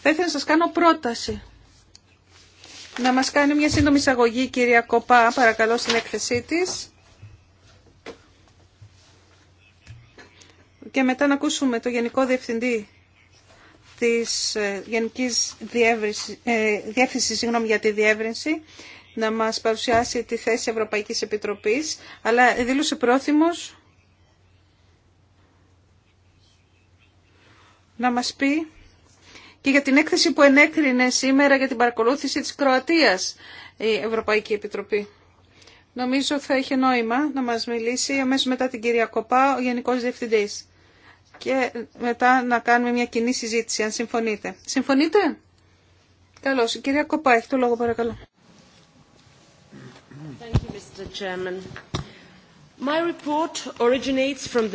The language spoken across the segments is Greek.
Θα ήθελα να σας κάνω πρόταση. Να μας κάνει μια σύντομη εισαγωγή η κυρία Κοπά, παρακαλώ, στην έκθεσή της. Και μετά να ακούσουμε το Γενικό Διευθυντή της ε, Γενικής ε, Διεύθυνσης συγγνώμη, για τη Διεύρυνση να μας παρουσιάσει τη θέση Ευρωπαϊκής Επιτροπής, αλλά δήλωσε πρόθυμος να μας πει και για την έκθεση που ενέκρινε σήμερα για την παρακολούθηση της Κροατίας η Ευρωπαϊκή Επιτροπή. Νομίζω θα είχε νόημα να μας μιλήσει αμέσως μετά την κυρία Κοπά, ο Γενικός Διευθυντής. Και μετά να κάνουμε μια κοινή συζήτηση, αν συμφωνείτε. Συμφωνείτε? Καλώς. Η κυρία Κοπά έχει το λόγο, παρακαλώ. Thank you, Mr. My report originates from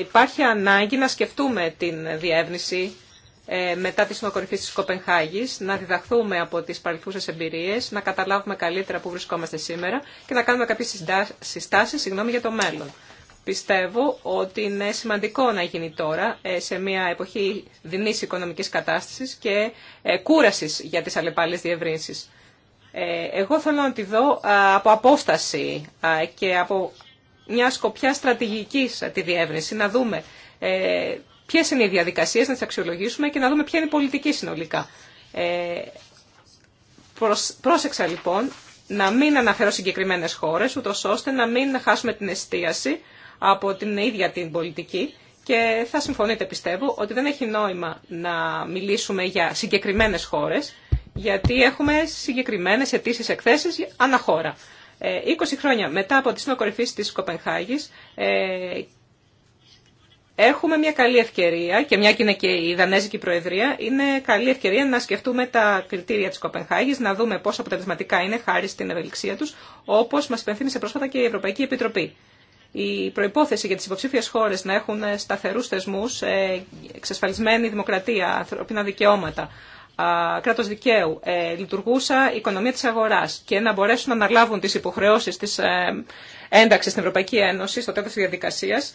υπάρχει ανάγκη να σκεφτούμε την διεύνηση ε, μετά τη συνοκορυφή της Κοπενχάγης, να διδαχθούμε από τις παρελθούσες εμπειρίες, να καταλάβουμε καλύτερα που βρισκόμαστε σήμερα και να κάνουμε κάποιες συστάσεις συγγνώμη, για το μέλλον. Πιστεύω ότι είναι σημαντικό να γίνει τώρα ε, σε μια εποχή δινής οικονομικής κατάστασης και ε, κούραση για τις αλλεπάλληλες διευρύνσεις. Εγώ θέλω να τη δω από απόσταση και από μια σκοπιά στρατηγικής ε, τη διεύρυνση, να δούμε ε, ποιες είναι οι διαδικασίες, να τις αξιολογήσουμε και να δούμε ποια είναι η πολιτική συνολικά. Ε, πρόσεξα λοιπόν να μην αναφέρω συγκεκριμένες χώρες, ούτως ώστε να μην χάσουμε την εστίαση από την ίδια την πολιτική και θα συμφωνείτε πιστεύω ότι δεν έχει νόημα να μιλήσουμε για συγκεκριμένες χώρες, γιατί έχουμε συγκεκριμένες αιτήσει εκθέσεις αναχώρα. 20 ε, χρόνια μετά από τη συνοκορυφή της Κοπενχάγης ε, έχουμε μια καλή ευκαιρία και μια και είναι και η Δανέζικη Προεδρία, είναι καλή ευκαιρία να σκεφτούμε τα κριτήρια της Κοπενχάγης, να δούμε πόσο αποτελεσματικά είναι χάρη στην ευελιξία τους, όπως μας σε πρόσφατα και η Ευρωπαϊκή Επιτροπή. Η προϋπόθεση για τις υποψήφιες χώρες να έχουν σταθερούς θεσμούς, ε, εξασφαλισμένη δημοκρατία, ανθρώπινα δικαιώματα, κράτος δικαίου, ε, λειτουργούσα η οικονομία της αγοράς και να μπορέσουν να αναλάβουν τις υποχρεώσεις της ε, ένταξης στην Ευρωπαϊκή Ένωση στο τέλος της διαδικασίας,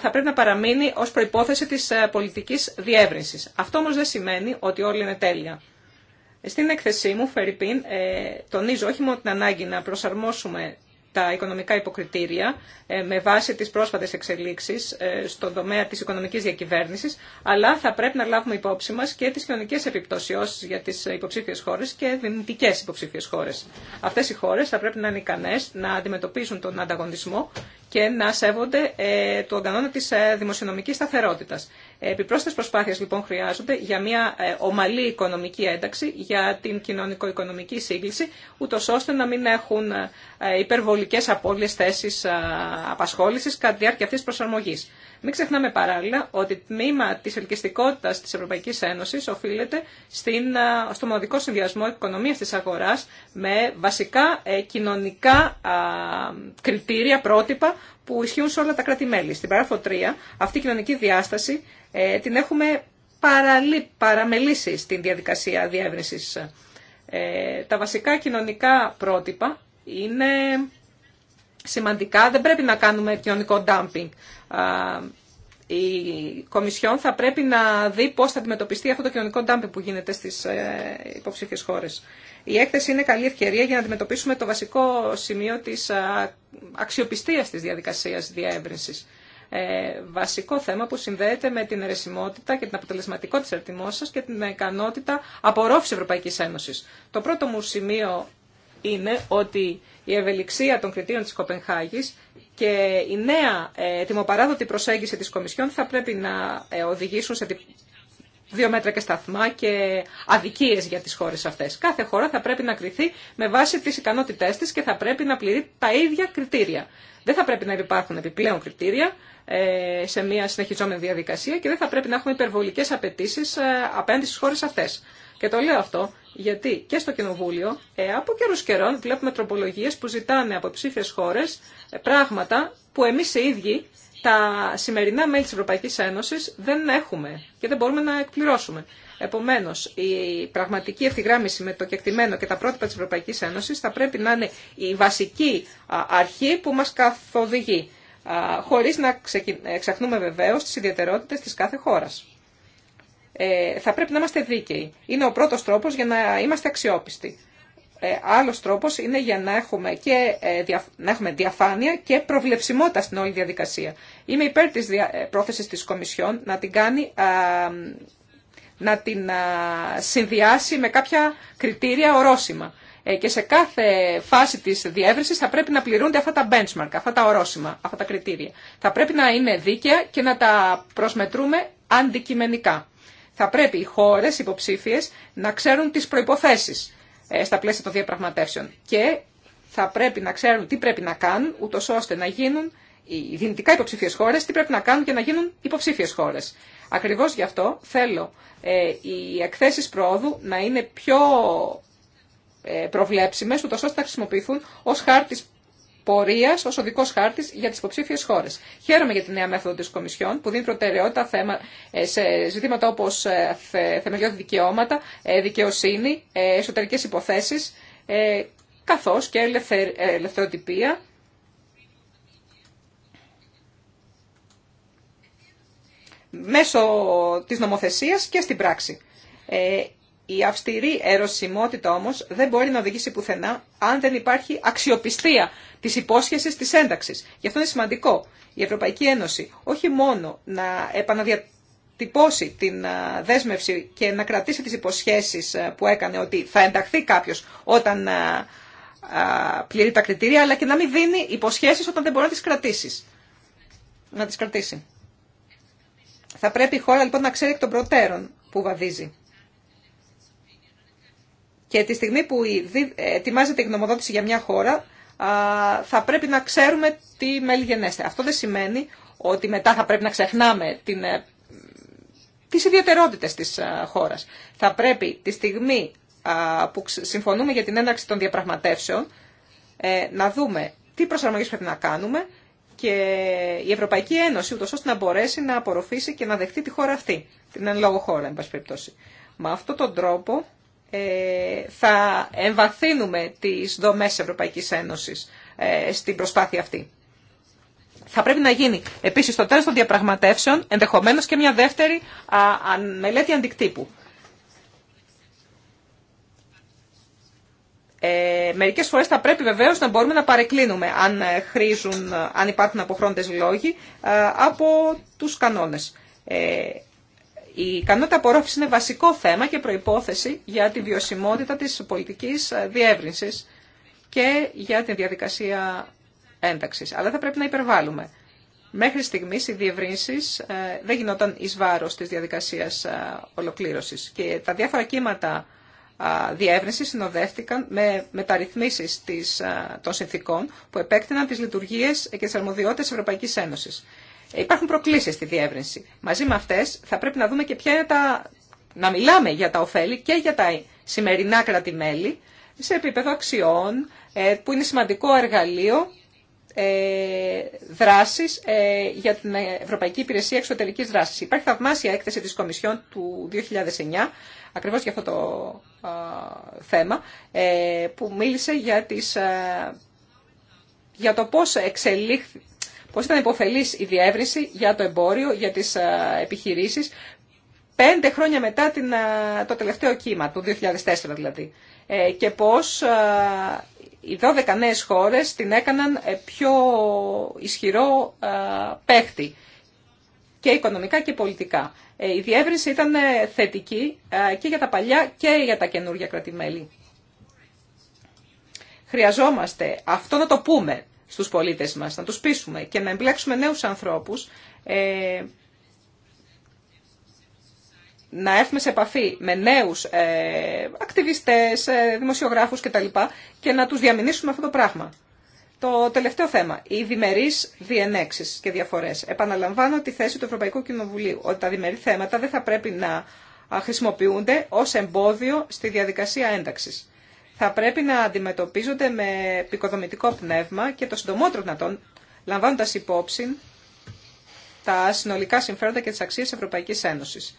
θα πρέπει να παραμείνει ως προϋπόθεση της ε, πολιτικής διεύρυνσης. Αυτό όμως δεν σημαίνει ότι όλοι είναι τέλεια. Στην έκθεσή μου, Φερρυπίν, τονίζω όχι μόνο την ανάγκη να προσαρμόσουμε τα οικονομικά υποκριτήρια ε, με βάση τις πρόσφατες εξελίξεις ε, στον τομέα της οικονομικής διακυβέρνησης, αλλά θα πρέπει να λάβουμε υπόψη μας και τις κοινωνικές επιπτώσεις για τις υποψήφιες χώρες και δυνητικές υποψήφιες χώρες. Αυτές οι χώρες θα πρέπει να είναι ικανές να αντιμετωπίσουν τον ανταγωνισμό και να σέβονται ε, τον κανόνα της δημοσιονομικής σταθερότητας. Επιπρόσθετες προσπάθειες λοιπόν χρειάζονται για μια ε, ομαλή οικονομική ένταξη, για την κοινωνικο-οικονομική σύγκληση, ούτως ώστε να μην έχουν ε, υπερβολικές απώλειες θέσεις ε, απασχόλησης κατά τη διάρκεια αυτής της προσαρμογής. Μην ξεχνάμε παράλληλα ότι το τμήμα τη ελκυστικότητα τη Ευρωπαϊκή Ένωση οφείλεται στην, στο μοναδικό συνδυασμό οικονομία τη αγορά με βασικά ε, κοινωνικά κριτήρια, πρότυπα που ισχύουν σε όλα τα κράτη-μέλη. Στην παράγραφο 3, αυτή η κοινωνική διάσταση ε, την έχουμε παραμελήσει στην διαδικασία διεύρυνση. Ε, τα βασικά κοινωνικά πρότυπα είναι σημαντικά, δεν πρέπει να κάνουμε κοινωνικό dumping. Η Κομισιόν θα πρέπει να δει πώς θα αντιμετωπιστεί αυτό το κοινωνικό ντάμπινγκ που γίνεται στις ε, υποψήφιες χώρες. Η έκθεση είναι καλή ευκαιρία για να αντιμετωπίσουμε το βασικό σημείο της αξιοπιστίας της διαδικασίας διαέμπρινσης. Ε, βασικό θέμα που συνδέεται με την αιρεσιμότητα και την αποτελεσματικότητα της σας και την ικανότητα απορρόφησης Ευρωπαϊκής Ένωσης. Το πρώτο μου σημείο είναι ότι η ευελιξία των κριτήρων της Κοπενχάγης και η νέα ε, τιμοπαράδοτη προσέγγιση της Κομισιόν θα πρέπει να ε, οδηγήσουν σε δύο μέτρα και σταθμά και αδικίες για τις χώρες αυτές. Κάθε χώρα θα πρέπει να κριθεί με βάση τις ικανότητές της και θα πρέπει να πληρεί τα ίδια κριτήρια. Δεν θα πρέπει να υπάρχουν επιπλέον κριτήρια ε, σε μια συνεχιζόμενη διαδικασία και δεν θα πρέπει να έχουμε υπερβολικές απαιτήσει ε, απέναντι στις χώρες αυτές. Και το λέω αυτό γιατί και στο Κοινοβούλιο ε, από καιρού καιρών βλέπουμε τροπολογίε που ζητάνε από ψήφιε χώρες ε, πράγματα που εμεί οι ίδιοι τα σημερινά μέλη τη Ευρωπαϊκή Ένωση δεν έχουμε και δεν μπορούμε να εκπληρώσουμε. Επομένω, η πραγματική ευθυγράμμιση με το κεκτημένο και τα πρότυπα τη Ευρωπαϊκή Ένωση θα πρέπει να είναι η βασική αρχή που μα καθοδηγεί, χωρί να ε, ξεχνούμε βεβαίω τι ιδιαιτερότητε τη κάθε χώρα. Ε, θα πρέπει να είμαστε δίκαιοι. Είναι ο πρώτος τρόπος για να είμαστε αξιόπιστοι. Ε, άλλος τρόπος είναι για να έχουμε, και, ε, να έχουμε διαφάνεια και προβλεψιμότητα στην όλη διαδικασία. Είμαι υπέρ της δια, ε, πρόθεσης της Κομισιόν να την κάνει... να την α, συνδυάσει με κάποια κριτήρια ορόσημα. Ε, και σε κάθε φάση της διεύρυνσης θα πρέπει να πληρούνται αυτά τα benchmark, αυτά τα ορόσημα, αυτά τα κριτήρια. Θα πρέπει να είναι δίκαια και να τα προσμετρούμε αντικειμενικά θα πρέπει οι χώρες υποψήφιες να ξέρουν τις προϋποθέσεις ε, στα πλαίσια των διαπραγματεύσεων και θα πρέπει να ξέρουν τι πρέπει να κάνουν ούτως ώστε να γίνουν οι δυνητικά υποψήφιες χώρες, τι πρέπει να κάνουν και να γίνουν υποψήφιες χώρες. Ακριβώς γι' αυτό θέλω ε, οι εκθέσεις προόδου να είναι πιο ε, προβλέψιμες, ούτως ώστε να χρησιμοποιηθούν ως χάρτης πορεία ω οδικό χάρτη για τι υποψήφιε χώρε. Χαίρομαι για τη νέα μέθοδο τη Κομισιόν που δίνει προτεραιότητα θέμα, ε, σε ζητήματα όπω ε, θεμελιώδη δικαιώματα, ε, δικαιοσύνη, εσωτερικέ υποθέσει, καθώ και ελευθεροτυπία. μέσω της νομοθεσίας και στην πράξη. Η αυστηρή ερωσιμότητα όμω δεν μπορεί να οδηγήσει πουθενά αν δεν υπάρχει αξιοπιστία τη υπόσχεση τη ένταξη. Γι' αυτό είναι σημαντικό η Ευρωπαϊκή Ένωση όχι μόνο να επαναδιατυπώσει την δέσμευση και να κρατήσει τις υποσχέσεις που έκανε ότι θα ενταχθεί κάποιος όταν πληρεί τα κριτήρια, αλλά και να μην δίνει υποσχέσεις όταν δεν μπορεί να τις κρατήσει. Να τις κρατήσει. Θα πρέπει η χώρα λοιπόν να ξέρει εκ των προτέρων που βαδίζει. Και τη στιγμή που ετοιμάζεται η γνωμοδότηση για μια χώρα, θα πρέπει να ξέρουμε τι μέλη γενέστε. Αυτό δεν σημαίνει ότι μετά θα πρέπει να ξεχνάμε την, ε, τις ιδιαιτερότητες της ε, χώρας. Θα πρέπει τη στιγμή που συμφωνούμε για την έναρξη των διαπραγματεύσεων ε, να δούμε τι προσαρμογές πρέπει να κάνουμε και η Ευρωπαϊκή Ένωση ούτως ώστε να μπορέσει να απορροφήσει και να δεχτεί τη χώρα αυτή, την εν λόγω χώρα, εν πάση περιπτώσει. Με αυτόν τον τρόπο ε, θα εμβαθύνουμε τις δομές Ευρωπαϊκής Ένωσης ε, στην προσπάθεια αυτή. Θα πρέπει να γίνει επίσης στο τέλος των διαπραγματεύσεων ενδεχομένως και μια δεύτερη μελέτη αντικτύπου. Ε, Μερικέ φορέ θα πρέπει βεβαίως να μπορούμε να παρεκκλίνουμε αν, ε, χρήζουν, αν υπάρχουν αποχρόντε λόγοι από τους κανόνες Ε, η ικανότητα απορρόφηση είναι βασικό θέμα και προϋπόθεση για τη βιωσιμότητα της πολιτικής ε, διεύρυνσης και για τη διαδικασία ένταξης. Αλλά θα πρέπει να υπερβάλλουμε. Μέχρι στιγμής οι διευρύνσεις ε, δεν γινόταν εις βάρος της διαδικασίας ε, ολοκλήρωσης και τα διάφορα κύματα διεύρυνση συνοδεύτηκαν με μεταρρυθμίσεις των συνθήκων που επέκτηναν τις λειτουργίες και τις αρμοδιότητες Ευρωπαϊκής Ένωσης. Υπάρχουν προκλήσεις στη διεύρυνση. Μαζί με αυτές θα πρέπει να δούμε και ποια είναι τα... να μιλάμε για τα ωφέλη και για τα σημερινά κράτη-μέλη σε επίπεδο αξιών, ε, που είναι σημαντικό εργαλείο ε, δράσης ε, για την Ευρωπαϊκή Υπηρεσία Εξωτερικής Δράσης. Υπάρχει θαυμάσια έκθεση της Κομισιόν του 2009, ακριβώς για αυτό το θέμα, που μίλησε για, τις, για το πώς εξελίχθη πως ήταν υποφελής η διεύρυνση για το εμπόριο, για τις επιχειρήσεις, πέντε χρόνια μετά την, το τελευταίο κύμα, το 2004 δηλαδή. Ε, και πως οι 12 νέες χώρες την έκαναν ε, πιο ισχυρό παίχτη και οικονομικά και πολιτικά. Ε, η διεύρυνση ήταν θετική και για τα παλιά και για τα καινούργια κρατημέλη. Χρειαζόμαστε, αυτό να το πούμε, στους πολίτες μας, να τους πείσουμε και να εμπλέξουμε νέους ανθρώπους, ε, να έρθουμε σε επαφή με νέους ε, ακτιβιστές, ε, δημοσιογράφους κτλ. και να τους διαμηνήσουμε αυτό το πράγμα. Το τελευταίο θέμα, οι διμερείς διενέξεις και διαφορές. Επαναλαμβάνω τη θέση του Ευρωπαϊκού Κοινοβουλίου ότι τα διμερεί θέματα δεν θα πρέπει να χρησιμοποιούνται ως εμπόδιο στη διαδικασία ένταξης θα πρέπει να αντιμετωπίζονται με πικοδομητικό πνεύμα και το συντομότερο δυνατόν, λαμβάνοντα υπόψη τα συνολικά συμφέροντα και τι αξίε Ευρωπαϊκή Ένωση.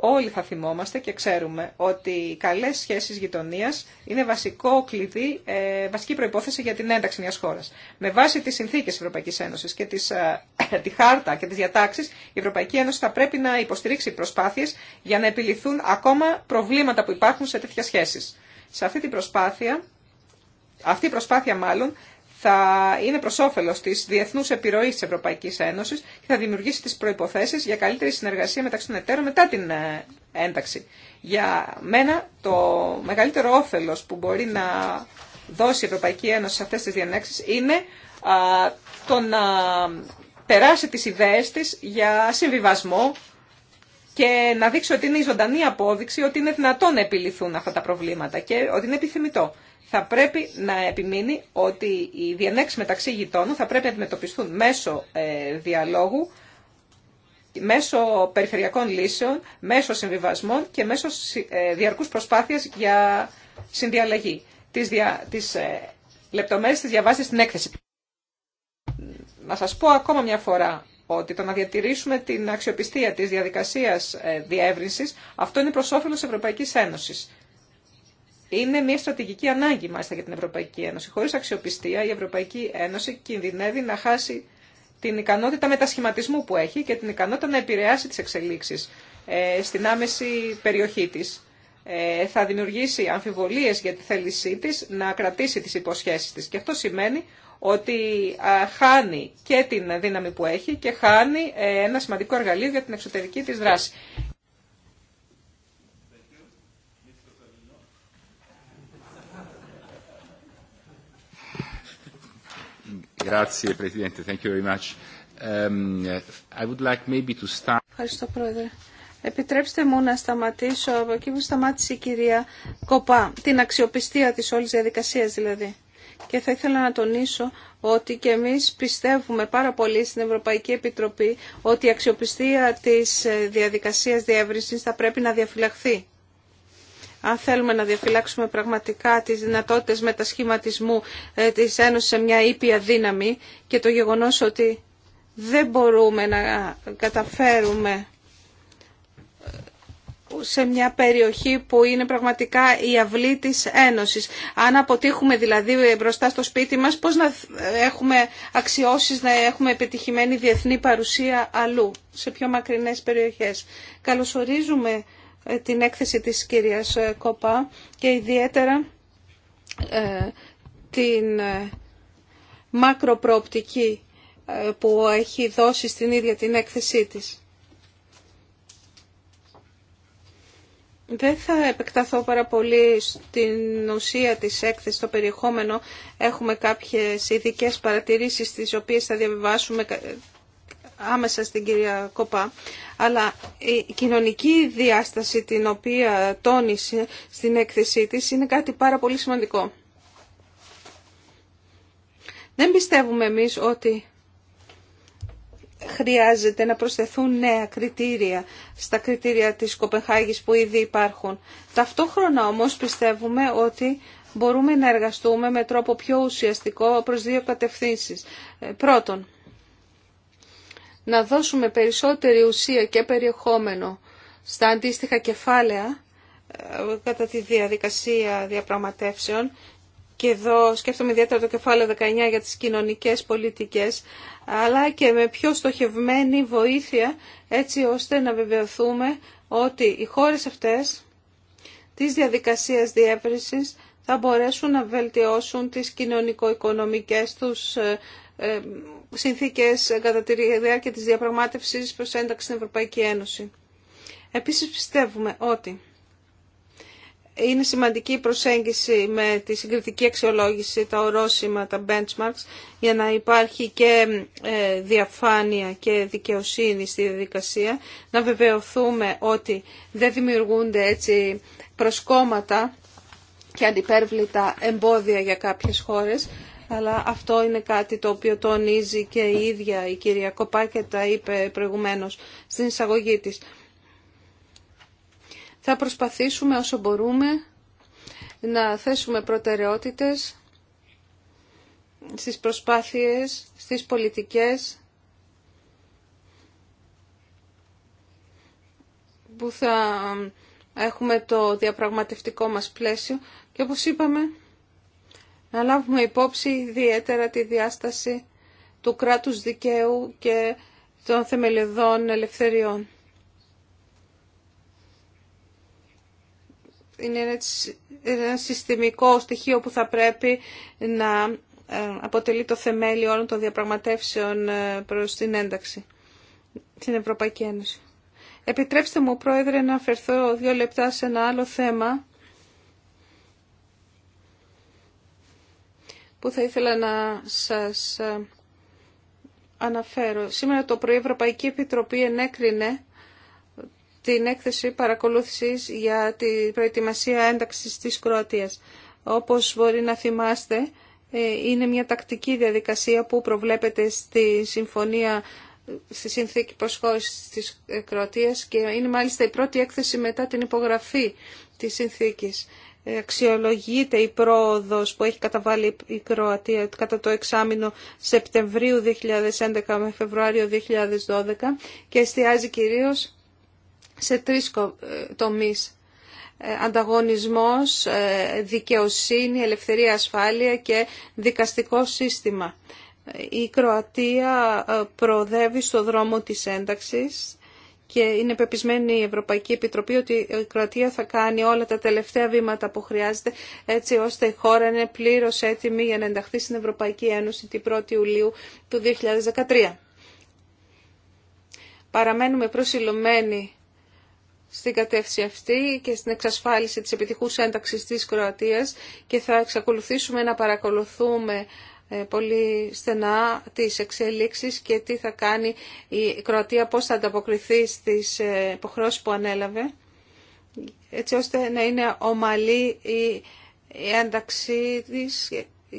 Όλοι θα θυμόμαστε και ξέρουμε ότι οι καλέ σχέσει γειτονία είναι βασικό κλειδί, ε, βασική προπόθεση για την ένταξη μια χώρα. Με βάση τι συνθήκε Ευρωπαϊκή Ένωση και τις, ε, τη χάρτα και τι διατάξει, η Ευρωπαϊκή Ένωση θα πρέπει να υποστηρίξει προσπάθειε για να επιληθούν ακόμα προβλήματα που υπάρχουν σε τέτοια σχέσει. Σε αυτή την προσπάθεια, αυτή η προσπάθεια μάλλον, θα είναι προ όφελο τη διεθνού επιρροή τη Ευρωπαϊκή Ένωση και θα δημιουργήσει τι προποθέσει για καλύτερη συνεργασία μεταξύ των εταίρων μετά την ε, ένταξη. Για μένα, το μεγαλύτερο όφελο που μπορεί να δώσει η Ευρωπαϊκή Ένωση σε αυτέ τι διανέξει είναι το να περάσει τις ιδέε τη για συμβιβασμό, και να δείξει ότι είναι η ζωντανή απόδειξη ότι είναι δυνατόν να επιληθούν αυτά τα προβλήματα και ότι είναι επιθυμητό. Θα πρέπει να επιμείνει ότι οι διενέξεις μεταξύ γειτόνων θα πρέπει να αντιμετωπιστούν μέσω ε, διαλόγου, μέσω περιφερειακών λύσεων, μέσω συμβιβασμών και μέσω ε, διαρκούς προσπάθειας για συνδιαλλαγή. Τις, δια, τις ε, λεπτομέρειες της διαβάζετε στην έκθεση. Να σας πω ακόμα μια φορά ότι το να διατηρήσουμε την αξιοπιστία της διαδικασίας ε, διεύρυνσης, αυτό είναι προς όφελος της Ευρωπαϊκής Ένωσης. Είναι μια στρατηγική ανάγκη μάλιστα για την Ευρωπαϊκή Ένωση. Χωρίς αξιοπιστία η Ευρωπαϊκή Ένωση κινδυνεύει να χάσει την ικανότητα μετασχηματισμού που έχει και την ικανότητα να επηρεάσει τις εξελίξεις ε, στην άμεση περιοχή της. Ε, θα δημιουργήσει αμφιβολίες για τη θέλησή της να κρατήσει τις υποσχέσεις της. Και αυτό σημαίνει ότι χάνει και την δύναμη που έχει και χάνει ε, ένα σημαντικό εργαλείο για την εξωτερική της δράση. Ευχαριστώ, Πρόεδρε. Επιτρέψτε μου να σταματήσω από εκεί που σταμάτησε η κυρία Κοπά, την αξιοπιστία της όλης διαδικασίας δηλαδή και θα ήθελα να τονίσω ότι και εμείς πιστεύουμε πάρα πολύ στην Ευρωπαϊκή Επιτροπή ότι η αξιοπιστία της ε, διαδικασίας διεύρυνσης θα πρέπει να διαφυλαχθεί. Αν θέλουμε να διαφυλάξουμε πραγματικά τις δυνατότητες μετασχηματισμού ε, της Ένωσης σε μια ήπια δύναμη και το γεγονός ότι δεν μπορούμε να καταφέρουμε σε μια περιοχή που είναι πραγματικά η αυλή της Ένωσης. Αν αποτύχουμε δηλαδή μπροστά στο σπίτι μας, πώς να έχουμε αξιώσεις, να έχουμε επιτυχημένη διεθνή παρουσία αλλού, σε πιο μακρινές περιοχές. Καλωσορίζουμε ε, την έκθεση της κυρίας ε, Κόπα και ιδιαίτερα ε, την μακροπροοπτική που έχει δώσει στην ίδια την έκθεσή της. Δεν θα επεκταθώ πάρα πολύ στην ουσία της έκθεσης, στο περιεχόμενο. Έχουμε κάποιες ειδικέ παρατηρήσεις τις οποίες θα διαβιβάσουμε άμεσα στην κυρία Κοπά. Αλλά η κοινωνική διάσταση την οποία τόνισε στην έκθεσή της είναι κάτι πάρα πολύ σημαντικό. Δεν πιστεύουμε εμείς ότι χρειάζεται να προσθεθούν νέα κριτήρια στα κριτήρια της Κοπεχάγης που ήδη υπάρχουν. Ταυτόχρονα όμως πιστεύουμε ότι μπορούμε να εργαστούμε με τρόπο πιο ουσιαστικό προς δύο κατευθύνσεις. Ε, πρώτον, να δώσουμε περισσότερη ουσία και περιεχόμενο στα αντίστοιχα κεφάλαια ε, κατά τη διαδικασία διαπραγματεύσεων και εδώ σκέφτομαι ιδιαίτερα το κεφάλαιο 19 για τις κοινωνικές πολιτικές, αλλά και με πιο στοχευμένη βοήθεια έτσι ώστε να βεβαιωθούμε ότι οι χώρες αυτές της διαδικασίας διεύρυνσης θα μπορέσουν να βελτιώσουν τις κοινωνικο-οικονομικές τους ε, ε, συνθήκες κατά τη διάρκεια της διαπραγμάτευσης προς ένταξη στην Ευρωπαϊκή Ένωση. Επίσης πιστεύουμε ότι είναι σημαντική η προσέγγιση με τη συγκριτική αξιολόγηση, τα ορόσημα, τα benchmarks, για να υπάρχει και ε, διαφάνεια και δικαιοσύνη στη διαδικασία. Να βεβαιωθούμε ότι δεν δημιουργούνται έτσι προσκόμματα και αντιπέρβλητα εμπόδια για κάποιες χώρες, αλλά αυτό είναι κάτι το οποίο τονίζει και η ίδια η κυρία τα είπε προηγουμένως στην εισαγωγή της. Θα προσπαθήσουμε όσο μπορούμε να θέσουμε προτεραιότητες στις προσπάθειες, στις πολιτικές που θα έχουμε το διαπραγματευτικό μας πλαίσιο και όπως είπαμε να λάβουμε υπόψη ιδιαίτερα τη διάσταση του κράτους δικαίου και των θεμελιωδών ελευθεριών. είναι ένα συστημικό στοιχείο που θα πρέπει να ε, αποτελεί το θεμέλιο όλων των διαπραγματεύσεων ε, προς την ένταξη στην Ευρωπαϊκή Ένωση. Επιτρέψτε μου, Πρόεδρε, να αφαιρθώ δύο λεπτά σε ένα άλλο θέμα που θα ήθελα να σας ε, αναφέρω. Σήμερα το πρωί Επιτροπή ενέκρινε την έκθεση παρακολούθησης για τη προετοιμασία ένταξης της Κροατίας. Όπως μπορεί να θυμάστε, ε, είναι μια τακτική διαδικασία που προβλέπεται στη συμφωνία στη συνθήκη προσχώρησης της ε, Κροατίας και είναι μάλιστα η πρώτη έκθεση μετά την υπογραφή της συνθήκης. Ε, αξιολογείται η πρόοδος που έχει καταβάλει η Κροατία κατά το εξάμεινο Σεπτεμβρίου 2011 με Φεβρουάριο 2012 και εστιάζει κυρίως σε τρεις ε, τομείς. Ε, ανταγωνισμός, ε, δικαιοσύνη, ελευθερία ασφάλεια και δικαστικό σύστημα. Η Κροατία προοδεύει στο δρόμο της ένταξης και είναι πεπισμένη η Ευρωπαϊκή Επιτροπή ότι η Κροατία θα κάνει όλα τα τελευταία βήματα που χρειάζεται έτσι ώστε η χώρα είναι πλήρως έτοιμη για να ενταχθεί στην Ευρωπαϊκή Ένωση την 1η Ιουλίου του 2013. Παραμένουμε προσιλωμένοι στην κατεύθυνση αυτή και στην εξασφάλιση της επιτυχούς ένταξης της Κροατίας και θα εξακολουθήσουμε να παρακολουθούμε ε, πολύ στενά τις εξελίξεις και τι θα κάνει η Κροατία, πώς θα ανταποκριθεί στις ε, υποχρεώσεις που ανέλαβε, έτσι ώστε να είναι ομαλή η ένταξή της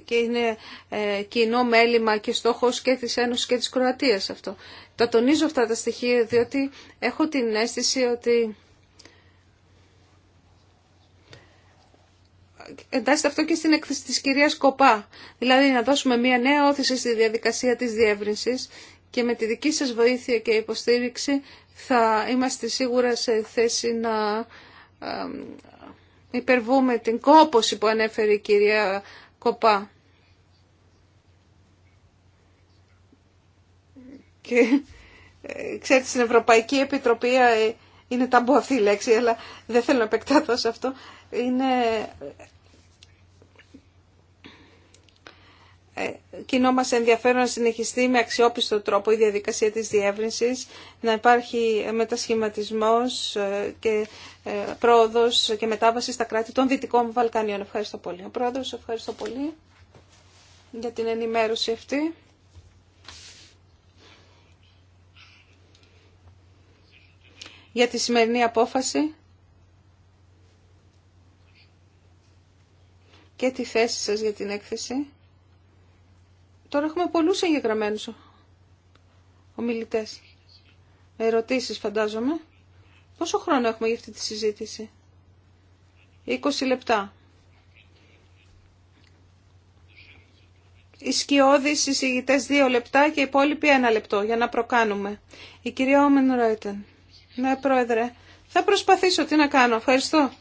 και είναι ε, κοινό μέλημα και στόχος και της Ένωσης και της Κροατίας αυτό. Τα τονίζω αυτά τα στοιχεία διότι έχω την αίσθηση ότι εντάσσεται αυτό και στην έκθεση της κυρίας Κοπά. Δηλαδή να δώσουμε μια νέα όθηση στη διαδικασία της διεύρυνσης και με τη δική σας βοήθεια και υποστήριξη θα είμαστε σίγουρα σε θέση να υπερβούμε την κόπωση που ανέφερε η κυρία Κοπά. Και ε, ξέρετε στην Ευρωπαϊκή Επιτροπή ε, είναι ταμπού αυτή η λέξη, αλλά δεν θέλω να επεκτάθω σε αυτό. Είναι Ε, κοινό μας ενδιαφέρον να συνεχιστεί με αξιόπιστο τρόπο η διαδικασία της διεύρυνσης, να υπάρχει μετασχηματισμός ε, και ε, πρόοδος και μετάβαση στα κράτη των Δυτικών Βαλκανίων. Ευχαριστώ πολύ. Ο ευχαριστώ πολύ για την ενημέρωση αυτή. Για τη σημερινή απόφαση και τη θέση σας για την έκθεση. Τώρα έχουμε πολλούς εγγεγραμμένους ομιλητές. Ερωτήσεις φαντάζομαι. Πόσο χρόνο έχουμε για αυτή τη συζήτηση. 20 λεπτά. Οι σκιώδεις συζητητές 2 λεπτά και οι υπόλοιποι 1 λεπτό για να προκάνουμε. Η κυρία Όμεν Ρόιτεν. Ναι, πρόεδρε. Θα προσπαθήσω. Τι να κάνω. Ευχαριστώ.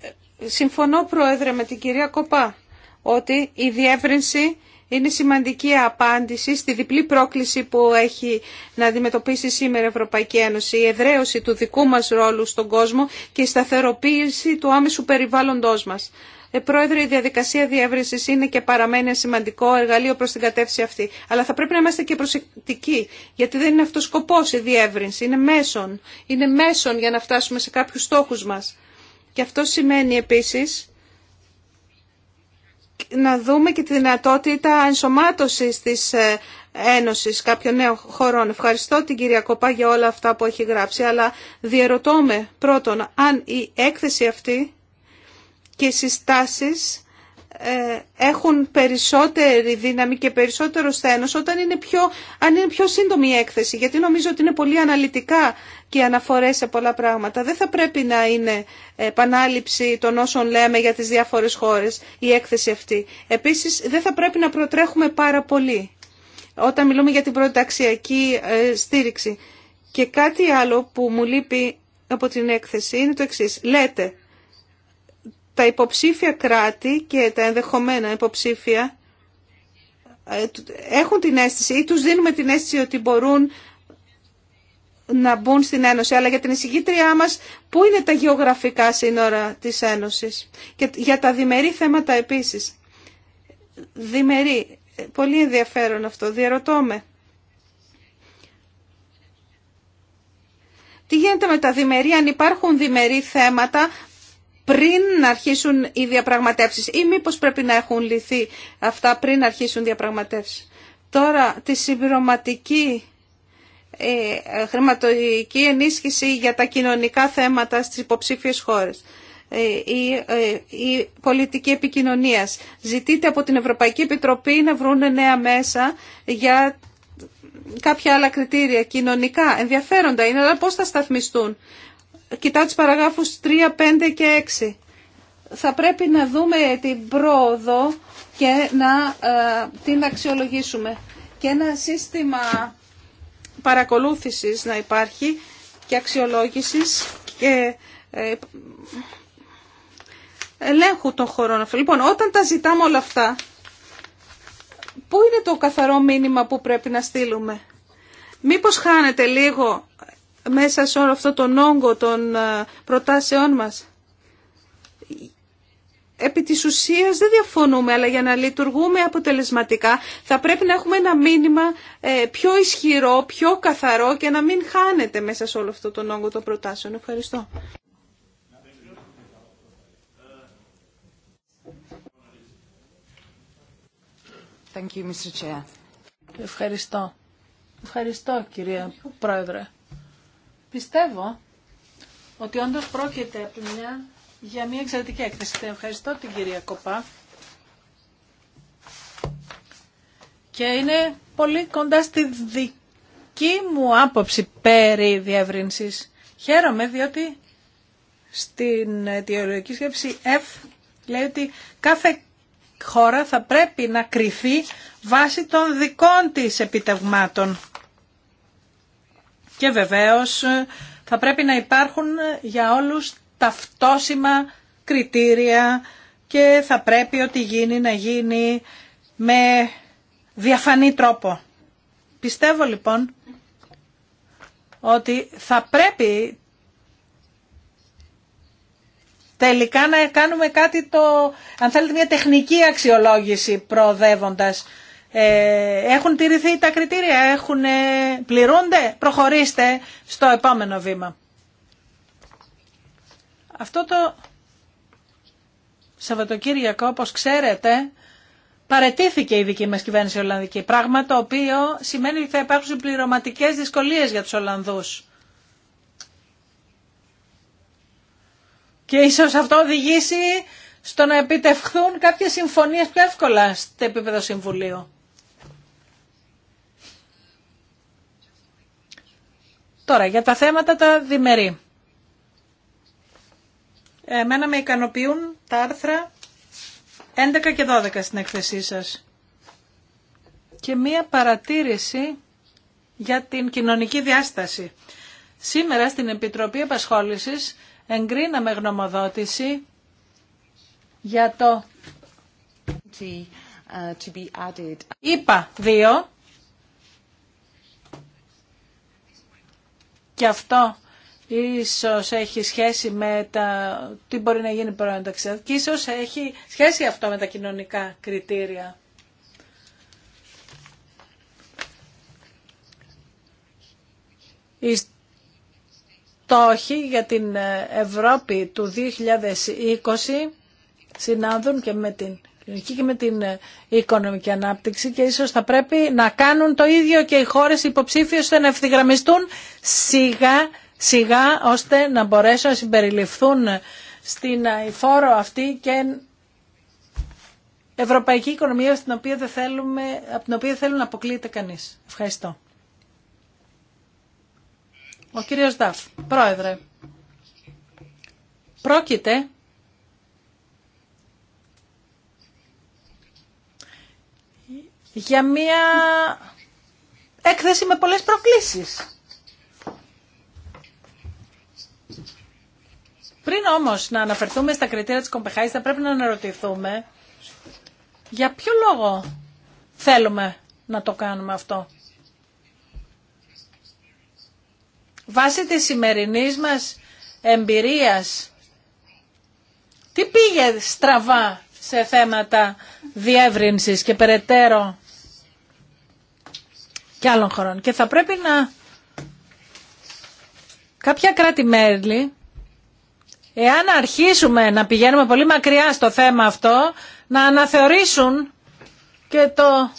Ε, συμφωνώ, πρόεδρε, με την κυρία Κοπά ότι η διεύρυνση είναι σημαντική απάντηση στη διπλή πρόκληση που έχει να αντιμετωπίσει σήμερα η Ευρωπαϊκή Ένωση, η εδραίωση του δικού μας ρόλου στον κόσμο και η σταθεροποίηση του άμεσου περιβάλλοντός μας. Ε, πρόεδρε, η διαδικασία διεύρυνση είναι και παραμένει σημαντικό εργαλείο προ την κατεύθυνση αυτή. Αλλά θα πρέπει να είμαστε και προσεκτικοί, γιατί δεν είναι αυτό σκοπό η διεύρυνση. Είναι μέσον. Είναι μέσον για να φτάσουμε σε κάποιου στόχου μα. Και αυτό σημαίνει επίση να δούμε και τη δυνατότητα ενσωμάτωσης της ε, Ένωσης κάποιων νέων χωρών. Ευχαριστώ την κυρία Κοπά για όλα αυτά που έχει γράψει, αλλά διερωτώ με πρώτον αν η έκθεση αυτή και οι συστάσεις ε, έχουν περισσότερη δύναμη και περισσότερο σθένος όταν είναι πιο, αν είναι πιο σύντομη η έκθεση γιατί νομίζω ότι είναι πολύ αναλυτικά και οι αναφορές σε πολλά πράγματα δεν θα πρέπει να είναι επανάληψη των όσων λέμε για τις διάφορες χώρες η έκθεση αυτή επίσης δεν θα πρέπει να προτρέχουμε πάρα πολύ όταν μιλούμε για την προταξιακή ε, στήριξη και κάτι άλλο που μου λείπει από την έκθεση είναι το εξής λέτε τα υποψήφια κράτη και τα ενδεχομένα υποψήφια ε, έχουν την αίσθηση ή τους δίνουμε την αίσθηση ότι μπορούν να μπουν στην Ένωση. Αλλά για την εισηγήτριά μας, πού είναι τα γεωγραφικά σύνορα της Ένωσης. Και για τα διμερή θέματα επίσης. διμερή ε, Πολύ ενδιαφέρον αυτό. Διαρωτώ με. Τι γίνεται με τα διμερή αν υπάρχουν διμερεί θέματα πριν να αρχίσουν οι διαπραγματεύσεις ή μήπως πρέπει να έχουν λυθεί αυτά πριν αρχίσουν διαπραγματεύσεις. Τώρα τη συμπληρωματική ε, χρηματοδοτική ενίσχυση για τα κοινωνικά θέματα στις υποψήφιες χώρες. Ε, η, ε, η πολιτική επικοινωνίας. Ζητείτε από την Ευρωπαϊκή Επιτροπή να βρουν νέα μέσα για κάποια άλλα κριτήρια κοινωνικά ενδιαφέροντα είναι, αλλά πώς θα σταθμιστούν. Κοιτά τους παραγράφους 3, 5 και 6. Θα πρέπει να δούμε την πρόοδο και να ε, την αξιολογήσουμε. Και ένα σύστημα παρακολούθησης να υπάρχει και αξιολόγησης και ε, ελέγχου των χωρών. Λοιπόν, όταν τα ζητάμε όλα αυτά, πού είναι το καθαρό μήνυμα που πρέπει να στείλουμε. Μήπως χάνεται λίγο μέσα σε όλο αυτό τον όγκο των ε, προτάσεών μας. Επί της ουσίας δεν διαφωνούμε, αλλά για να λειτουργούμε αποτελεσματικά θα πρέπει να έχουμε ένα μήνυμα ε, πιο ισχυρό, πιο καθαρό και να μην χάνεται μέσα σε όλο αυτό τον όγκο των προτάσεων. Ευχαριστώ. Thank you, Mr. Chair. Ευχαριστώ. Ευχαριστώ, κυρία Πρόεδρε. Πιστεύω ότι όντω πρόκειται για μια εξαιρετική έκθεση. Ευχαριστώ την κυρία Κοπά. Και είναι πολύ κοντά στη δική μου άποψη περί διεύρυνσης. Χαίρομαι διότι στην αιτιολογική σκέψη F λέει ότι κάθε χώρα θα πρέπει να κρυφεί βάσει των δικών της επιτευγμάτων. Και βεβαίως ε, θα πρέπει να υπάρχουν ε, για όλους ταυτόσιμα κριτήρια και θα πρέπει ό,τι γίνει να γίνει με διαφανή τρόπο. Πιστεύω λοιπόν ότι θα πρέπει τελικά να κάνουμε κάτι το, αν θέλετε, μια τεχνική αξιολόγηση προοδεύοντας ε, έχουν τηρηθεί τα κριτήρια, έχουν, ε, πληρούνται, προχωρήστε στο επόμενο βήμα. Αυτό το Σαββατοκύριακο, όπως ξέρετε, παρετήθηκε η δική μας κυβέρνηση Ολλανδική, πράγμα το οποίο σημαίνει ότι θα υπάρχουν πληρωματικές δυσκολίες για τους Ολλανδούς. Και ίσως αυτό οδηγήσει στο να επιτευχθούν κάποιες συμφωνίες πιο εύκολα στο επίπεδο Συμβουλίου. Τώρα, για τα θέματα τα διμερεί. Εμένα με ικανοποιούν τα άρθρα 11 και 12 στην εκθεσή σας. Και μία παρατήρηση για την κοινωνική διάσταση. Σήμερα στην Επιτροπή Επασχόλησης εγκρίναμε γνωμοδότηση για το... Uh, Είπα δύο και αυτό ίσως έχει σχέση με τα, τι μπορεί να γίνει πρώην και ίσως έχει σχέση αυτό με τα κοινωνικά κριτήρια. Οι στόχοι για την Ευρώπη του 2020 συνάδουν και με την εκεί και με την ε, οικονομική ανάπτυξη και ίσως θα πρέπει να κάνουν το ίδιο και οι χώρες υποψήφιες ώστε να ευθυγραμμιστούν σιγά ώστε να μπορέσουν να συμπεριληφθούν στην ε, φόρο αυτή και ευρωπαϊκή οικονομία στην οποία θέλουμε, από την οποία θέλουν να αποκλείεται κανείς. Ευχαριστώ. Ο κύριος Δαφ, πρόεδρε. Πρόκειται για μια έκθεση με πολλές προκλήσεις. Πριν όμως να αναφερθούμε στα κριτήρια της Κομπεχάης θα πρέπει να αναρωτηθούμε για ποιο λόγο θέλουμε να το κάνουμε αυτό. Βάσει της σημερινής μας εμπειρίας, τι πήγε στραβά σε θέματα διεύρυνσης και περαιτέρω και θα πρέπει να... Κάποια κράτη-μέλη, εάν αρχίσουμε να πηγαίνουμε πολύ μακριά στο θέμα αυτό, να αναθεωρήσουν και το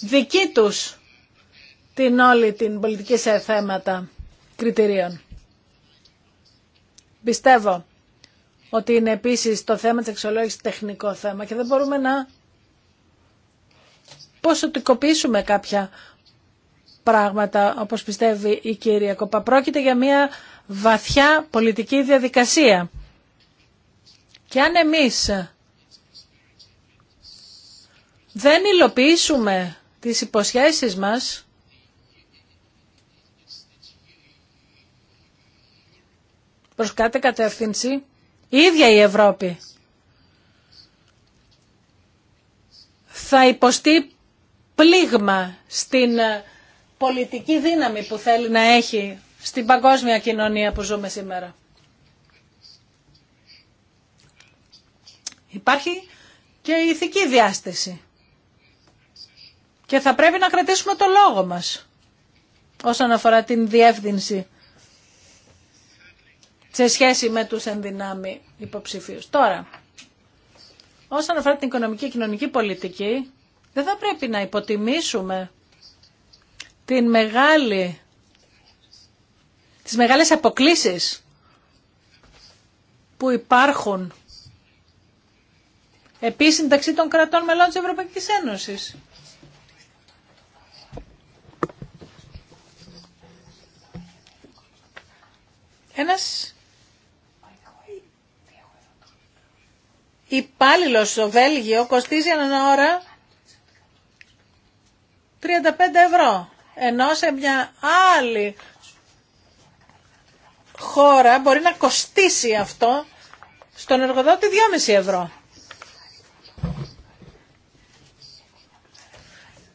δική τους την όλη την πολιτική σε θέματα κριτηρίων. Πιστεύω ότι είναι επίσης το θέμα της αξιολόγησης τεχνικό θέμα και δεν μπορούμε να πώς τυκοποιήσουμε κάποια πράγματα, όπως πιστεύει η κυρία Κοπα. Πρόκειται για μια βαθιά πολιτική διαδικασία. Και αν εμείς δεν υλοποιήσουμε τις υποσχέσεις μας, προς κάθε κατεύθυνση, η ίδια η Ευρώπη θα υποστεί πλήγμα στην ε, πολιτική δύναμη που θέλει να έχει στην παγκόσμια κοινωνία που ζούμε σήμερα. Υπάρχει και η ηθική διάστηση Και θα πρέπει να κρατήσουμε το λόγο μας όσον αφορά την διεύθυνση σε σχέση με τους ενδυνάμει υποψηφίους. Τώρα, όσον αφορά την οικονομική και κοινωνική πολιτική, δεν θα πρέπει να υποτιμήσουμε την μεγάλη, τις μεγάλες αποκλίσεις που υπάρχουν επί συνταξή των κρατών μελών της Ευρωπαϊκής Ένωσης. Ένας υπάλληλο στο Βέλγιο κοστίζει έναν ώρα 35 ευρώ. Ενώ σε μια άλλη χώρα μπορεί να κοστίσει αυτό στον εργοδότη 2,5 ευρώ.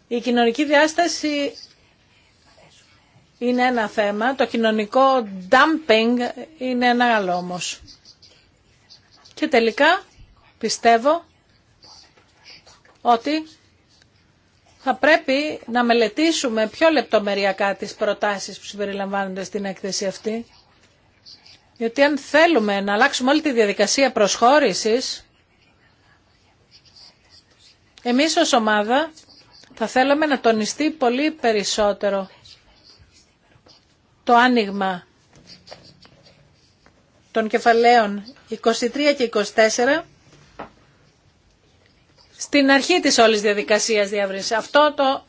Η κοινωνική διάσταση είναι ένα θέμα, το κοινωνικό dumping είναι ένα άλλο όμως. Και τελικά πιστεύω ότι θα πρέπει να μελετήσουμε πιο λεπτομεριακά τις προτάσεις που συμπεριλαμβάνονται στην έκθεση αυτή. Γιατί αν θέλουμε να αλλάξουμε όλη τη διαδικασία προσχώρησης, εμείς ως ομάδα θα θέλαμε να τονιστεί πολύ περισσότερο το άνοιγμα των κεφαλαίων 23 και 24 στην αρχή της όλης διαδικασίας διαβρύνσης. Αυτό το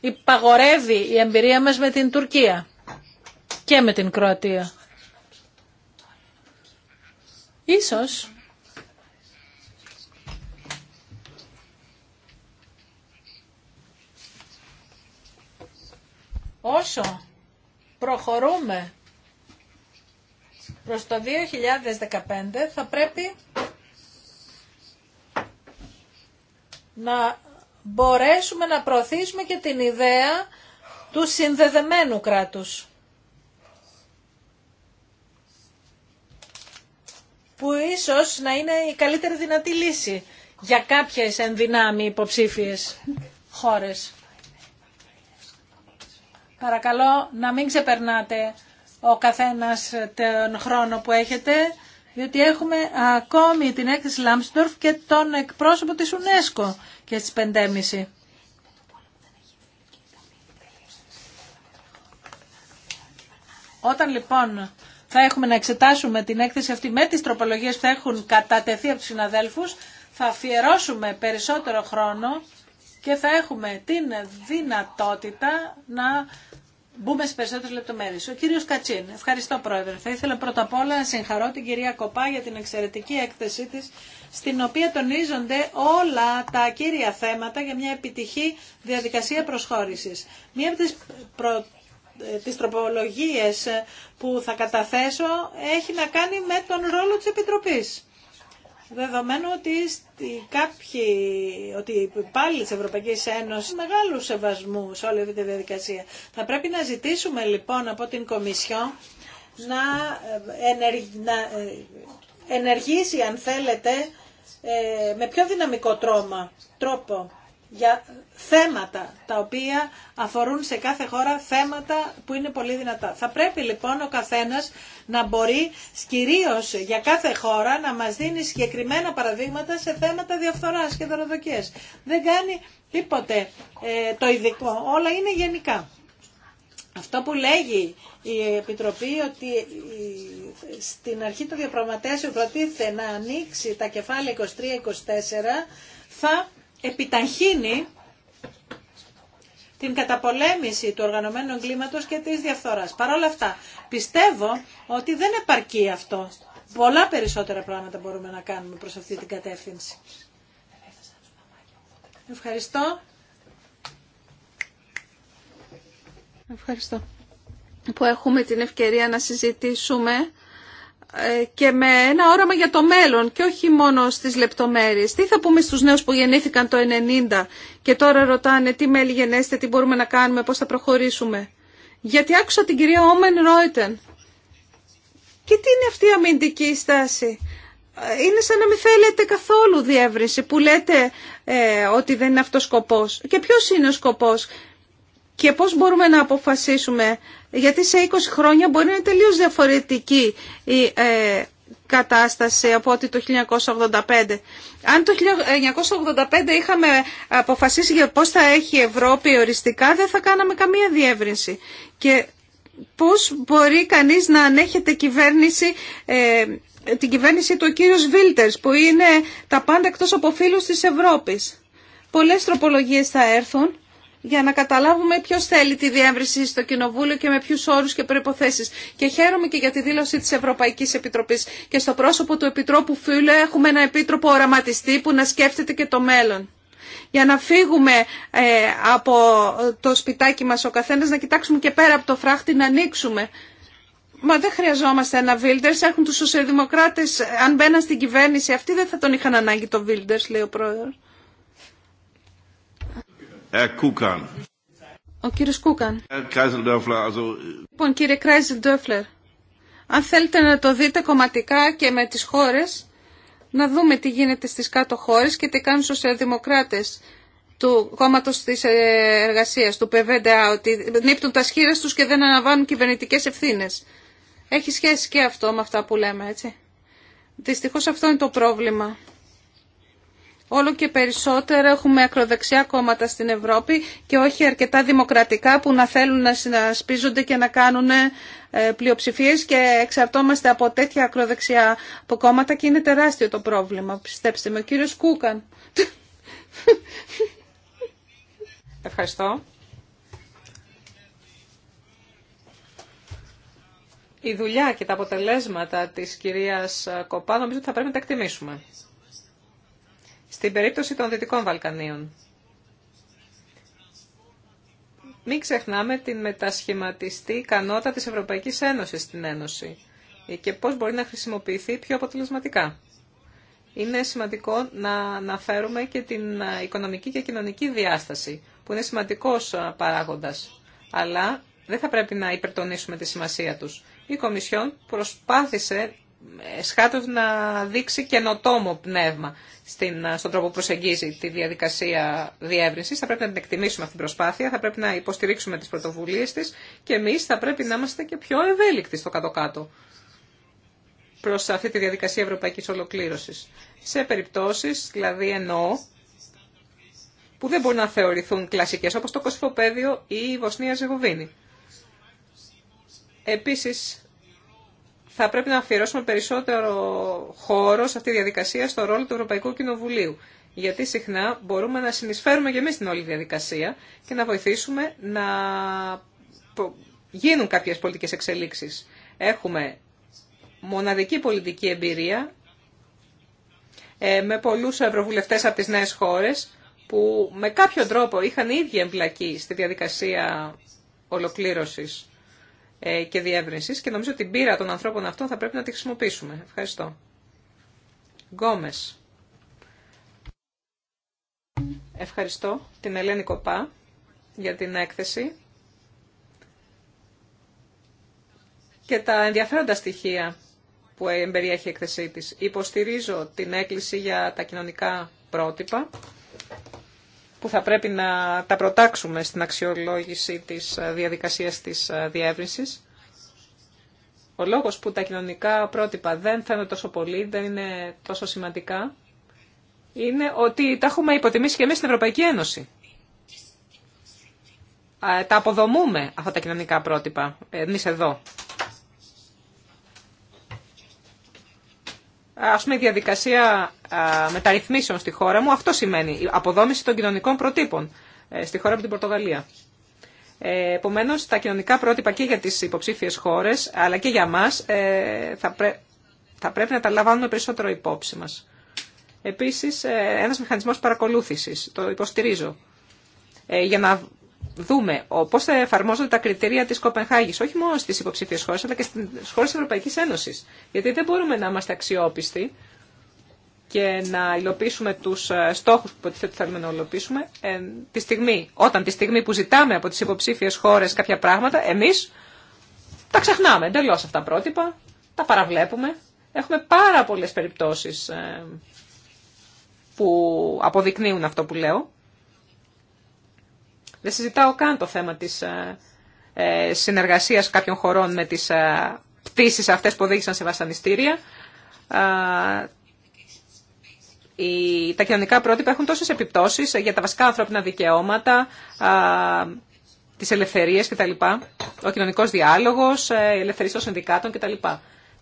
υπαγορεύει η εμπειρία μας με την Τουρκία και με την Κροατία. Ίσως όσο προχωρούμε προς το 2015 θα πρέπει να μπορέσουμε να προωθήσουμε και την ιδέα του συνδεδεμένου κράτους. Που ίσως να είναι η καλύτερη δυνατή λύση για κάποιες ενδυνάμει υποψήφιες χώρες. Παρακαλώ να μην ξεπερνάτε ο καθένας τον χρόνο που έχετε διότι έχουμε ακόμη την έκθεση Λάμπστορφ και τον εκπρόσωπο της UNESCO και στις 5.30. Όταν λοιπόν θα έχουμε να εξετάσουμε την έκθεση αυτή με τις τροπολογίες που έχουν κατατεθεί από τους συναδέλφους, θα αφιερώσουμε περισσότερο χρόνο και θα έχουμε την δυνατότητα να μπούμε σε περισσότερε λεπτομέρειε. Ο κύριο Κατσίν. Ευχαριστώ, Πρόεδρε. Θα ήθελα πρώτα απ' όλα να συγχαρώ την κυρία Κοπά για την εξαιρετική έκθεσή τη, στην οποία τονίζονται όλα τα κύρια θέματα για μια επιτυχή διαδικασία προσχώρηση. Μία από τι προ... Ε, τις τροπολογίες που θα καταθέσω έχει να κάνει με τον ρόλο τη επιτροπή. Δεδομένου ότι, στη, κάποιοι, ότι πάλι της ευρωπαϊκή Ένωσης μεγάλου σεβασμού σε όλη αυτή τη διαδικασία. Θα πρέπει να ζητήσουμε λοιπόν από την Κομισιό να, ε, ε, ενεργήσει αν θέλετε ε, με πιο δυναμικό τρόμα, τρόπο για θέματα τα οποία αφορούν σε κάθε χώρα θέματα που είναι πολύ δυνατά. Θα πρέπει λοιπόν ο καθένας να μπορεί κυρίω για κάθε χώρα να μας δίνει συγκεκριμένα παραδείγματα σε θέματα διαφθοράς και δωροδοκίες. Δεν κάνει τίποτε ε, το ειδικό, όλα είναι γενικά. Αυτό που λέγει η Επιτροπή ότι ε, στην αρχή του διαπραγματεύσεων προτίθεται να ανοίξει τα κεφάλαια 23-24 θα επιταχύνει την καταπολέμηση του οργανωμένου εγκλήματος και της διαφθοράς. Παρ' όλα αυτά, πιστεύω ότι δεν επαρκεί αυτό. Πολλά περισσότερα πράγματα μπορούμε να κάνουμε προς αυτή την κατεύθυνση. Ευχαριστώ. Ευχαριστώ. Που έχουμε την ευκαιρία να συζητήσουμε ε, και με ένα όραμα για το μέλλον και όχι μόνο στις λεπτομέρειες. Τι θα πούμε στους νέους που γεννήθηκαν το 90 και τώρα ρωτάνε τι μέλη γενέστε, τι μπορούμε να κάνουμε, πώς θα προχωρήσουμε. Γιατί άκουσα την κυρία Όμεν Ρόιτεν. Και τι είναι αυτή η αμυντική στάση. Ε, είναι σαν να μην θέλετε καθόλου διεύρυνση που λέτε ε, ότι δεν είναι αυτός σκοπός. Και ποιος είναι ο σκοπός και πώς μπορούμε να αποφασίσουμε, γιατί σε 20 χρόνια μπορεί να είναι τελείως διαφορετική η ε, κατάσταση από ότι το 1985. Αν το 1985 είχαμε αποφασίσει για πώς θα έχει η Ευρώπη οριστικά, δεν θα κάναμε καμία διεύρυνση. Και πώς μπορεί κανείς να ανέχεται κυβέρνηση... Ε, την κυβέρνηση του κύριου κύριος που είναι τα πάντα εκτός από φίλους της Ευρώπης. Πολλές τροπολογίες θα έρθουν για να καταλάβουμε ποιο θέλει τη διεύρυνση στο Κοινοβούλιο και με ποιου όρου και προποθέσει. Και χαίρομαι και για τη δήλωση τη Ευρωπαϊκή Επιτροπή. Και στο πρόσωπο του Επιτρόπου Φίλου έχουμε ένα επίτροπο οραματιστή που να σκέφτεται και το μέλλον. Για να φύγουμε ε, από το σπιτάκι μα ο καθένα, να κοιτάξουμε και πέρα από το φράχτη, να ανοίξουμε. Μα δεν χρειαζόμαστε ένα Βίλντερς, έχουν τους σοσιαλδημοκράτες, αν μπαίναν στην κυβέρνηση αυτή δεν θα τον είχαν ανάγκη το Βίλντερς, λέει ο πρόεδρος. Ο κύριος Κούκαν. Äh, λοιπόν, κύριε Κράιζελ Ντόφλερ, αν θέλετε να το δείτε κομματικά και με τις χώρες, να δούμε τι γίνεται στις κάτω χώρες και τι κάνουν σοσιαλδημοκράτες του κόμματο τη ε, εργασία, του ΠΒΔΑ, ότι νύπτουν τα σχήρα του και δεν αναβάνουν κυβερνητικέ ευθύνε. Έχει σχέση και αυτό με αυτά που λέμε, έτσι. Δυστυχώ αυτό είναι το πρόβλημα όλο και περισσότερο έχουμε ακροδεξιά κόμματα στην Ευρώπη και όχι αρκετά δημοκρατικά που να θέλουν να συνασπίζονται και να κάνουν ε, πλειοψηφίες και εξαρτώμαστε από τέτοια ακροδεξιά από κόμματα και είναι τεράστιο το πρόβλημα, πιστέψτε με. Ο κύριος Κούκαν. Ευχαριστώ. Η δουλειά και τα αποτελέσματα της κυρίας Κοπά νομίζω ότι θα πρέπει να τα εκτιμήσουμε. Στην περίπτωση των Δυτικών Βαλκανίων. Μην ξεχνάμε την μετασχηματιστή ικανότητα της Ευρωπαϊκής Ένωσης στην Ένωση και πώς μπορεί να χρησιμοποιηθεί πιο αποτελεσματικά. Είναι σημαντικό να αναφέρουμε και την οικονομική και κοινωνική διάσταση, που είναι σημαντικός παράγοντας, αλλά δεν θα πρέπει να υπερτονίσουμε τη σημασία τους. Η Κομισιόν προσπάθησε Σχάτως να δείξει καινοτόμο πνεύμα στην, στον τρόπο που προσεγγίζει τη διαδικασία διεύρυνσης. Θα πρέπει να την εκτιμήσουμε αυτή την προσπάθεια, θα πρέπει να υποστηρίξουμε τις πρωτοβουλίες της και εμείς θα πρέπει να είμαστε και πιο ευέλικτοι στο κάτω-κάτω προς αυτή τη διαδικασία ευρωπαϊκής ολοκλήρωσης. Σε περιπτώσεις, δηλαδή εννοώ, που δεν μπορούν να θεωρηθούν κλασικές, όπως το Κωσφοπέδιο ή η Βοσνία Ζεγοβίνη. Επίσης, θα πρέπει να αφιερώσουμε περισσότερο χώρο σε αυτή τη διαδικασία στο ρόλο του Ευρωπαϊκού Κοινοβουλίου. Γιατί συχνά μπορούμε να συνεισφέρουμε και εμεί την όλη διαδικασία και να βοηθήσουμε να γίνουν κάποιες πολιτικές εξελίξεις. Έχουμε μοναδική πολιτική εμπειρία ε, με πολλούς ευρωβουλευτές από τις νέες χώρες που με κάποιο τρόπο είχαν ήδη εμπλακεί στη διαδικασία ολοκλήρωσης ε, και διεύρυνση και νομίζω ότι την πείρα των ανθρώπων αυτών θα πρέπει να τη χρησιμοποιήσουμε. Ευχαριστώ. Γκόμε, Ευχαριστώ την Ελένη Κοπά για την έκθεση και τα ενδιαφέροντα στοιχεία που εμπεριέχει η έκθεσή της. Υποστηρίζω την έκκληση για τα κοινωνικά πρότυπα που θα πρέπει να τα προτάξουμε στην αξιολόγηση της ε, διαδικασίας της ε, διεύρυνσης. Ο λόγος που τα κοινωνικά πρότυπα δεν θα είναι τόσο πολύ, δεν είναι τόσο σημαντικά, είναι ότι τα έχουμε υποτιμήσει και εμείς στην Ευρωπαϊκή Ένωση. Ε, τα αποδομούμε αυτά τα κοινωνικά πρότυπα εμείς εδώ. ας πούμε, η διαδικασία μεταρρυθμίσεων στη χώρα μου, αυτό σημαίνει η αποδόμηση των κοινωνικών προτύπων ε, στη χώρα από την Πορτογαλία. Ε, επομένως, τα κοινωνικά πρότυπα και για τις υποψήφιες χώρες, αλλά και για μας, ε, θα, θα πρέπει να τα λαμβάνουμε περισσότερο υπόψη μας. Επίσης, ε, ένας μηχανισμός παρακολούθησης, το υποστηρίζω, για να δούμε πώ θα εφαρμόζονται τα κριτήρια τη Κοπενχάγη, όχι μόνο στι υποψήφίε χώρε, αλλά και στι χώρε τη Ευρωπαϊκή Ένωση. Γιατί δεν μπορούμε να είμαστε αξιόπιστοι και να υλοποιήσουμε του ε, στόχου που υποτίθεται θέλουμε να υλοποιήσουμε, ε, τη στιγμή, όταν τη στιγμή που ζητάμε από τι υποψήφιε χώρε κάποια πράγματα, εμεί τα ξεχνάμε εντελώ αυτά τα πρότυπα, τα παραβλέπουμε. Έχουμε πάρα πολλές περιπτώσεις ε, που αποδεικνύουν αυτό που λέω. Δεν συζητάω καν το θέμα της ε, ε, συνεργασίας κάποιων χωρών με τις ε, πτήσεις αυτές που οδήγησαν σε βασανιστήρια. Τα κοινωνικά πρότυπα έχουν τόσες επιπτώσεις για τα βασικά ανθρώπινα δικαιώματα, τις ελευθερίες κτλ. Ο κοινωνικός διάλογος, η ελευθερία των συνδικάτων κτλ.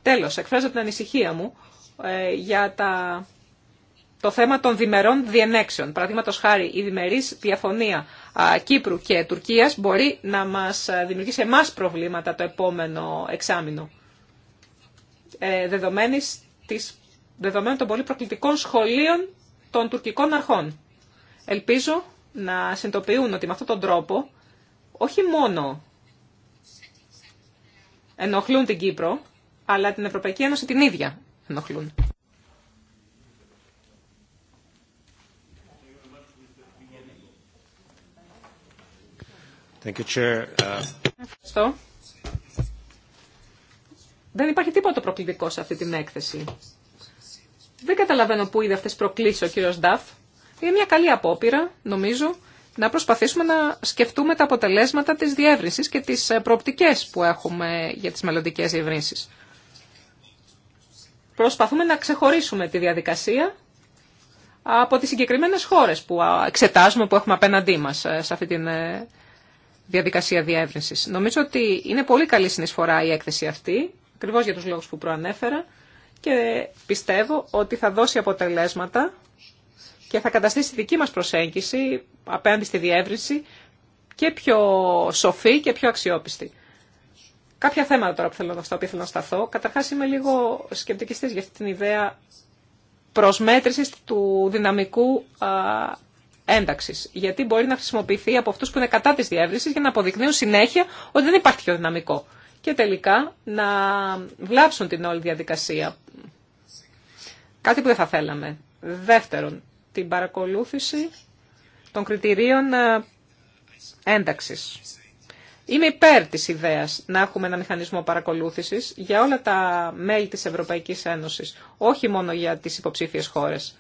Τέλος, εκφράζω την ανησυχία μου για τα το θέμα των διμερών διενέξεων. Παραδείγματο χάρη, η διμερή διαφωνία Κύπρου και Τουρκία μπορεί να μα δημιουργήσει εμά προβλήματα το επόμενο εξάμεινο. Ε, της, δεδομένων των πολύ προκλητικών σχολείων των τουρκικών αρχών. Ελπίζω να συνειδητοποιούν ότι με αυτόν τον τρόπο όχι μόνο ενοχλούν την Κύπρο, αλλά την Ευρωπαϊκή Ένωση την ίδια ενοχλούν. Ευχαριστώ. Δεν υπάρχει τίποτα προκλητικό σε αυτή την έκθεση. Δεν καταλαβαίνω πού είδε αυτές προκλήσεις ο κύριος Νταφ. Είναι μια καλή απόπειρα, νομίζω, να προσπαθήσουμε να σκεφτούμε τα αποτελέσματα της διεύρυνσης και τις ε, προοπτικές που έχουμε για τις μελλοντικέ διευρύνσεις. Προσπαθούμε να ξεχωρίσουμε τη διαδικασία από τις συγκεκριμένες χώρες που εξετάζουμε, που έχουμε απέναντί μας ε, σε αυτή την ε, διαδικασία διεύρυνση. Νομίζω ότι είναι πολύ καλή συνεισφορά η έκθεση αυτή, ακριβώ για τους λόγους που προανέφερα, και πιστεύω ότι θα δώσει αποτελέσματα και θα καταστήσει τη δική μα προσέγγιση απέναντι στη διεύρυνση και πιο σοφή και πιο αξιόπιστη. Κάποια θέματα τώρα που θέλω, να να σταθώ. Καταρχά είμαι λίγο σκεπτικιστή για αυτή την ιδέα προσμέτρησης του δυναμικού α, ένταξη. Γιατί μπορεί να χρησιμοποιηθεί από αυτού που είναι κατά τη διεύρυνση για να αποδεικνύουν συνέχεια ότι δεν υπάρχει πιο δυναμικό. Και τελικά να βλάψουν την όλη διαδικασία. Κάτι που δεν θα θέλαμε. Δεύτερον, την παρακολούθηση των κριτηρίων ε, ένταξης. Είμαι υπέρ της ιδέας να έχουμε ένα μηχανισμό παρακολούθησης για όλα τα μέλη της Ευρωπαϊκής Ένωσης, όχι μόνο για τις υποψήφιες χώρες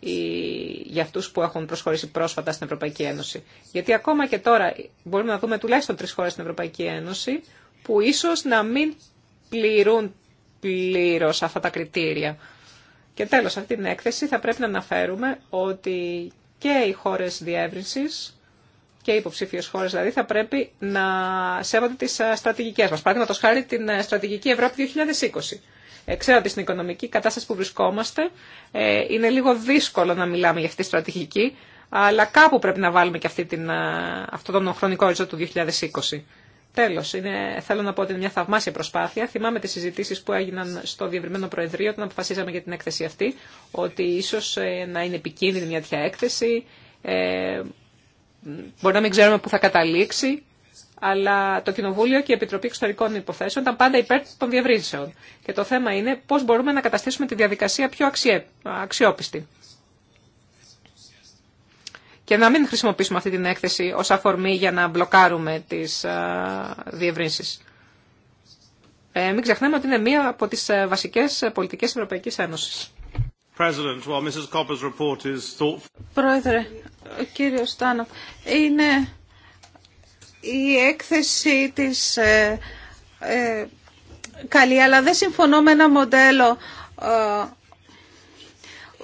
για αυτούς που έχουν προσχωρήσει πρόσφατα στην Ευρωπαϊκή Ένωση. Γιατί ακόμα και τώρα μπορούμε να δούμε τουλάχιστον τρεις χώρες στην Ευρωπαϊκή Ένωση που ίσως να μην πληρούν πλήρως αυτά τα κριτήρια. Και τέλος, αυτή την έκθεση θα πρέπει να αναφέρουμε ότι και οι χώρες διεύρυνσης και οι υποψήφιε χώρε δηλαδή θα πρέπει να σέβονται τι στρατηγικέ μα. Παραδείγματο χάρη την ε, στρατηγική Ευρώπη 2020. Ε, ξέρω ότι στην οικονομική κατάσταση που βρισκόμαστε ε, είναι λίγο δύσκολο να μιλάμε για αυτή τη στρατηγική, αλλά κάπου πρέπει να βάλουμε και αυτή την, ε, αυτό τον χρονικό όριζο του 2020. Τέλο, θέλω να πω ότι είναι μια θαυμάσια προσπάθεια. Θυμάμαι τι συζητήσει που έγιναν στο Διευρυμένο Προεδρείο όταν αποφασίζαμε για την έκθεση αυτή, ότι ίσω ε, να είναι επικίνδυνη μια τέτοια έκθεση. Ε, μπορεί να μην ξέρουμε πού θα καταλήξει, αλλά το Κοινοβούλιο και η Επιτροπή Εξωτερικών Υποθέσεων ήταν πάντα υπέρ των διευρύνσεων. Και το θέμα είναι πώ μπορούμε να καταστήσουμε τη διαδικασία πιο αξιόπιστη. Και να μην χρησιμοποιήσουμε αυτή την έκθεση ω αφορμή για να μπλοκάρουμε τι διευρύνσει. Ε, μην ξεχνάμε ότι είναι μία από τι ε, βασικέ ε, πολιτικέ Ευρωπαϊκή Ένωση. Πρόεδρε, ο κύριος Στάνοφ, είναι η έκθεση της ε, ε, καλή, αλλά δεν συμφωνώ με ένα μοντέλο ε,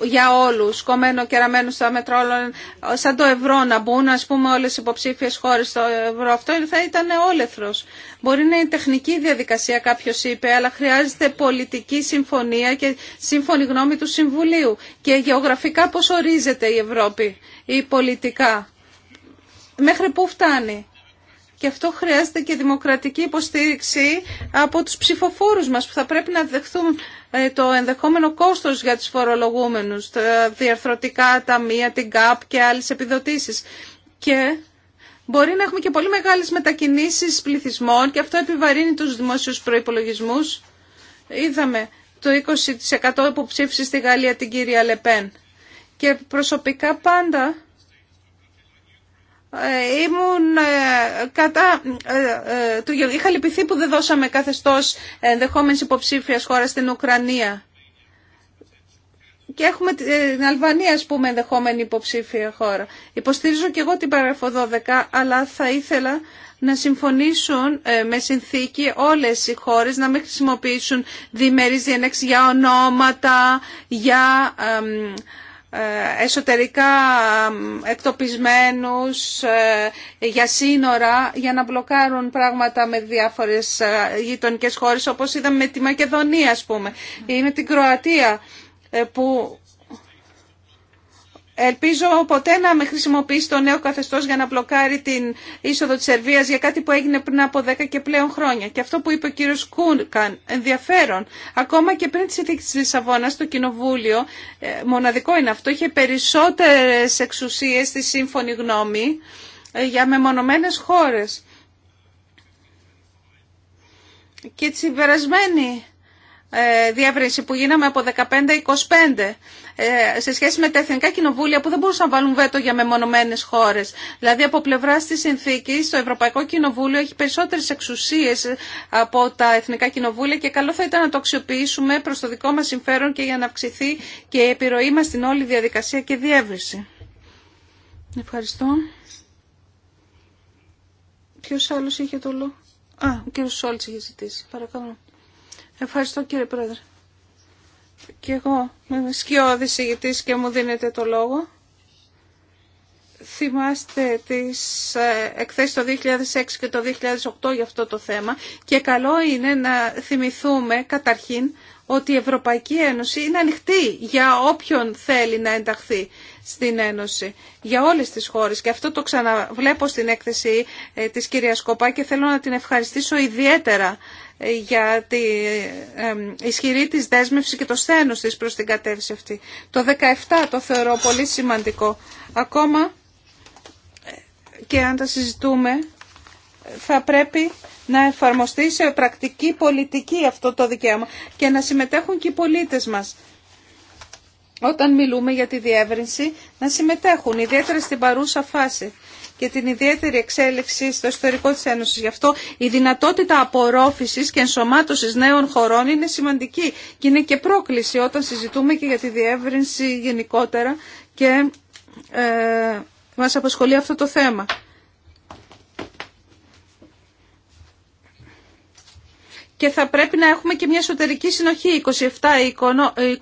για όλου, κομμένο και ραμμένο στα μέτρα σαν το ευρώ να μπουν, α πούμε, όλε οι υποψήφιες χώρες στο ευρώ. Αυτό θα ήταν όλεθρο. Μπορεί να είναι τεχνική διαδικασία, κάποιο είπε, αλλά χρειάζεται πολιτική συμφωνία και σύμφωνη γνώμη του Συμβουλίου. Και γεωγραφικά πώ ορίζεται η Ευρώπη, η πολιτικά. Μέχρι πού φτάνει. Και αυτό χρειάζεται και δημοκρατική υποστήριξη από τους ψηφοφόρους μας που θα πρέπει να δεχθούν ε, το ενδεχόμενο κόστος για τους φορολογούμενους, τα διαρθρωτικά ταμεία, την ΚΑΠ και άλλες επιδοτήσεις. Και μπορεί να έχουμε και πολύ μεγάλες μετακινήσεις πληθυσμών και αυτό επιβαρύνει τους δημόσιους προϋπολογισμούς. Είδαμε το 20% ψήφισε στη Γαλλία την κυρία Λεπέν. Και προσωπικά πάντα ε, ήμουν ε, κατά, ε, του, είχα λυπηθεί που δεν δώσαμε καθεστώς ενδεχόμενης υποψήφιας χώρα στην Ουκρανία. Και έχουμε την Αλβανία, ας πούμε, ενδεχόμενη υποψήφια χώρα. Υποστηρίζω και εγώ την παραγραφό 12, αλλά θα ήθελα να συμφωνήσουν με συνθήκη όλες οι χώρες να μην χρησιμοποιήσουν διμερείς διενέξεις για ονόματα, για ε, εσωτερικά εκτοπισμένους ε, για σύνορα για να μπλοκάρουν πράγματα με διάφορες ε, γειτονικές χώρες όπως είδαμε με τη Μακεδονία ας πούμε ή με την Κροατία που Ελπίζω ποτέ να με χρησιμοποιήσει το νέο καθεστώ για να μπλοκάρει την είσοδο τη Σερβία για κάτι που έγινε πριν από 10 και πλέον χρόνια. Και αυτό που είπε ο κύριο Κούνκαν, ενδιαφέρον. Ακόμα και πριν τη συνθήκη τη Λισαβόνα, το Κοινοβούλιο, ε, μοναδικό είναι αυτό, είχε περισσότερε εξουσίε στη σύμφωνη γνώμη ε, για μεμονωμένε χώρε. Και τη συμπερασμένη ε, διεύρυνση που γίναμε από 15-25 ε, σε σχέση με τα εθνικά κοινοβούλια που δεν μπορούσαν να βάλουν βέτο για μεμονωμένες χώρες. Δηλαδή από πλευρά της συνθήκης το Ευρωπαϊκό Κοινοβούλιο έχει περισσότερες εξουσίες από τα εθνικά κοινοβούλια και καλό θα ήταν να το αξιοποιήσουμε προς το δικό μας συμφέρον και για να αυξηθεί και η επιρροή μας στην όλη διαδικασία και διεύρυνση. Ευχαριστώ. Ποιος άλλος είχε το λόγο. Α, ο κύριος Σόλτς είχε ζητήσει. Παρακαλώ. Ευχαριστώ κύριε Πρόεδρε. Και εγώ είμαι σκιώδη ηγητής και μου δίνετε το λόγο. Θυμάστε τις ε, εκθέσεις το 2006 και το 2008 για αυτό το θέμα και καλό είναι να θυμηθούμε καταρχήν ότι η Ευρωπαϊκή Ένωση είναι ανοιχτή για όποιον θέλει να ενταχθεί στην Ένωση, για όλες τις χώρες. Και αυτό το ξαναβλέπω στην έκθεση ε, της κυρίας Κοπά και θέλω να την ευχαριστήσω ιδιαίτερα ε, για τη ε, ισχυρή της δέσμευση και το σθένος της προς την κατεύθυνση αυτή. Το 17 το θεωρώ πολύ σημαντικό. Ακόμα και αν τα συζητούμε θα πρέπει να εφαρμοστεί σε πρακτική πολιτική αυτό το δικαίωμα και να συμμετέχουν και οι πολίτες μας. Όταν μιλούμε για τη διεύρυνση, να συμμετέχουν, ιδιαίτερα στην παρούσα φάση και την ιδιαίτερη εξέλιξη στο ιστορικό της Ένωσης. Γι' αυτό η δυνατότητα απορρόφησης και ενσωμάτωσης νέων χωρών είναι σημαντική και είναι και πρόκληση όταν συζητούμε και για τη διεύρυνση γενικότερα και ε, μας απασχολεί αυτό το θέμα. και θα πρέπει να έχουμε και μια εσωτερική συνοχή 27-28. Ε,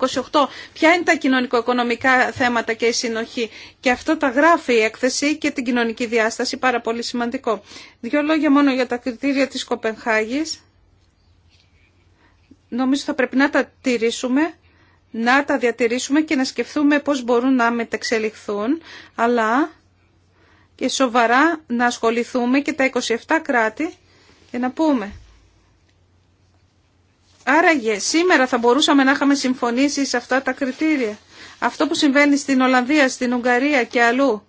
ποια είναι τα κοινωνικο-οικονομικά θέματα και η συνοχή. Και αυτό τα γράφει η έκθεση και την κοινωνική διάσταση, πάρα πολύ σημαντικό. Δύο λόγια μόνο για τα κριτήρια της Κοπενχάγης. Νομίζω θα πρέπει να τα τηρήσουμε, να τα διατηρήσουμε και να σκεφτούμε πώς μπορούν να μετεξελιχθούν, αλλά και σοβαρά να ασχοληθούμε και τα 27 κράτη και να πούμε Άραγε σήμερα θα μπορούσαμε να είχαμε συμφωνήσει σε αυτά τα κριτήρια. Αυτό που συμβαίνει στην Ολλανδία, στην Ουγγαρία και αλλού.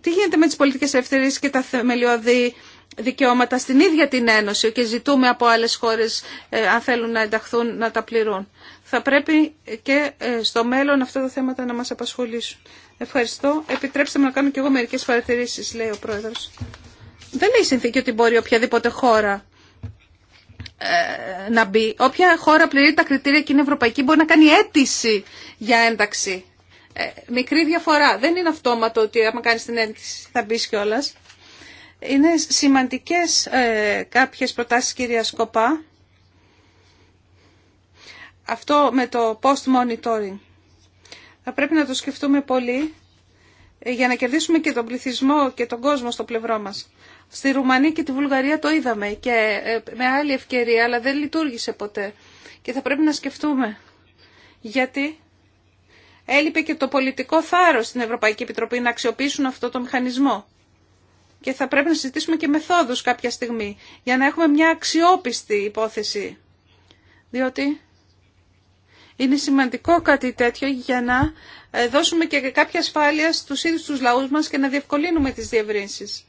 Τι γίνεται με τις πολιτικές ελευθερίες και τα θεμελιώδη δικαιώματα στην ίδια την Ένωση και ζητούμε από άλλες χώρες ε, αν θέλουν να ενταχθούν να τα πληρούν. Θα πρέπει και ε, στο μέλλον αυτά τα θέματα να μας απασχολήσουν. Ευχαριστώ. Επιτρέψτε μου να κάνω και εγώ μερικές παρατηρήσεις, λέει ο Πρόεδρος. Δεν λέει συνθήκη ότι μπορεί οποιαδήποτε χώρα ε, να μπει. Όποια χώρα πληρεί τα κριτήρια και είναι ευρωπαϊκή μπορεί να κάνει αίτηση για ένταξη. Ε, μικρή διαφορά. Δεν είναι αυτόματο ότι άμα κάνεις την ένταξη θα μπει κιόλα. Είναι σημαντικές ε, κάποιες προτάσεις κυρία Σκοπά. Αυτό με το post-monitoring. Θα πρέπει να το σκεφτούμε πολύ ε, για να κερδίσουμε και τον πληθυσμό και τον κόσμο στο πλευρό μας. Στη Ρουμανία και τη Βουλγαρία το είδαμε και ε, με άλλη ευκαιρία, αλλά δεν λειτουργήσε ποτέ. Και θα πρέπει να σκεφτούμε γιατί έλειπε και το πολιτικό θάρρος στην Ευρωπαϊκή Επιτροπή να αξιοποιήσουν αυτό το μηχανισμό. Και θα πρέπει να συζητήσουμε και μεθόδους κάποια στιγμή για να έχουμε μια αξιόπιστη υπόθεση. Διότι είναι σημαντικό κάτι τέτοιο για να ε, δώσουμε και κάποια ασφάλεια στους ίδιους τους λαούς μας και να διευκολύνουμε τις διευρύνσεις.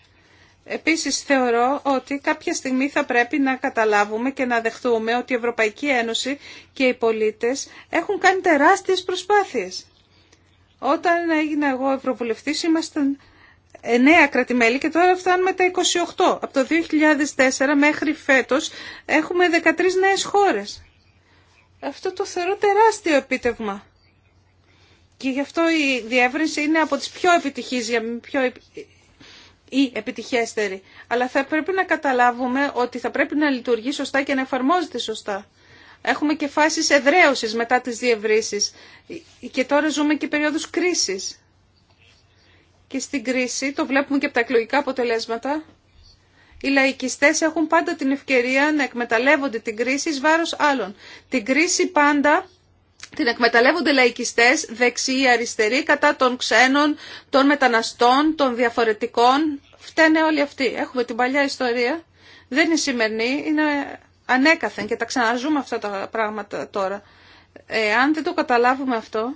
Επίσης θεωρώ ότι κάποια στιγμή θα πρέπει να καταλάβουμε και να δεχτούμε ότι η Ευρωπαϊκή Ένωση και οι πολίτες έχουν κάνει τεράστιες προσπάθειες. Όταν έγινα εγώ Ευρωβουλευτής ήμασταν 9 κρατημέλη και τώρα φτάνουμε τα 28. Από το 2004 μέχρι φέτος έχουμε 13 νέες χώρες. Αυτό το θεωρώ τεράστιο επίτευγμα. Και γι' αυτό η διεύρυνση είναι από τις πιο επιτυχείς για πιο ή επιτυχέστερη. Αλλά θα πρέπει να καταλάβουμε ότι θα πρέπει να λειτουργεί σωστά και να εφαρμόζεται σωστά. Έχουμε και φάσεις εδραίωσης μετά τις διευρύσεις και τώρα ζούμε και περίοδους κρίσης. Και στην κρίση, το βλέπουμε και από τα εκλογικά αποτελέσματα, οι λαϊκιστές έχουν πάντα την ευκαιρία να εκμεταλλεύονται την κρίση εις βάρος άλλων. Την κρίση πάντα την εκμεταλλεύονται λαϊκιστές, δεξιοί, αριστεροί, κατά των ξένων, των μεταναστών, των διαφορετικών. Φταίνε όλοι αυτοί. Έχουμε την παλιά ιστορία. Δεν είναι σημερινή, είναι ανέκαθεν και τα ξαναζούμε αυτά τα πράγματα τώρα. Ε, αν δεν το καταλάβουμε αυτό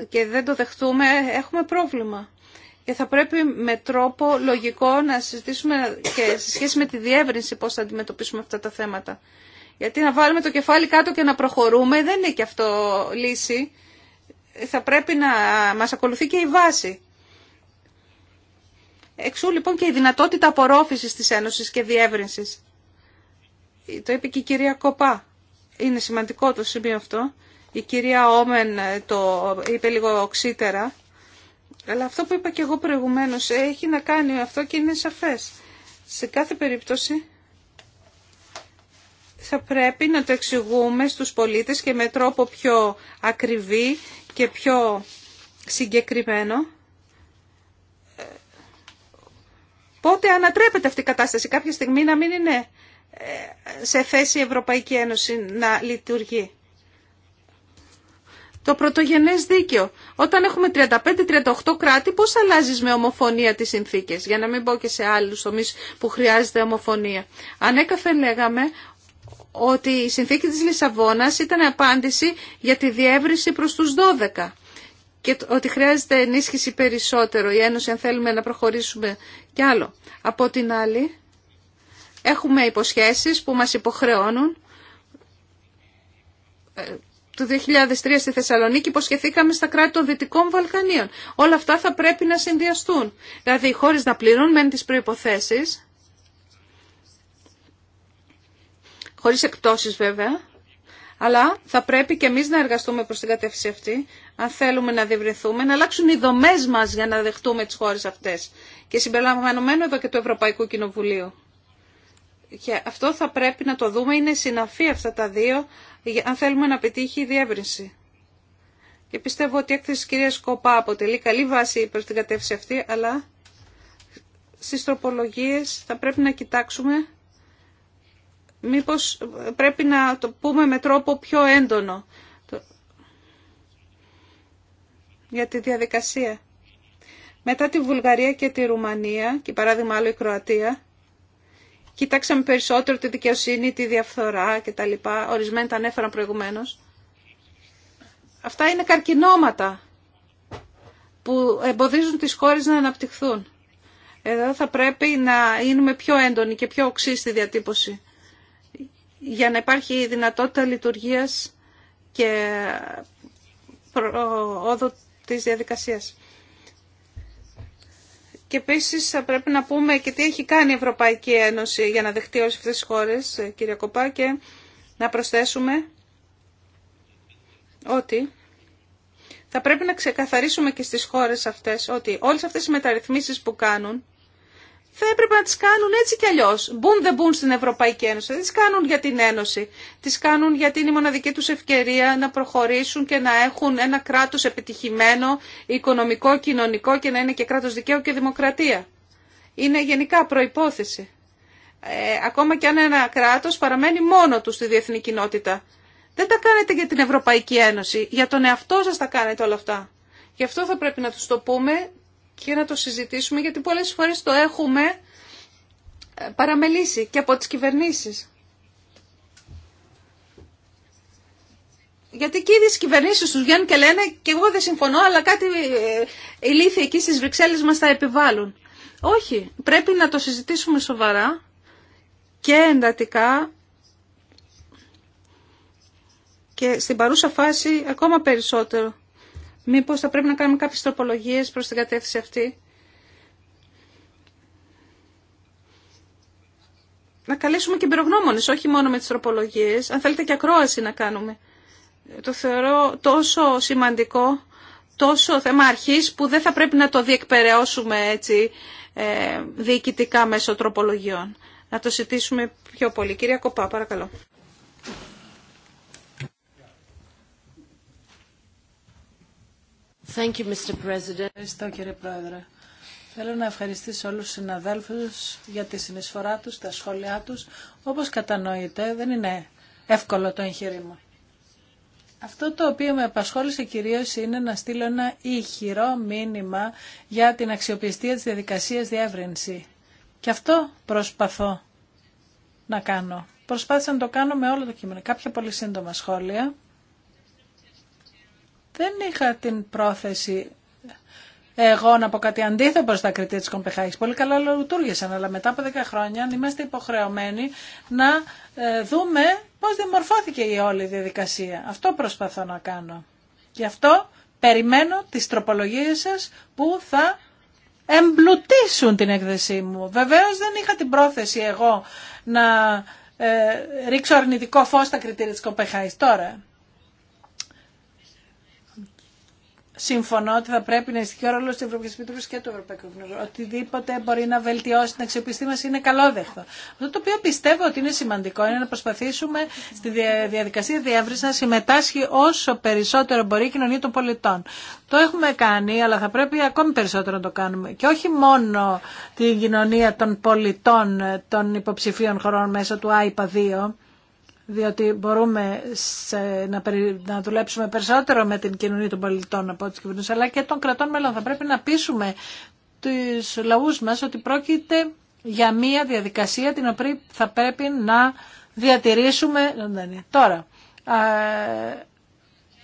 ε, και δεν το δεχτούμε, έχουμε πρόβλημα. Και θα πρέπει με τρόπο λογικό να συζητήσουμε και σε σχέση με τη διεύρυνση πώς θα αντιμετωπίσουμε αυτά τα θέματα. Γιατί να βάλουμε το κεφάλι κάτω και να προχωρούμε δεν είναι και αυτό λύση. Θα πρέπει να μας ακολουθεί και η βάση. Εξού λοιπόν και η δυνατότητα απορρόφησης της Ένωσης και διεύρυνσης. Το είπε και η κυρία Κοπά. Είναι σημαντικό το σημείο αυτό. Η κυρία Όμεν το είπε λίγο οξύτερα. Αλλά αυτό που είπα και εγώ προηγουμένως έχει να κάνει αυτό και είναι σαφές. Σε κάθε περίπτωση θα πρέπει να το εξηγούμε στους πολίτες και με τρόπο πιο ακριβή και πιο συγκεκριμένο. Πότε ανατρέπεται αυτή η κατάσταση κάποια στιγμή να μην είναι ε, σε θέση η Ευρωπαϊκή Ένωση να λειτουργεί. Το πρωτογενές δίκαιο. Όταν έχουμε 35-38 κράτη, πώς αλλάζεις με ομοφωνία τις συνθήκες, για να μην πω και σε άλλους τομείς που χρειάζεται ομοφωνία. Ανέκαθεν λέγαμε ότι η συνθήκη της Λισαβόνας ήταν απάντηση για τη διεύρυνση προς τους 12 και ότι χρειάζεται ενίσχυση περισσότερο η Ένωση αν θέλουμε να προχωρήσουμε κι άλλο. Από την άλλη, έχουμε υποσχέσεις που μας υποχρεώνουν. Ε, το 2003 στη Θεσσαλονίκη υποσχεθήκαμε στα κράτη των Δυτικών Βαλκανίων. Όλα αυτά θα πρέπει να συνδυαστούν. Δηλαδή οι χώρες να πληρούν μεν τις προϋποθέσεις, χωρίς εκπτώσεις βέβαια, αλλά θα πρέπει και εμείς να εργαστούμε προς την κατεύθυνση αυτή, αν θέλουμε να διευρυνθούμε, να αλλάξουν οι δομές μας για να δεχτούμε τις χώρες αυτές. Και συμπεριλαμβανωμένο εδώ και το Ευρωπαϊκό Κοινοβουλίο. Και αυτό θα πρέπει να το δούμε, είναι συναφή αυτά τα δύο, αν θέλουμε να πετύχει η διεύρυνση. Και πιστεύω ότι η έκθεση της Σκοπά Κοπά αποτελεί καλή βάση προς την κατεύθυνση αυτή, αλλά στις τροπολογίες θα πρέπει να κοιτάξουμε Μήπως πρέπει να το πούμε με τρόπο πιο έντονο για τη διαδικασία. Μετά τη Βουλγαρία και τη Ρουμανία, και παράδειγμα άλλο η Κροατία, κοιτάξαμε περισσότερο τη δικαιοσύνη, τη διαφθορά κτλ. Ορισμένα τα ανέφεραν προηγουμένως. Αυτά είναι καρκινώματα που εμποδίζουν τις χώρες να αναπτυχθούν. Εδώ θα πρέπει να γίνουμε πιο έντονοι και πιο οξύ στη διατύπωση για να υπάρχει δυνατότητα λειτουργίας και προόδου της διαδικασίας. Και επίση θα πρέπει να πούμε και τι έχει κάνει η Ευρωπαϊκή Ένωση για να δεχτεί όλε αυτέ τι χώρε, κύριε Κοπά, και να προσθέσουμε ότι θα πρέπει να ξεκαθαρίσουμε και στις χώρες αυτές ότι όλες αυτές οι μεταρρυθμίσεις που κάνουν θα έπρεπε να τις κάνουν έτσι κι αλλιώς. Μπουν δεν μπουν στην Ευρωπαϊκή Ένωση. Δεν τις κάνουν για την Ένωση. Τις κάνουν γιατί είναι η μοναδική τους ευκαιρία να προχωρήσουν και να έχουν ένα κράτος επιτυχημένο, οικονομικό, κοινωνικό και να είναι και κράτος δικαίου και δημοκρατία. Είναι γενικά προϋπόθεση. Ε, ακόμα κι αν ένα κράτος παραμένει μόνο του στη διεθνή κοινότητα. Δεν τα κάνετε για την Ευρωπαϊκή Ένωση. Για τον εαυτό σας τα κάνετε όλα αυτά. Γι' αυτό θα πρέπει να τους το πούμε και να το συζητήσουμε γιατί πολλές φορές το έχουμε ε, παραμελήσει και από τις κυβερνήσεις. Γιατί και οι κυβερνήσει του βγαίνουν και λένε και εγώ δεν συμφωνώ, αλλά κάτι ε, ηλίθιοι εκεί στις Βρυξέλλες μας τα επιβάλλουν. Όχι, πρέπει να το συζητήσουμε σοβαρά και εντατικά και στην παρούσα φάση ακόμα περισσότερο. Μήπως θα πρέπει να κάνουμε κάποιες τροπολογίες προς την κατεύθυνση αυτή. Να καλέσουμε και εμπειρογνώμονες, όχι μόνο με τις τροπολογίες. Αν θέλετε και ακρόαση να κάνουμε. Το θεωρώ τόσο σημαντικό, τόσο θέμα αρχής που δεν θα πρέπει να το διεκπαιρεώσουμε έτσι ε, διοικητικά μέσω τροπολογιών. Να το συζητήσουμε πιο πολύ. Κυρία Κοπά, παρακαλώ. Ευχαριστώ κύριε Πρόεδρε. Θέλω να ευχαριστήσω όλους τους συναδέλφους για τη συνεισφορά τους, τα σχόλιά τους. Όπως κατανοείτε δεν είναι εύκολο το εγχείρημα. Αυτό το οποίο με απασχόλησε κυρίως είναι να στείλω ένα ηχηρό μήνυμα για την αξιοπιστία της διαδικασίας διεύρυνση. Και αυτό προσπαθώ να κάνω. Προσπάθησα να το κάνω με όλο το κείμενο. Κάποια πολύ σύντομα σχόλια. Δεν είχα την πρόθεση εγώ να πω κάτι αντίθετο προ τα κριτήρια τη Κομπεχάκη. Πολύ καλά λειτουργήσαν, αλλά μετά από 10 χρόνια είμαστε υποχρεωμένοι να ε, δούμε πώ διαμορφώθηκε η όλη διαδικασία. Αυτό προσπαθώ να κάνω. Γι' αυτό περιμένω τις τροπολογίες σας που θα εμπλουτίσουν την έκθεσή μου. Βεβαίως δεν είχα την πρόθεση εγώ να ε, ρίξω αρνητικό φως στα κριτήρια της Κοπεχάης τώρα. συμφωνώ ότι θα πρέπει να ισχύει ο ρόλο τη Ευρωπαϊκή Επιτροπή και του Ευρωπαϊκού Κοινοβουλίου. Οτιδήποτε μπορεί να βελτιώσει την αξιοπιστή μα είναι καλόδεχτο. Αυτό το οποίο πιστεύω ότι είναι σημαντικό είναι να προσπαθήσουμε στη διαδικασία διεύρυνση να συμμετάσχει όσο περισσότερο μπορεί η κοινωνία των πολιτών. Το έχουμε κάνει, αλλά θα πρέπει ακόμη περισσότερο να το κάνουμε. Και όχι μόνο την κοινωνία των πολιτών των υποψηφίων χωρών μέσω του ΆΙΠΑ 2 διότι μπορούμε σε, να, περι, να δουλέψουμε περισσότερο με την κοινωνία των πολιτών από τις κυβερνήσεις, αλλά και των κρατών μέλων. Θα πρέπει να πείσουμε τους λαούς μας ότι πρόκειται για μία διαδικασία την οποία θα πρέπει να διατηρήσουμε. Ναι, ναι. Τώρα,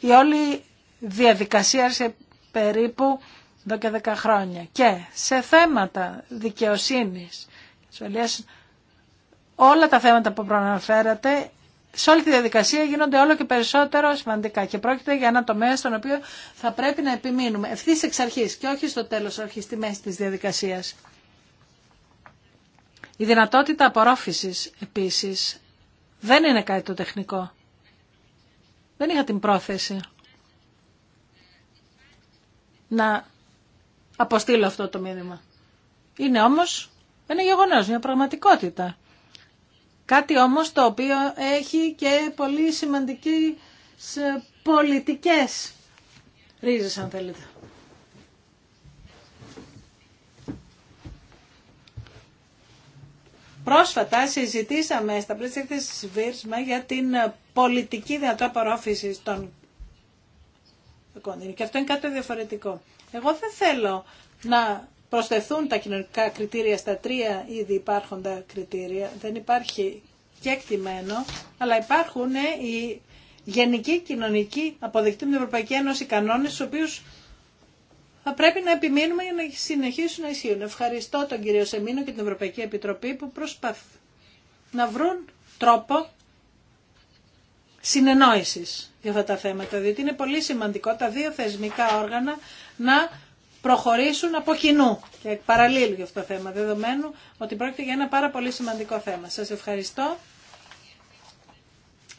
η όλη διαδικασία σε περίπου εδώ και 10 χρόνια και σε θέματα δικαιοσύνης, όλα τα θέματα που προαναφέρατε σε όλη τη διαδικασία γίνονται όλο και περισσότερο σημαντικά και πρόκειται για ένα τομέα στον οποίο θα πρέπει να επιμείνουμε ευθύ εξ αρχή και όχι στο τέλο, όχι στη μέση τη διαδικασία. Η δυνατότητα απορρόφησης επίσης δεν είναι κάτι το τεχνικό. Δεν είχα την πρόθεση να αποστείλω αυτό το μήνυμα. Είναι όμως ένα γεγονός, μια πραγματικότητα. Κάτι όμως το οποίο έχει και πολύ σημαντική ε, πολιτικές ρίζες αν θέλετε. Πρόσφατα συζητήσαμε στα πλαίσια της Βίρσμα για την ε, πολιτική δυνατότητα παρόφηση των κονδύλων. Και αυτό είναι κάτι διαφορετικό. Εγώ δεν θέλω να προσθεθούν τα κοινωνικά κριτήρια στα τρία ήδη υπάρχοντα κριτήρια. Δεν υπάρχει εκτιμένο. αλλά υπάρχουν ε, οι γενικοί κοινωνικοί αποδεκτοί με την Ευρωπαϊκή Ένωση κανόνες, στους οποίους θα πρέπει να επιμείνουμε για να συνεχίσουν να ισχύουν. Ευχαριστώ τον κύριο Σεμίνο και την Ευρωπαϊκή Επιτροπή που προσπαθούν να βρουν τρόπο συνεννόησης για αυτά τα θέματα, διότι είναι πολύ σημαντικό τα δύο θεσμικά όργανα να προχωρήσουν από κοινού και παραλλήλου για αυτό το θέμα, δεδομένου ότι πρόκειται για ένα πάρα πολύ σημαντικό θέμα. Σας ευχαριστώ.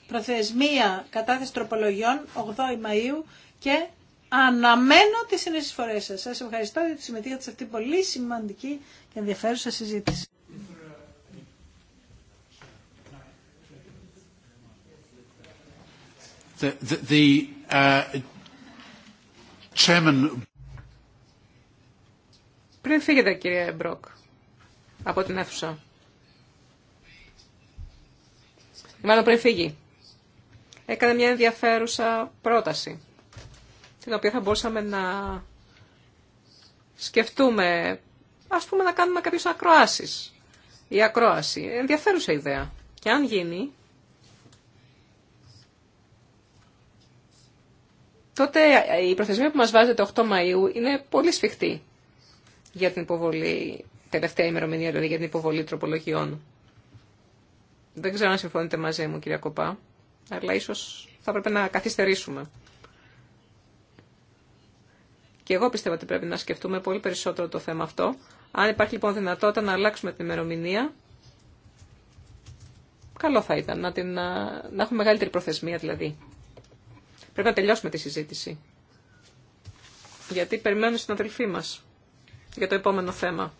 Προθεσμία κατάθεση τροπολογιών 8 Μαΐου και αναμένω τις συνεισφορές σας. Σας ευχαριστώ για τη συμμετοχή σε αυτή την πολύ σημαντική και ενδιαφέρουσα συζήτηση. The, uh, chairman... Πριν φύγετε κύριε Μπροκ από την αίθουσα. Μάλλον πριν φύγει. Έκανε μια ενδιαφέρουσα πρόταση, την οποία θα μπορούσαμε να σκεφτούμε, ας πούμε να κάνουμε κάποιες ακροάσεις. Η ακρόαση, ενδιαφέρουσα ιδέα. Και αν γίνει, τότε η προθεσμία που μας βάζετε 8 Μαΐου είναι πολύ σφιχτή για την υποβολή, τελευταία ημερομηνία δηλαδή, για την υποβολή τροπολογιών. Δεν ξέρω αν συμφωνείτε μαζί μου, κυρία Κοπά, αλλά ίσω θα πρέπει να καθυστερήσουμε. Και εγώ πιστεύω ότι πρέπει να σκεφτούμε πολύ περισσότερο το θέμα αυτό. Αν υπάρχει λοιπόν δυνατότητα να αλλάξουμε την ημερομηνία, καλό θα ήταν να, την, να, έχουμε μεγαλύτερη προθεσμία δηλαδή. Πρέπει να τελειώσουμε τη συζήτηση. Γιατί περιμένουν στην αδελφή μας για το επόμενο θέμα.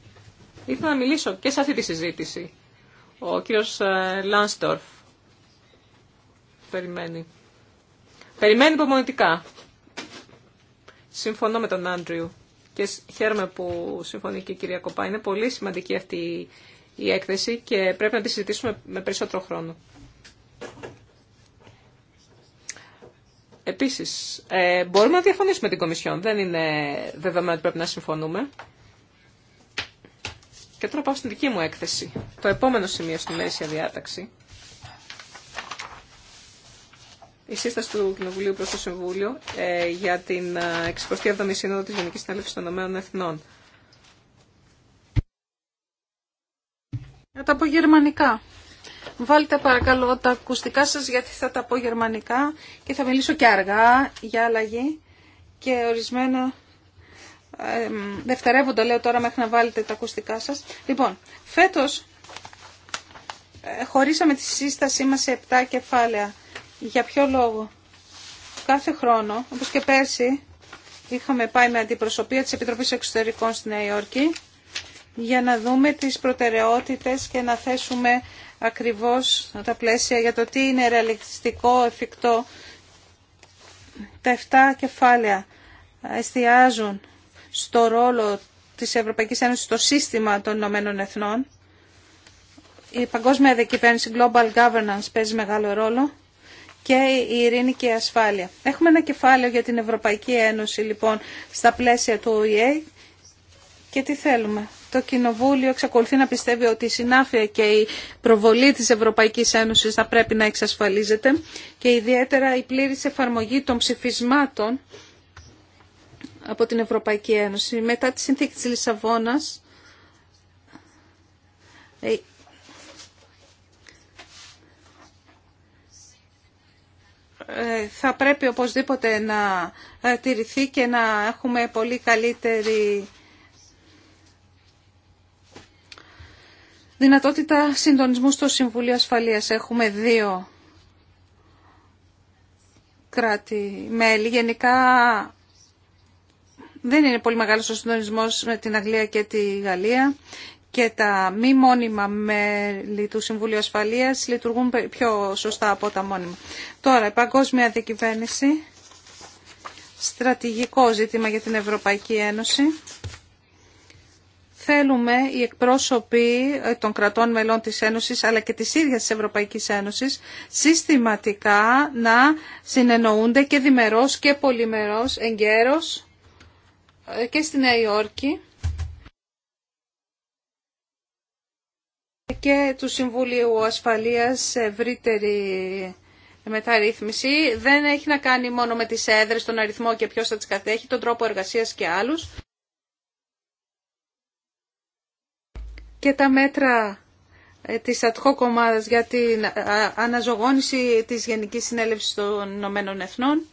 Ήθελα να μιλήσω και σε αυτή τη συζήτηση. Ο κύριος ε, Λάνστορφ περιμένει. Περιμένει υπομονητικά. Συμφωνώ με τον Άντριου και χαίρομαι που συμφωνεί και η κυρία Κοπά. Είναι πολύ σημαντική αυτή η έκθεση και πρέπει να τη συζητήσουμε με περισσότερο χρόνο. Επίσης, ε, μπορούμε να διαφωνήσουμε την Κομισιόν. Δεν είναι δεδομένο ότι πρέπει να συμφωνούμε. Και τώρα πάω στην δική μου έκθεση. Το επόμενο σημείο στη μέση διάταξη. Η σύσταση του Κοινοβουλίου προς το Συμβούλιο ε, για την 67η ε, Σύνοδο της Γενικής Συνέλευσης των Ηνωμένων Εθνών. Θα τα πω γερμανικά. Βάλτε παρακαλώ τα ακουστικά σας γιατί θα τα πω γερμανικά και θα μιλήσω και αργά για αλλαγή και ορισμένα ε, δευτερεύοντα λέω τώρα μέχρι να βάλετε τα ακουστικά σας. Λοιπόν, φέτος ε, χωρίσαμε τη σύστασή μας σε 7 κεφάλαια. Για ποιο λόγο. Κάθε χρόνο, όπως και πέρσι, είχαμε πάει με αντιπροσωπεία της Επιτροπής Εξωτερικών στη Νέα Υόρκη για να δούμε τις προτεραιότητες και να θέσουμε ακριβώς τα πλαίσια για το τι είναι ρεαλιστικό, εφικτό. Τα 7 κεφάλαια εστιάζουν στο ρόλο της Ευρωπαϊκής Ένωσης στο σύστημα των Ηνωμένων Εθνών. Η παγκόσμια διακυβέρνηση Global Governance παίζει μεγάλο ρόλο και η ειρήνη και η ασφάλεια. Έχουμε ένα κεφάλαιο για την Ευρωπαϊκή Ένωση λοιπόν στα πλαίσια του ΟΗΕ και τι θέλουμε. Το Κοινοβούλιο εξακολουθεί να πιστεύει ότι η συνάφεια και η προβολή της Ευρωπαϊκής Ένωσης θα πρέπει να εξασφαλίζεται και ιδιαίτερα η πλήρης εφαρμογή των ψηφισμάτων από την Ευρωπαϊκή Ένωση. Μετά τη συνθήκη της Λισαβόνας, ε, θα πρέπει οπωσδήποτε να ε, τηρηθεί και να έχουμε πολύ καλύτερη δυνατότητα συντονισμού στο Συμβουλίο Ασφαλείας. Έχουμε δύο κράτη-μέλη. Γενικά δεν είναι πολύ μεγάλος ο συντονισμός με την Αγγλία και τη Γαλλία και τα μη μόνιμα μέλη του Συμβουλίου Ασφαλείας λειτουργούν πιο σωστά από τα μόνιμα. Τώρα, η παγκόσμια διακυβέρνηση, στρατηγικό ζήτημα για την Ευρωπαϊκή Ένωση. Θέλουμε οι εκπρόσωποι ε, των κρατών μελών της Ένωσης αλλά και της ίδιας της Ευρωπαϊκής Ένωσης συστηματικά να συνεννοούνται και διμερός και πολυμερός εγκαίρως και στη Νέα Υόρκη και του Συμβουλίου Ασφαλείας ευρύτερη μεταρρύθμιση. Δεν έχει να κάνει μόνο με τις έδρες, τον αριθμό και ποιος θα τις κατέχει, τον τρόπο εργασίας και άλλους. Και τα μέτρα ε, της ΑΤΧΟ κομμάδας για την ε, αναζωγόνηση της Γενικής Συνέλευσης των Ηνωμένων Εθνών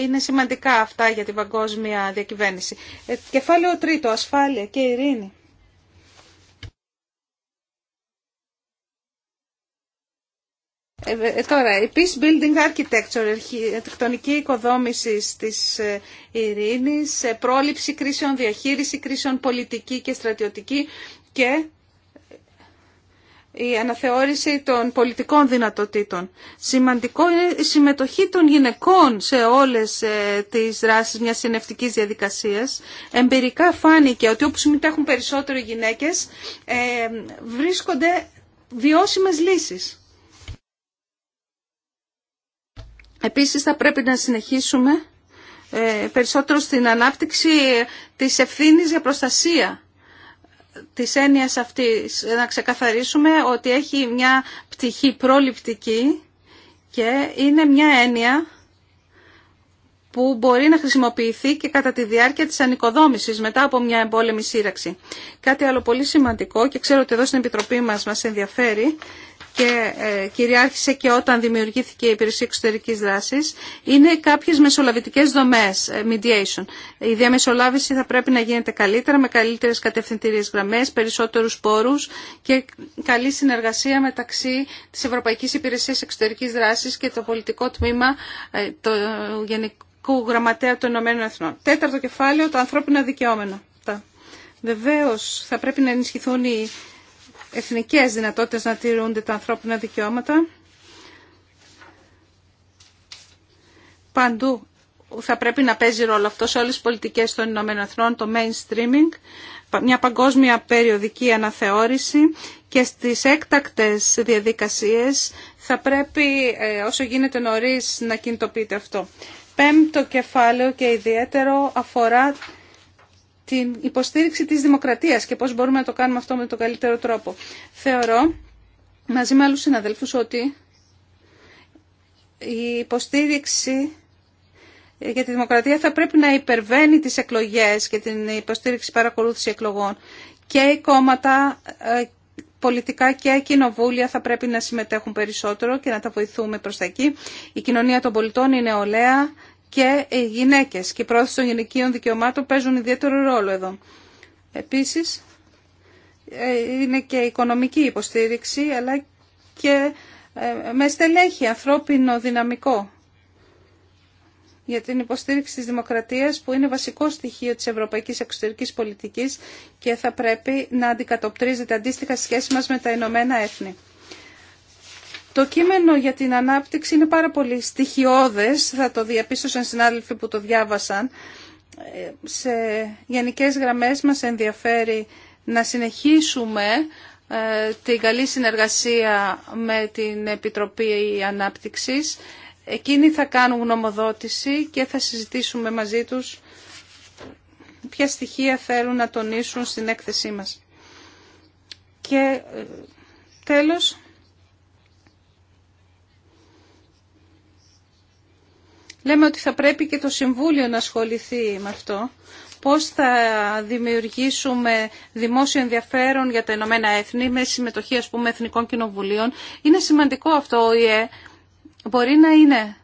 είναι σημαντικά αυτά για την παγκόσμια διακυβέρνηση. Ε, κεφάλαιο τρίτο, ασφάλεια και ειρήνη. Ε, ε τώρα, η Peace Building Architecture, αρχιτεκτονική οικοδόμηση της ε, ειρήνης, πρόληψη κρίσεων, διαχείριση κρίσεων πολιτική και στρατιωτική και η αναθεώρηση των πολιτικών δυνατοτήτων. Σημαντικό είναι η συμμετοχή των γυναικών σε όλες ε, τις δράσεις μιας συνευτικής διαδικασίας. Εμπειρικά φάνηκε ότι όπου συμμετέχουν περισσότερο οι γυναίκες ε, βρίσκονται βιώσιμες λύσεις. Επίσης θα πρέπει να συνεχίσουμε ε, περισσότερο στην ανάπτυξη της ευθύνης για προστασία της έννοιας αυτής να ξεκαθαρίσουμε ότι έχει μια πτυχή προληπτική και είναι μια έννοια που μπορεί να χρησιμοποιηθεί και κατά τη διάρκεια της ανοικοδόμησης μετά από μια εμπόλεμη σύραξη. Κάτι άλλο πολύ σημαντικό και ξέρω ότι εδώ στην Επιτροπή μας μας ενδιαφέρει και ε, κυριάρχησε και όταν δημιουργήθηκε η Υπηρεσία Εξωτερικής Δράσης είναι κάποιες μεσολαβητικές δομές, ε, mediation. Η διαμεσολάβηση θα πρέπει να γίνεται καλύτερα με καλύτερες κατευθυντήριες γραμμές, περισσότερους πόρους και καλή συνεργασία μεταξύ της Ευρωπαϊκής Υπηρεσίας Εξωτερικής Δράσης και το πολιτικό τμήμα ε, του Γενικού Γραμματέα των Ηνωμένων Εθνών. Τέταρτο κεφάλαιο, τα ανθρώπινα δικαιώματα. Βεβαίως θα πρέπει να ενισχυθούν οι εθνικές δυνατότητες να τηρούνται τα ανθρώπινα δικαιώματα. Παντού θα πρέπει να παίζει ρόλο αυτό σε όλες τις πολιτικές των Ηνωμένων Εθνών, το mainstreaming, μια παγκόσμια περιοδική αναθεώρηση και στις έκτακτες διαδικασίες θα πρέπει ε, όσο γίνεται νωρίς να κινητοποιείται αυτό. Πέμπτο κεφάλαιο και ιδιαίτερο αφορά την υποστήριξη της δημοκρατίας και πώς μπορούμε να το κάνουμε αυτό με τον καλύτερο τρόπο. Θεωρώ, μαζί με άλλους συναδέλφους, ότι η υποστήριξη για τη δημοκρατία θα πρέπει να υπερβαίνει τις εκλογές και την υποστήριξη παρακολούθηση εκλογών. Και οι κόμματα ε, πολιτικά και κοινοβούλια θα πρέπει να συμμετέχουν περισσότερο και να τα βοηθούμε προς τα εκεί. Η κοινωνία των πολιτών, είναι ωραία και οι γυναίκες και η πρόθεση των γυναικείων δικαιωμάτων παίζουν ιδιαίτερο ρόλο εδώ. Επίσης, ε, είναι και οικονομική υποστήριξη, αλλά και ε, με στελέχη, ανθρώπινο δυναμικό για την υποστήριξη της δημοκρατίας που είναι βασικό στοιχείο της ευρωπαϊκής εξωτερικής πολιτικής και θα πρέπει να αντικατοπτρίζεται αντίστοιχα σχέση μας με τα Ηνωμένα Έθνη. Το κείμενο για την ανάπτυξη είναι πάρα πολύ στοιχειώδες, θα το διαπίστωσαν συνάδελφοι που το διάβασαν. Ε, σε γενικές γραμμές μας ενδιαφέρει να συνεχίσουμε ε, την καλή συνεργασία με την Επιτροπή Ανάπτυξης. Εκείνοι θα κάνουν γνωμοδότηση και θα συζητήσουμε μαζί τους ποια στοιχεία θέλουν να τονίσουν στην έκθεσή μας. Και ε, τέλος, Λέμε ότι θα πρέπει και το Συμβούλιο να ασχοληθεί με αυτό. Πώς θα δημιουργήσουμε δημόσιο ενδιαφέρον για τα Ηνωμένα Έθνη με συμμετοχή ας πούμε εθνικών κοινοβουλίων. Είναι σημαντικό αυτό ο ΙΕ. Μπορεί να είναι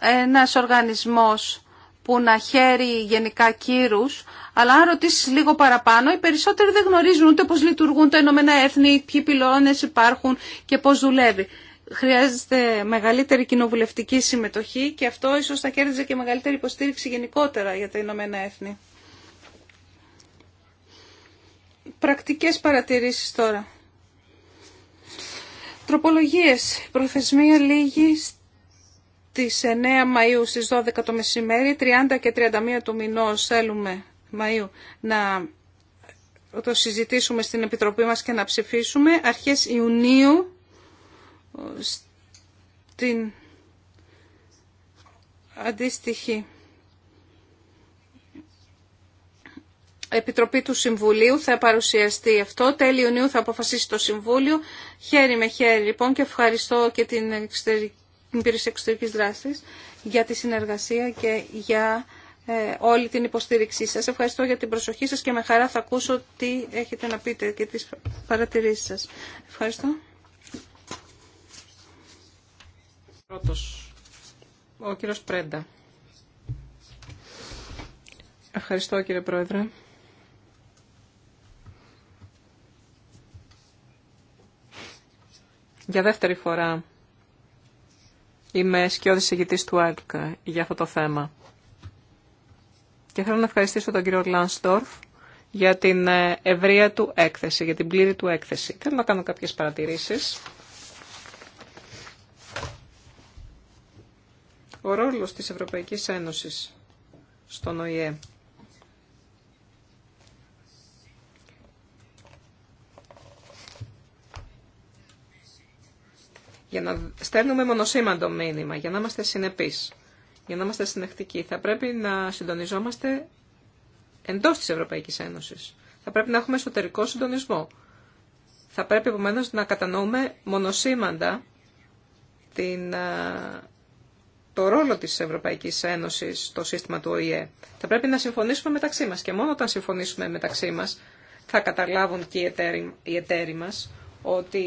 ένας οργανισμός που να χαίρει γενικά κύρους, αλλά αν ρωτήσει λίγο παραπάνω, οι περισσότεροι δεν γνωρίζουν ούτε πώς λειτουργούν τα Ηνωμένα Έθνη, ποιοι πυλώνες υπάρχουν και πώς δουλεύει χρειάζεται μεγαλύτερη κοινοβουλευτική συμμετοχή και αυτό ίσως θα κέρδιζε και μεγαλύτερη υποστήριξη γενικότερα για τα Ηνωμένα Έθνη. Πρακτικές παρατηρήσεις τώρα. Τροπολογίες. Προθεσμία λίγη στις 9 Μαΐου στις 12 το μεσημέρι, 30 και 31 του μηνό θέλουμε Μαΐου να το συζητήσουμε στην Επιτροπή μας και να ψηφίσουμε. Αρχές Ιουνίου στην αντίστοιχη Επιτροπή του Συμβουλίου θα παρουσιαστεί αυτό. Τέλη Ιουνίου θα αποφασίσει το Συμβούλιο. Χέρι με χέρι λοιπόν και ευχαριστώ και την Υπηρεσία Εξωτερικής Δράσης για τη συνεργασία και για ε, όλη την υποστήριξή σας. Ευχαριστώ για την προσοχή σας και με χαρά θα ακούσω τι έχετε να πείτε και τις παρατηρήσεις σας. Ευχαριστώ. Πρώτος, ο κύριος Πρέντα. Ευχαριστώ κύριε Πρόεδρε. Για δεύτερη φορά είμαι σκιώδης ηγητής του ΑΕΚ για αυτό το θέμα. Και θέλω να ευχαριστήσω τον κύριο Λάνστορφ για την ε, ευρεία του έκθεση, για την πλήρη του έκθεση. Θέλω να κάνω κάποιες παρατηρήσεις. Ο ρόλος της Ευρωπαϊκής Ένωσης στον ΟΗΕ. Για να στέλνουμε μονοσήμαντο μήνυμα, για να είμαστε συνεπείς, για να είμαστε συνεχτικοί, θα πρέπει να συντονιζόμαστε εντός της Ευρωπαϊκής Ένωσης. Θα πρέπει να έχουμε εσωτερικό συντονισμό. Θα πρέπει επομένω να κατανοούμε μονοσήμαντα την ε, το ρόλο τη Ευρωπαϊκή Ένωση στο σύστημα του ΟΗΕ. Θα πρέπει να συμφωνήσουμε μεταξύ μα. και μόνο όταν συμφωνήσουμε μεταξύ μα θα καταλάβουν και οι εταίροι, μα μας ότι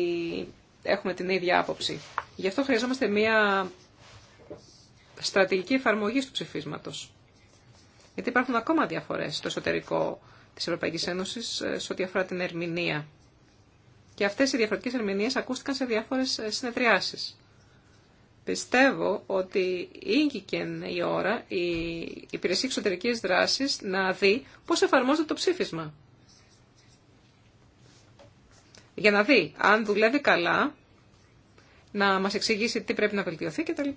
έχουμε την ίδια άποψη. Γι' αυτό χρειαζόμαστε μία στρατηγική εφαρμογή του ψηφίσματος. Γιατί υπάρχουν ακόμα διαφορέ στο εσωτερικό τη Ευρωπαϊκή Ένωση ε, σε ό,τι αφορά την ερμηνεία. Και αυτέ οι διαφορετικέ ερμηνείε ακούστηκαν σε διάφορε ε, συνεδριάσεις πιστεύω ότι ήγηκε η ώρα η Υπηρεσία Εξωτερικής Δράσης να δει πώς εφαρμόζεται το ψήφισμα. Για να δει αν δουλεύει καλά, να μας εξηγήσει τι πρέπει να βελτιωθεί κτλ.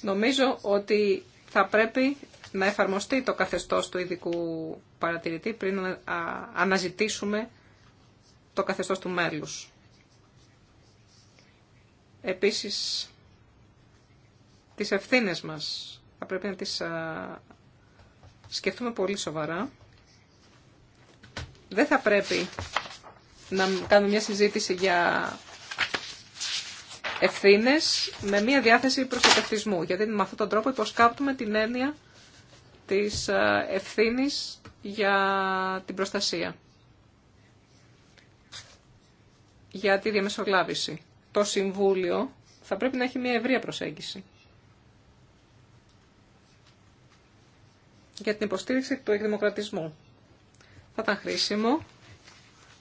Νομίζω ότι θα πρέπει να εφαρμοστεί το καθεστώς του ειδικού παρατηρητή πριν αναζητήσουμε το καθεστώς του μέλους. Επίσης, τις ευθύνες μας θα πρέπει να τις σκεφτούμε πολύ σοβαρά. Δεν θα πρέπει να κάνουμε μια συζήτηση για ευθύνες με μια διάθεση προστατευτισμού, γιατί με αυτόν τον τρόπο υποσκάπτουμε την έννοια της ε, ευθύνης για την προστασία, για τη διαμεσολάβηση. Το Συμβούλιο θα πρέπει να έχει μια ευρεία προσέγγιση για την υποστήριξη του εκδημοκρατισμού. Θα ήταν χρήσιμο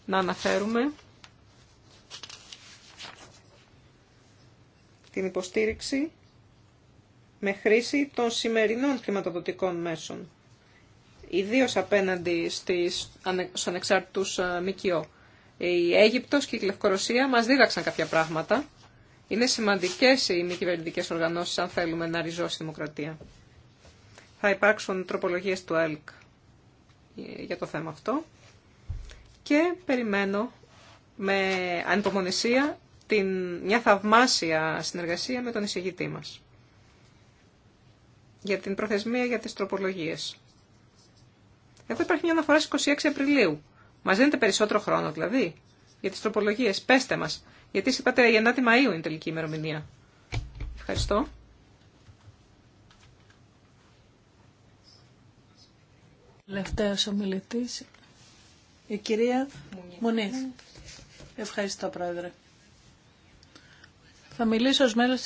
να αναφέρουμε την υποστήριξη με χρήση των σημερινών χρηματοδοτικών μέσων, ιδίω απέναντι στις, στους ανεξάρτητους ε, ΜΚΟ. Η Αίγυπτος και η Λευκορωσία μας δίδαξαν κάποια πράγματα. Είναι σημαντικές οι μη κυβερνητικέ οργανώσεις αν θέλουμε να ριζώσει η δημοκρατία. Θα υπάρξουν τροπολογίες του ΕΛΚ για το θέμα αυτό και περιμένω με ανυπομονησία την, μια θαυμάσια συνεργασία με τον εισηγητή μας για την προθεσμία για τις τροπολογίες. Εδώ υπάρχει μια αναφορά στις 26 Απριλίου. Μας δίνετε περισσότερο χρόνο δηλαδή για τις τροπολογίες. Πέστε μας. Γιατί είπατε η 9η Μαΐου είναι η τελική ημερομηνία. Ευχαριστώ. Τελευταίος ομιλητής, η κυρία ο ομιλητη η κυρια Μουνής. Πρόεδρε. Θα μιλήσω ως μέλος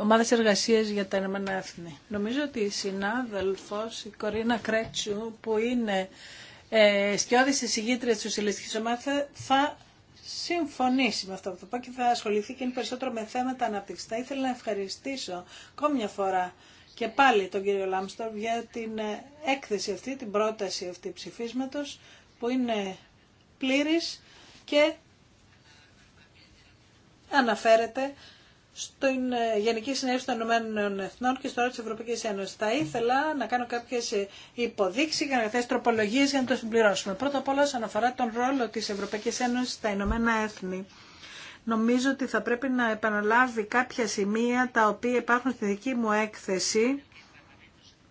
Ομάδα εργασία για τα Ηνωμένα Έθνη. Νομίζω ότι η συνάδελφο, η Κορίνα Κρέτσου, που είναι ε, σκιώδης εισηγήτρια τη Ουσιαλιστικής θα συμφωνήσει με αυτό που θα πω και θα ασχοληθεί και είναι περισσότερο με θέματα ανάπτυξη. Θα ήθελα να ευχαριστήσω ακόμη μια φορά και πάλι τον κύριο Λάμστορ για την ε, έκθεση αυτή, την πρόταση αυτή ψηφίσματος που είναι πλήρης και αναφέρεται στην ε, Γενική Συνέλευση των Ηνωμένων Εθνών και στο ρόλο της Ευρωπαϊκής Ένωσης. Θα ήθελα να κάνω κάποιες ε, υποδείξεις και να θέσω τροπολογίε για να το συμπληρώσουμε. Πρώτα απ' όλα, όσον αφορά τον ρόλο της Ευρωπαϊκής Ένωσης στα Ηνωμένα Έθνη. Νομίζω ότι θα πρέπει να επαναλάβει κάποια σημεία τα οποία υπάρχουν στη δική μου έκθεση,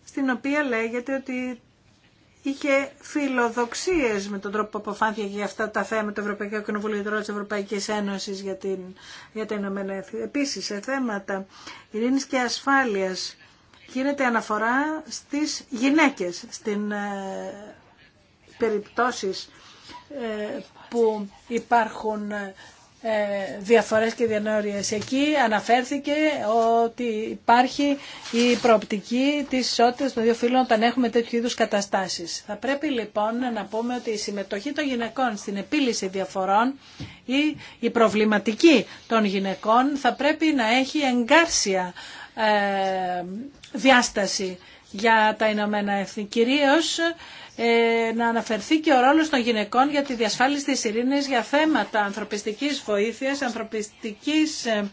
στην οποία λέγεται ότι είχε φιλοδοξίε με τον τρόπο που αποφάνθηκε για αυτά τα θέματα του Ευρωπαϊκού Κοινοβουλίου και της Ευρωπαϊκής Ένωσης για, την, για τα Ηνωμένα Έθνη. Επίσης, σε θέματα ειρήνη και ασφάλειας γίνεται αναφορά στις γυναίκες, στην ε, περιπτώσεις ε, που υπάρχουν ε, ε, διαφορές και διανόριες. Εκεί αναφέρθηκε ότι υπάρχει η προοπτική της ισότητας των δύο φύλων όταν έχουμε τέτοιου είδους καταστάσεις. Θα πρέπει λοιπόν να πούμε ότι η συμμετοχή των γυναικών στην επίλυση διαφορών ή η προβληματική των γυναικών θα πρέπει να έχει εγκάρσια ε, διάσταση για τα Ηνωμένα Έθνη. Κυρίως ε, να αναφερθεί και ο ρόλος των γυναικών για τη διασφάλιση της ειρήνης για θέματα ανθρωπιστικής βοήθειας, ανθρωπιστικής ε,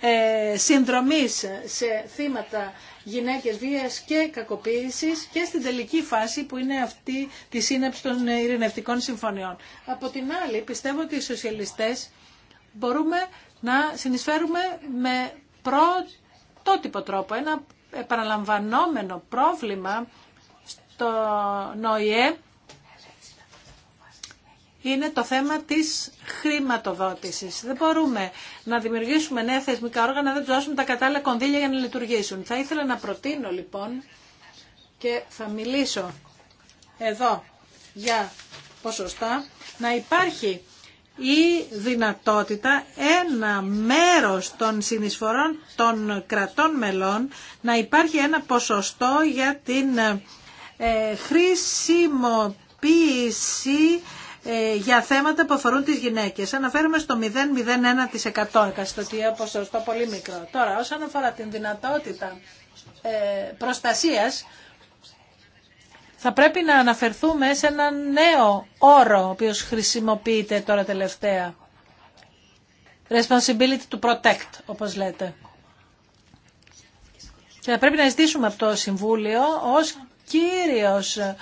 ε, συνδρομής σε θύματα γυναίκες βίας και κακοποίησης και στην τελική φάση που είναι αυτή τη σύναψη των ειρηνευτικών συμφωνιών. Από την άλλη πιστεύω ότι οι σοσιαλιστές μπορούμε να συνεισφέρουμε με πρωτότυπο τρόπο ένα επαναλαμβανόμενο πρόβλημα το ΝΟΗΕ είναι το θέμα της χρηματοδότησης. Δεν μπορούμε να δημιουργήσουμε νέα θεσμικά όργανα, δεν τους δώσουμε τα κατάλληλα κονδύλια για να λειτουργήσουν. Θα ήθελα να προτείνω λοιπόν και θα μιλήσω εδώ για ποσοστά να υπάρχει η δυνατότητα ένα μέρος των συνεισφορών των κρατών μελών να υπάρχει ένα ποσοστό για την ε, ε, χρησιμοποίηση ε, για θέματα που αφορούν τις γυναίκες. Αναφέρουμε στο 0,01% εκαστοτία ποσοστό πολύ μικρό. Τώρα, όσον αφορά την δυνατότητα ε, προστασίας, θα πρέπει να αναφερθούμε σε ένα νέο όρο, ο οποίος χρησιμοποιείται τώρα τελευταία. Responsibility to protect, όπως λέτε. Και θα πρέπει να ζητήσουμε από το Συμβούλιο ως κύριος, ε,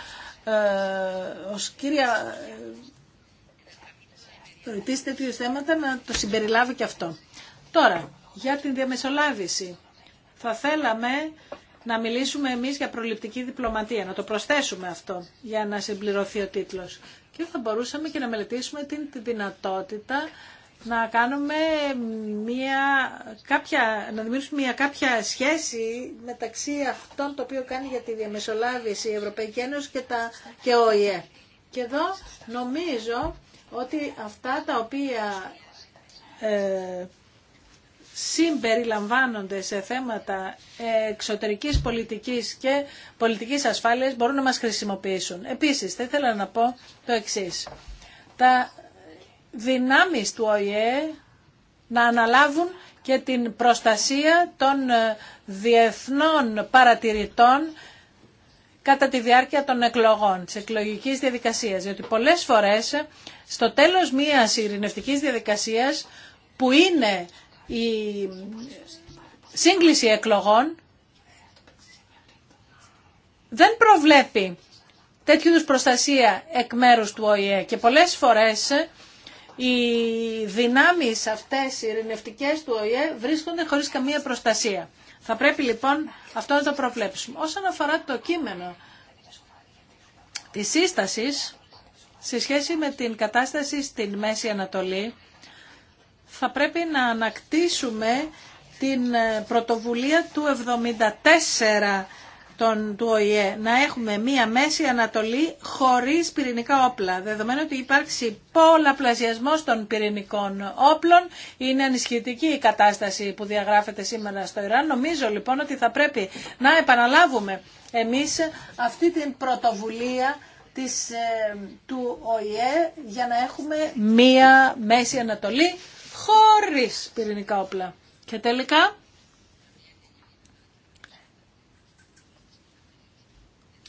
ως κύρια προητής ε, τέτοιου θέματα να το συμπεριλάβει και αυτό. Τώρα, για την διαμεσολάβηση. Θα θέλαμε να μιλήσουμε εμείς για προληπτική διπλωματία, να το προσθέσουμε αυτό για να συμπληρωθεί ο τίτλος. Και θα μπορούσαμε και να μελετήσουμε την, τη δυνατότητα να κάνουμε μια κάποια, να δημιουργήσουμε μια κάποια σχέση μεταξύ αυτών το οποίο κάνει για τη διαμεσολάβηση η Ευρωπαϊκή Ένωση και, τα, και ο Και εδώ νομίζω ότι αυτά τα οποία ε, συμπεριλαμβάνονται σε θέματα εξωτερικής πολιτικής και πολιτικής ασφάλειας μπορούν να μας χρησιμοποιήσουν. Επίσης, θα ήθελα να πω το εξής. Τα δυνάμεις του ΟΗΕ να αναλάβουν και την προστασία των ε, διεθνών παρατηρητών κατά τη διάρκεια των εκλογών, της εκλογικής διαδικασίας. Διότι πολλές φορές στο τέλος μιας ειρηνευτικής διαδικασίας που είναι η σύγκληση εκλογών δεν προβλέπει τέτοιου προστασία εκ μέρους του ΟΗΕ και πολλές φορές οι δυνάμεις αυτές οι ειρηνευτικές του ΟΗΕ βρίσκονται χωρίς καμία προστασία. Θα πρέπει λοιπόν αυτό να το προβλέψουμε. Όσον αφορά το κείμενο τη σύσταση σε σχέση με την κατάσταση στην Μέση Ανατολή θα πρέπει να ανακτήσουμε την ε, πρωτοβουλία του 74 του ΟΗΕ να έχουμε μία μέση Ανατολή χωρίς πυρηνικά όπλα. Δεδομένου ότι υπάρξει πολλαπλασιασμός των πυρηνικών όπλων, είναι ανισχυτική η κατάσταση που διαγράφεται σήμερα στο Ιράν. Νομίζω λοιπόν ότι θα πρέπει να επαναλάβουμε εμείς αυτή την πρωτοβουλία της, ε, του ΟΗΕ για να έχουμε μία μέση Ανατολή χωρίς πυρηνικά όπλα. Και τελικά...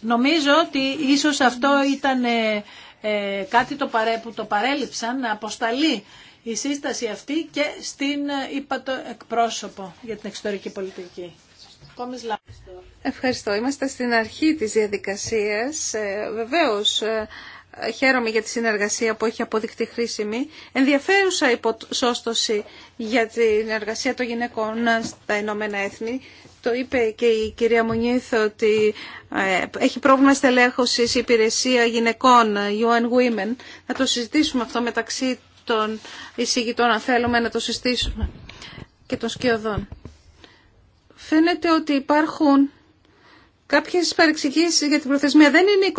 Νομίζω ότι ίσως αυτό ήταν ε, ε, κάτι το που το παρέλειψαν να αποσταλεί η σύσταση αυτή και στην ε, το εκπρόσωπο για την εξωτερική πολιτική. Ευχαριστώ. Είμαστε στην αρχή της διαδικασίας. Βεβαίως χαίρομαι για τη συνεργασία που έχει αποδειχτεί χρήσιμη. Ενδιαφέρουσα υποσώστοση για την εργασία των γυναικών στα Ηνωμένα Έθνη. Το είπε και η κυρία Μουνίθ ότι ε, έχει πρόβλημα στελέχωσης η υπηρεσία γυναικών, UN Women. Να το συζητήσουμε αυτό μεταξύ των εισηγητών, αν θέλουμε να το συζητήσουμε, και των σκιωδών. Φαίνεται ότι υπάρχουν κάποιες παρεξηγήσεις για την προθεσμία. Δεν είναι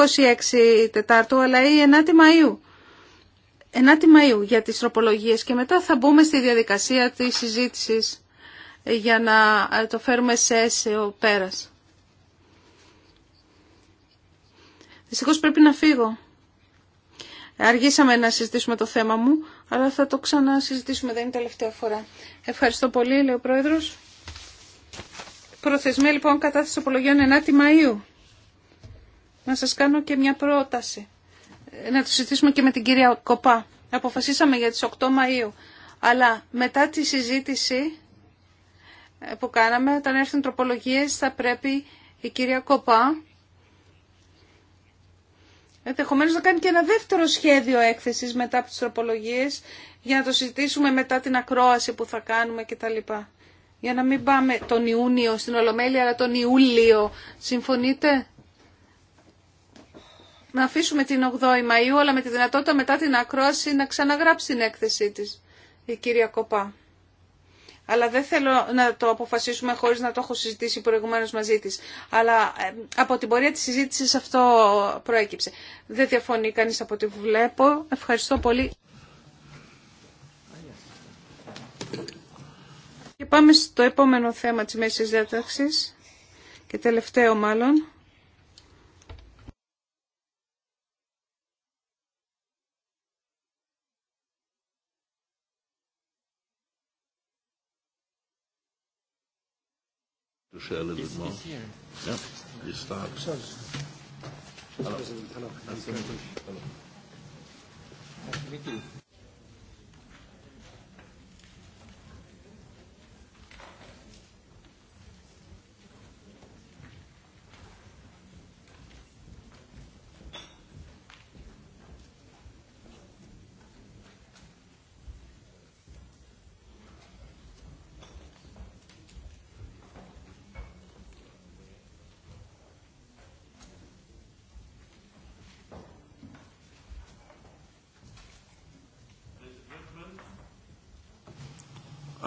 26 Τετάρτου, αλλά η 9η Μαΐου. 9η Μαΐου για τις τροπολογίες και μετά θα μπούμε στη διαδικασία της συζήτησης για να ε, το φέρουμε σε αίσιο πέρας. Δυστυχώς πρέπει να φύγω. Αργήσαμε να συζητήσουμε το θέμα μου, αλλά θα το ξανασυζητήσουμε, δεν είναι τελευταία φορά. Ευχαριστώ πολύ, λέει ο Πρόεδρος. Προθεσμία λοιπόν κατάθεση απολογιών 9η Μαΐου. Να σας κάνω και μια πρόταση να το συζητήσουμε και με την κυρία Κοπά. Αποφασίσαμε για τις 8 Μαΐου. Αλλά μετά τη συζήτηση ε, που κάναμε, όταν έρθουν τροπολογίες, θα πρέπει η κυρία Κοπά ενδεχομένω να κάνει και ένα δεύτερο σχέδιο έκθεσης μετά από τις τροπολογίες για να το συζητήσουμε μετά την ακρόαση που θα κάνουμε κτλ. Για να μην πάμε τον Ιούνιο στην Ολομέλεια, αλλά τον Ιούλιο. Συμφωνείτε? να αφήσουμε την 8η Μαΐου, αλλά με τη δυνατότητα μετά την ακρόαση να ξαναγράψει την έκθεσή της η κυρία Κοπά. Αλλά δεν θέλω να το αποφασίσουμε χωρίς να το έχω συζητήσει προηγουμένως μαζί της. Αλλά ε, από την πορεία της συζήτησης αυτό προέκυψε. Δεν διαφωνεί κανείς από ό,τι βλέπω. Ευχαριστώ πολύ. Και πάμε στο επόμενο θέμα της μέσης διάταξης και τελευταίο μάλλον. share a little bit more. Yeah, you start. Hello.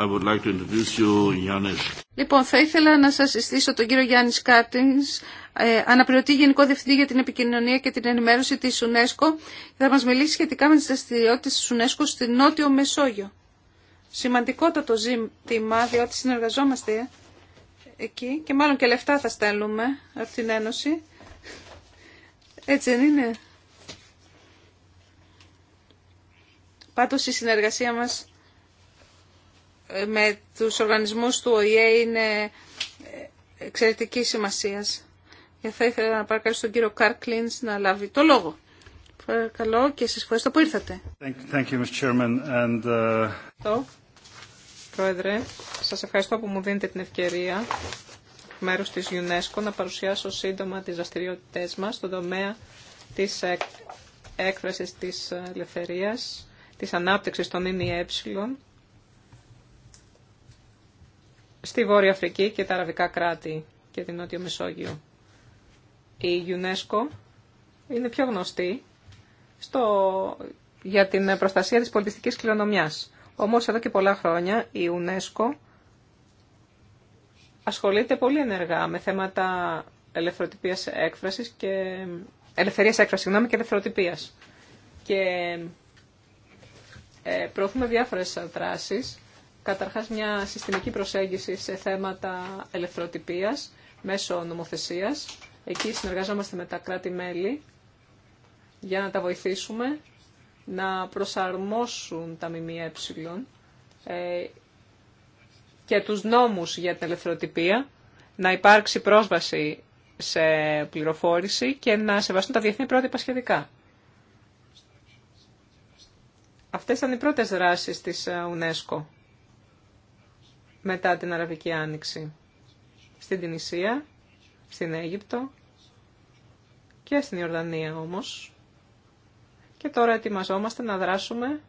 I would like to introduce you, Λοιπόν, θα ήθελα να σας συστήσω τον κύριο Γιάννη Κάρτινς, ε, αναπληρωτή Γενικό Διευθυντή για την Επικοινωνία και την Ενημέρωση της UNESCO. Θα μας μιλήσει σχετικά με τις δραστηριότητες της UNESCO στη Νότιο Μεσόγειο. Σημαντικότατο ζήτημα, διότι συνεργαζόμαστε ε, εκεί και μάλλον και λεφτά θα στέλνουμε από την Ένωση. Έτσι δεν είναι. Πάντως η συνεργασία μας με τους οργανισμούς του ΟΗΕ είναι εξαιρετική σημασία. Και θα ήθελα να παρακαλώ τον κύριο Κάρκλινς να λάβει το λόγο. Παρακαλώ και σα ευχαριστώ που ήρθατε. Thank you, Mr. And, Ευχαριστώ, uh, Πρόεδρε. Σας ευχαριστώ που μου δίνετε την ευκαιρία μέρους της UNESCO να παρουσιάσω σύντομα τις δραστηριότητε μας στον τομέα της έκφρασης της ελευθερίας, της ανάπτυξης των ΙΕ στη Βόρεια Αφρική και τα Αραβικά κράτη και την Νότιο Μεσόγειο. Η UNESCO είναι πιο γνωστή στο... για την προστασία της πολιτιστικής κληρονομιάς. Όμως εδώ και πολλά χρόνια η UNESCO ασχολείται πολύ ενεργά με θέματα ελευθεροτυπίας έκφρασης και ελευθερίας έκφρασης, και ελευθεροτυπίας. Και ε, προωθούμε διάφορες δράσεις καταρχάς μια συστημική προσέγγιση σε θέματα ελευθεροτυπίας μέσω νομοθεσίας. Εκεί συνεργαζόμαστε με τα κράτη-μέλη για να τα βοηθήσουμε να προσαρμόσουν τα ΜΜΕ ε, και τους νόμους για την ελευθεροτυπία, να υπάρξει πρόσβαση σε πληροφόρηση και να σεβαστούν τα διεθνή πρότυπα σχετικά. Αυτές ήταν οι πρώτες δράσεις της ε, UNESCO μετά την Αραβική Άνοιξη στην Τινησία, στην Αίγυπτο και στην Ιορδανία όμως. Και τώρα ετοιμαζόμαστε να δράσουμε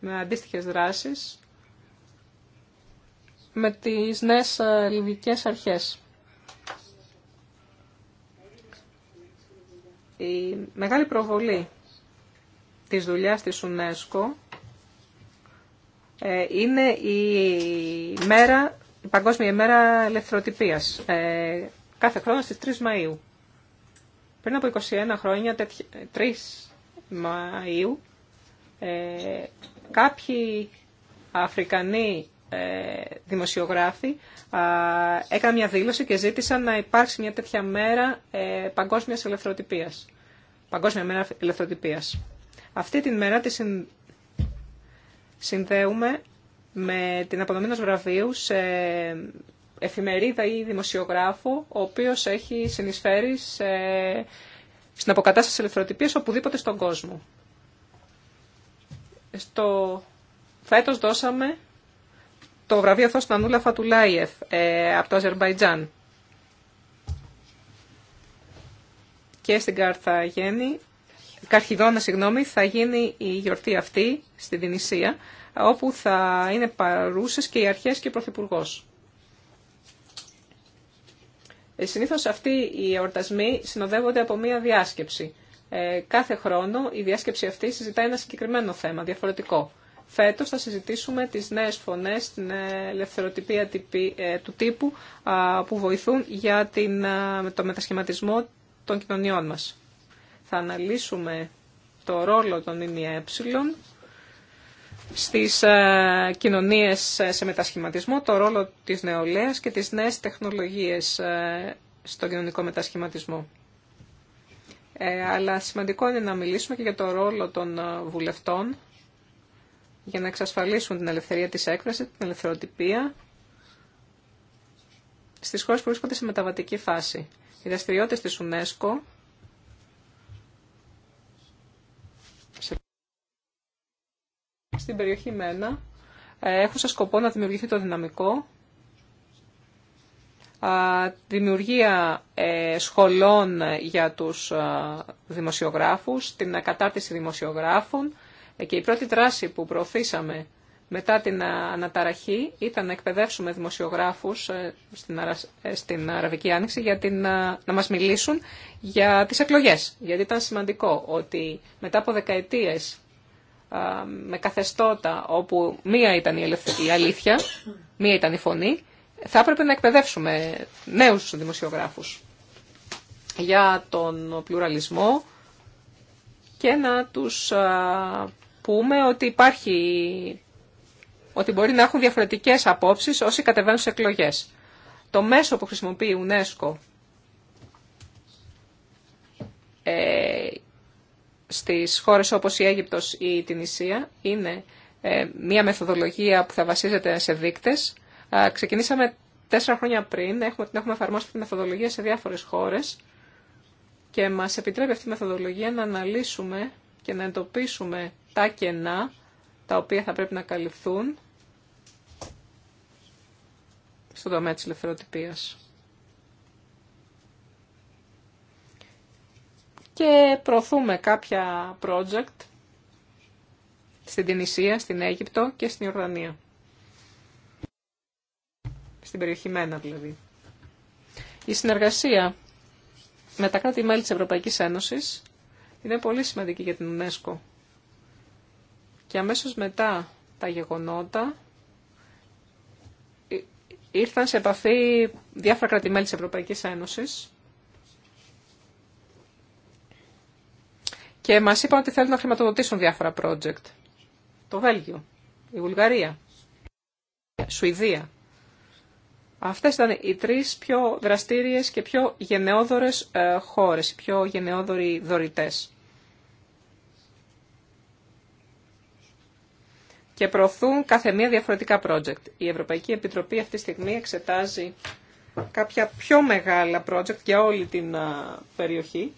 με αντίστοιχες δράσεις με τις νέες ε, λιβικές αρχές. Η μεγάλη προβολή της δουλειάς της UNESCO ε, είναι η, μέρα, η Παγκόσμια Μέρα ελευθεροτυπίας, ε, κάθε χρόνο στις 3 Μαΐου. Πριν από 21 χρόνια, 3 Μαΐου, ε, κάποιοι Αφρικανοί δημοσιογράφοι έκαναν μια δήλωση και ζήτησαν να υπάρξει μια τέτοια μέρα παγκόσμιας ελευθεροτυπίας. Παγκόσμια μέρα ελευθεροτυπίας. Αυτή την μέρα τη συνδέουμε με την απονομή ενός βραβείου σε εφημερίδα ή δημοσιογράφο, ο οποίος έχει συνεισφέρει σε... στην αποκατάσταση ελευθεροτυπίας οπουδήποτε στον κόσμο. Στο φέτος δώσαμε το βραβείο αυτό στον Ανούλα Φατουλάιεφ ε, από το Αζερμπαϊτζάν. Και στην Καρθαγέννη Καρχιδόνα, συγγνώμη, θα γίνει η γιορτή αυτή στη Δινησία, όπου θα είναι παρούσες και οι αρχές και ο Πρωθυπουργό. Ε, συνήθως αυτοί οι εορτασμοί συνοδεύονται από μία διάσκεψη. Ε, κάθε χρόνο η διάσκεψη αυτή συζητάει ένα συγκεκριμένο θέμα, διαφορετικό. Φέτος θα συζητήσουμε τις νέες φωνές στην ελευθεροτυπία ε, του τύπου που βοηθούν για το μετασχηματισμό των κοινωνιών μας θα αναλύσουμε το ρόλο των ΜΜΕ στις ε, κοινωνίες ε, σε μετασχηματισμό, το ρόλο της νεολαίας και τις νέες τεχνολογίες ε, στον κοινωνικό μετασχηματισμό. αλλά σημαντικό είναι να μιλήσουμε και για το ρόλο των βουλευτών για να εξασφαλίσουν την ελευθερία της έκφρασης, την ελευθεροτυπία στις χώρες που βρίσκονται σε μεταβατική φάση. Οι δραστηριότητε της UNESCO στην περιοχή Μένα ε, έχω σε σκοπό να δημιουργηθεί το δυναμικό δημιουργία ε, σχολών για τους δημοσιογράφους, την κατάρτιση δημοσιογράφων ε, και η πρώτη δράση που προωθήσαμε μετά την αναταραχή ήταν να εκπαιδεύσουμε δημοσιογράφους στην Αραβική Άνοιξη για την, να μας μιλήσουν για τις εκλογές. Γιατί ήταν σημαντικό ότι μετά από δεκαετίες με καθεστώτα όπου μία ήταν η αλήθεια, μία ήταν η φωνή, θα έπρεπε να εκπαιδεύσουμε νέους δημοσιογράφους για τον πλουραλισμό και να τους πούμε ότι υπάρχει, ότι μπορεί να έχουν διαφορετικές απόψεις όσοι κατεβαίνουν σε εκλογές. Το μέσο που χρησιμοποιεί η UNESCO ε, στις χώρες όπως η Αίγυπτος ή η η Ισία είναι ε, μια μεθοδολογία που θα βασίζεται σε δείκτες. ξεκινήσαμε τέσσερα χρόνια πριν, έχουμε, την έχουμε εφαρμόσει τη μεθοδολογία σε διάφορες χώρες και μας επιτρέπει αυτή η μεθοδολογία να αναλύσουμε και να εντοπίσουμε τα κενά τα οποία θα πρέπει να καλυφθούν στον τομέα της και προωθούμε κάποια project στην Τινησία, στην Αίγυπτο και στην Ιορδανία. Στην περιοχή Μένα δηλαδή. Η συνεργασία με τα κράτη-μέλη της Ευρωπαϊκής Ένωσης είναι πολύ σημαντική για την UNESCO. Και αμέσως μετά τα γεγονότα ήρθαν σε επαφή διάφορα κράτη-μέλη της Ευρωπαϊκής Ένωσης και μα είπαν ότι θέλουν να χρηματοδοτήσουν διάφορα project. Το Βέλγιο, η Βουλγαρία, η Σουηδία. Αυτές ήταν οι τρει πιο δραστήριε και πιο γενναιόδορες ε, χώρες, οι πιο γενναιόδοροι δωρητέ. και προωθούν κάθε μία διαφορετικά project. Η Ευρωπαϊκή Επιτροπή αυτή τη στιγμή εξετάζει κάποια πιο μεγάλα project για όλη την ε, περιοχή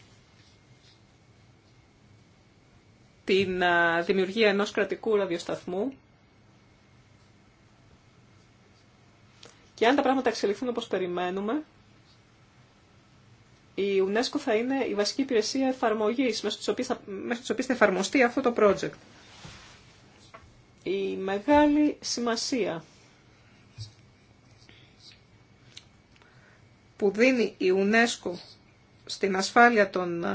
την δημιουργία ενός κρατικού ραδιοσταθμού και αν τα πράγματα εξελιχθούν όπως περιμένουμε, η UNESCO θα είναι η βασική υπηρεσία εφαρμογής, μέσω της οποίας θα, θα εφαρμοστεί αυτό το project. Η μεγάλη σημασία που δίνει η UNESCO στην ασφάλεια των ε,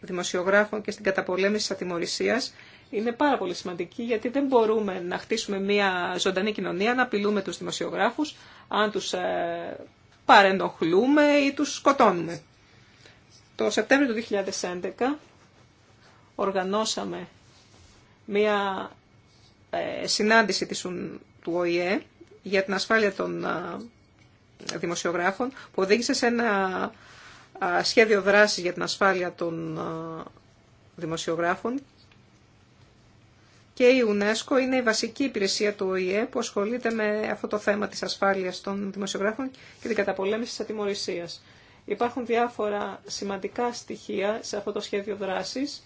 δημοσιογράφων και στην καταπολέμηση της ατιμορρησίας είναι πάρα πολύ σημαντική γιατί δεν μπορούμε να χτίσουμε μια ζωντανή κοινωνία, να απειλούμε τους δημοσιογράφους αν τους ε, παρενοχλούμε ή τους σκοτώνουμε. Το Σεπτέμβριο του 2011 οργανώσαμε μια ε, συνάντηση της, του ΟΗΕ για την ασφάλεια των δημοσιογράφων που οδήγησε σε ένα σχέδιο δράσης για την ασφάλεια των δημοσιογράφων και η UNESCO είναι η βασική υπηρεσία του ΟΗΕ που ασχολείται με αυτό το θέμα της ασφάλειας των δημοσιογράφων και την καταπολέμηση της ατιμορρησίας. Υπάρχουν διάφορα σημαντικά στοιχεία σε αυτό το σχέδιο δράσης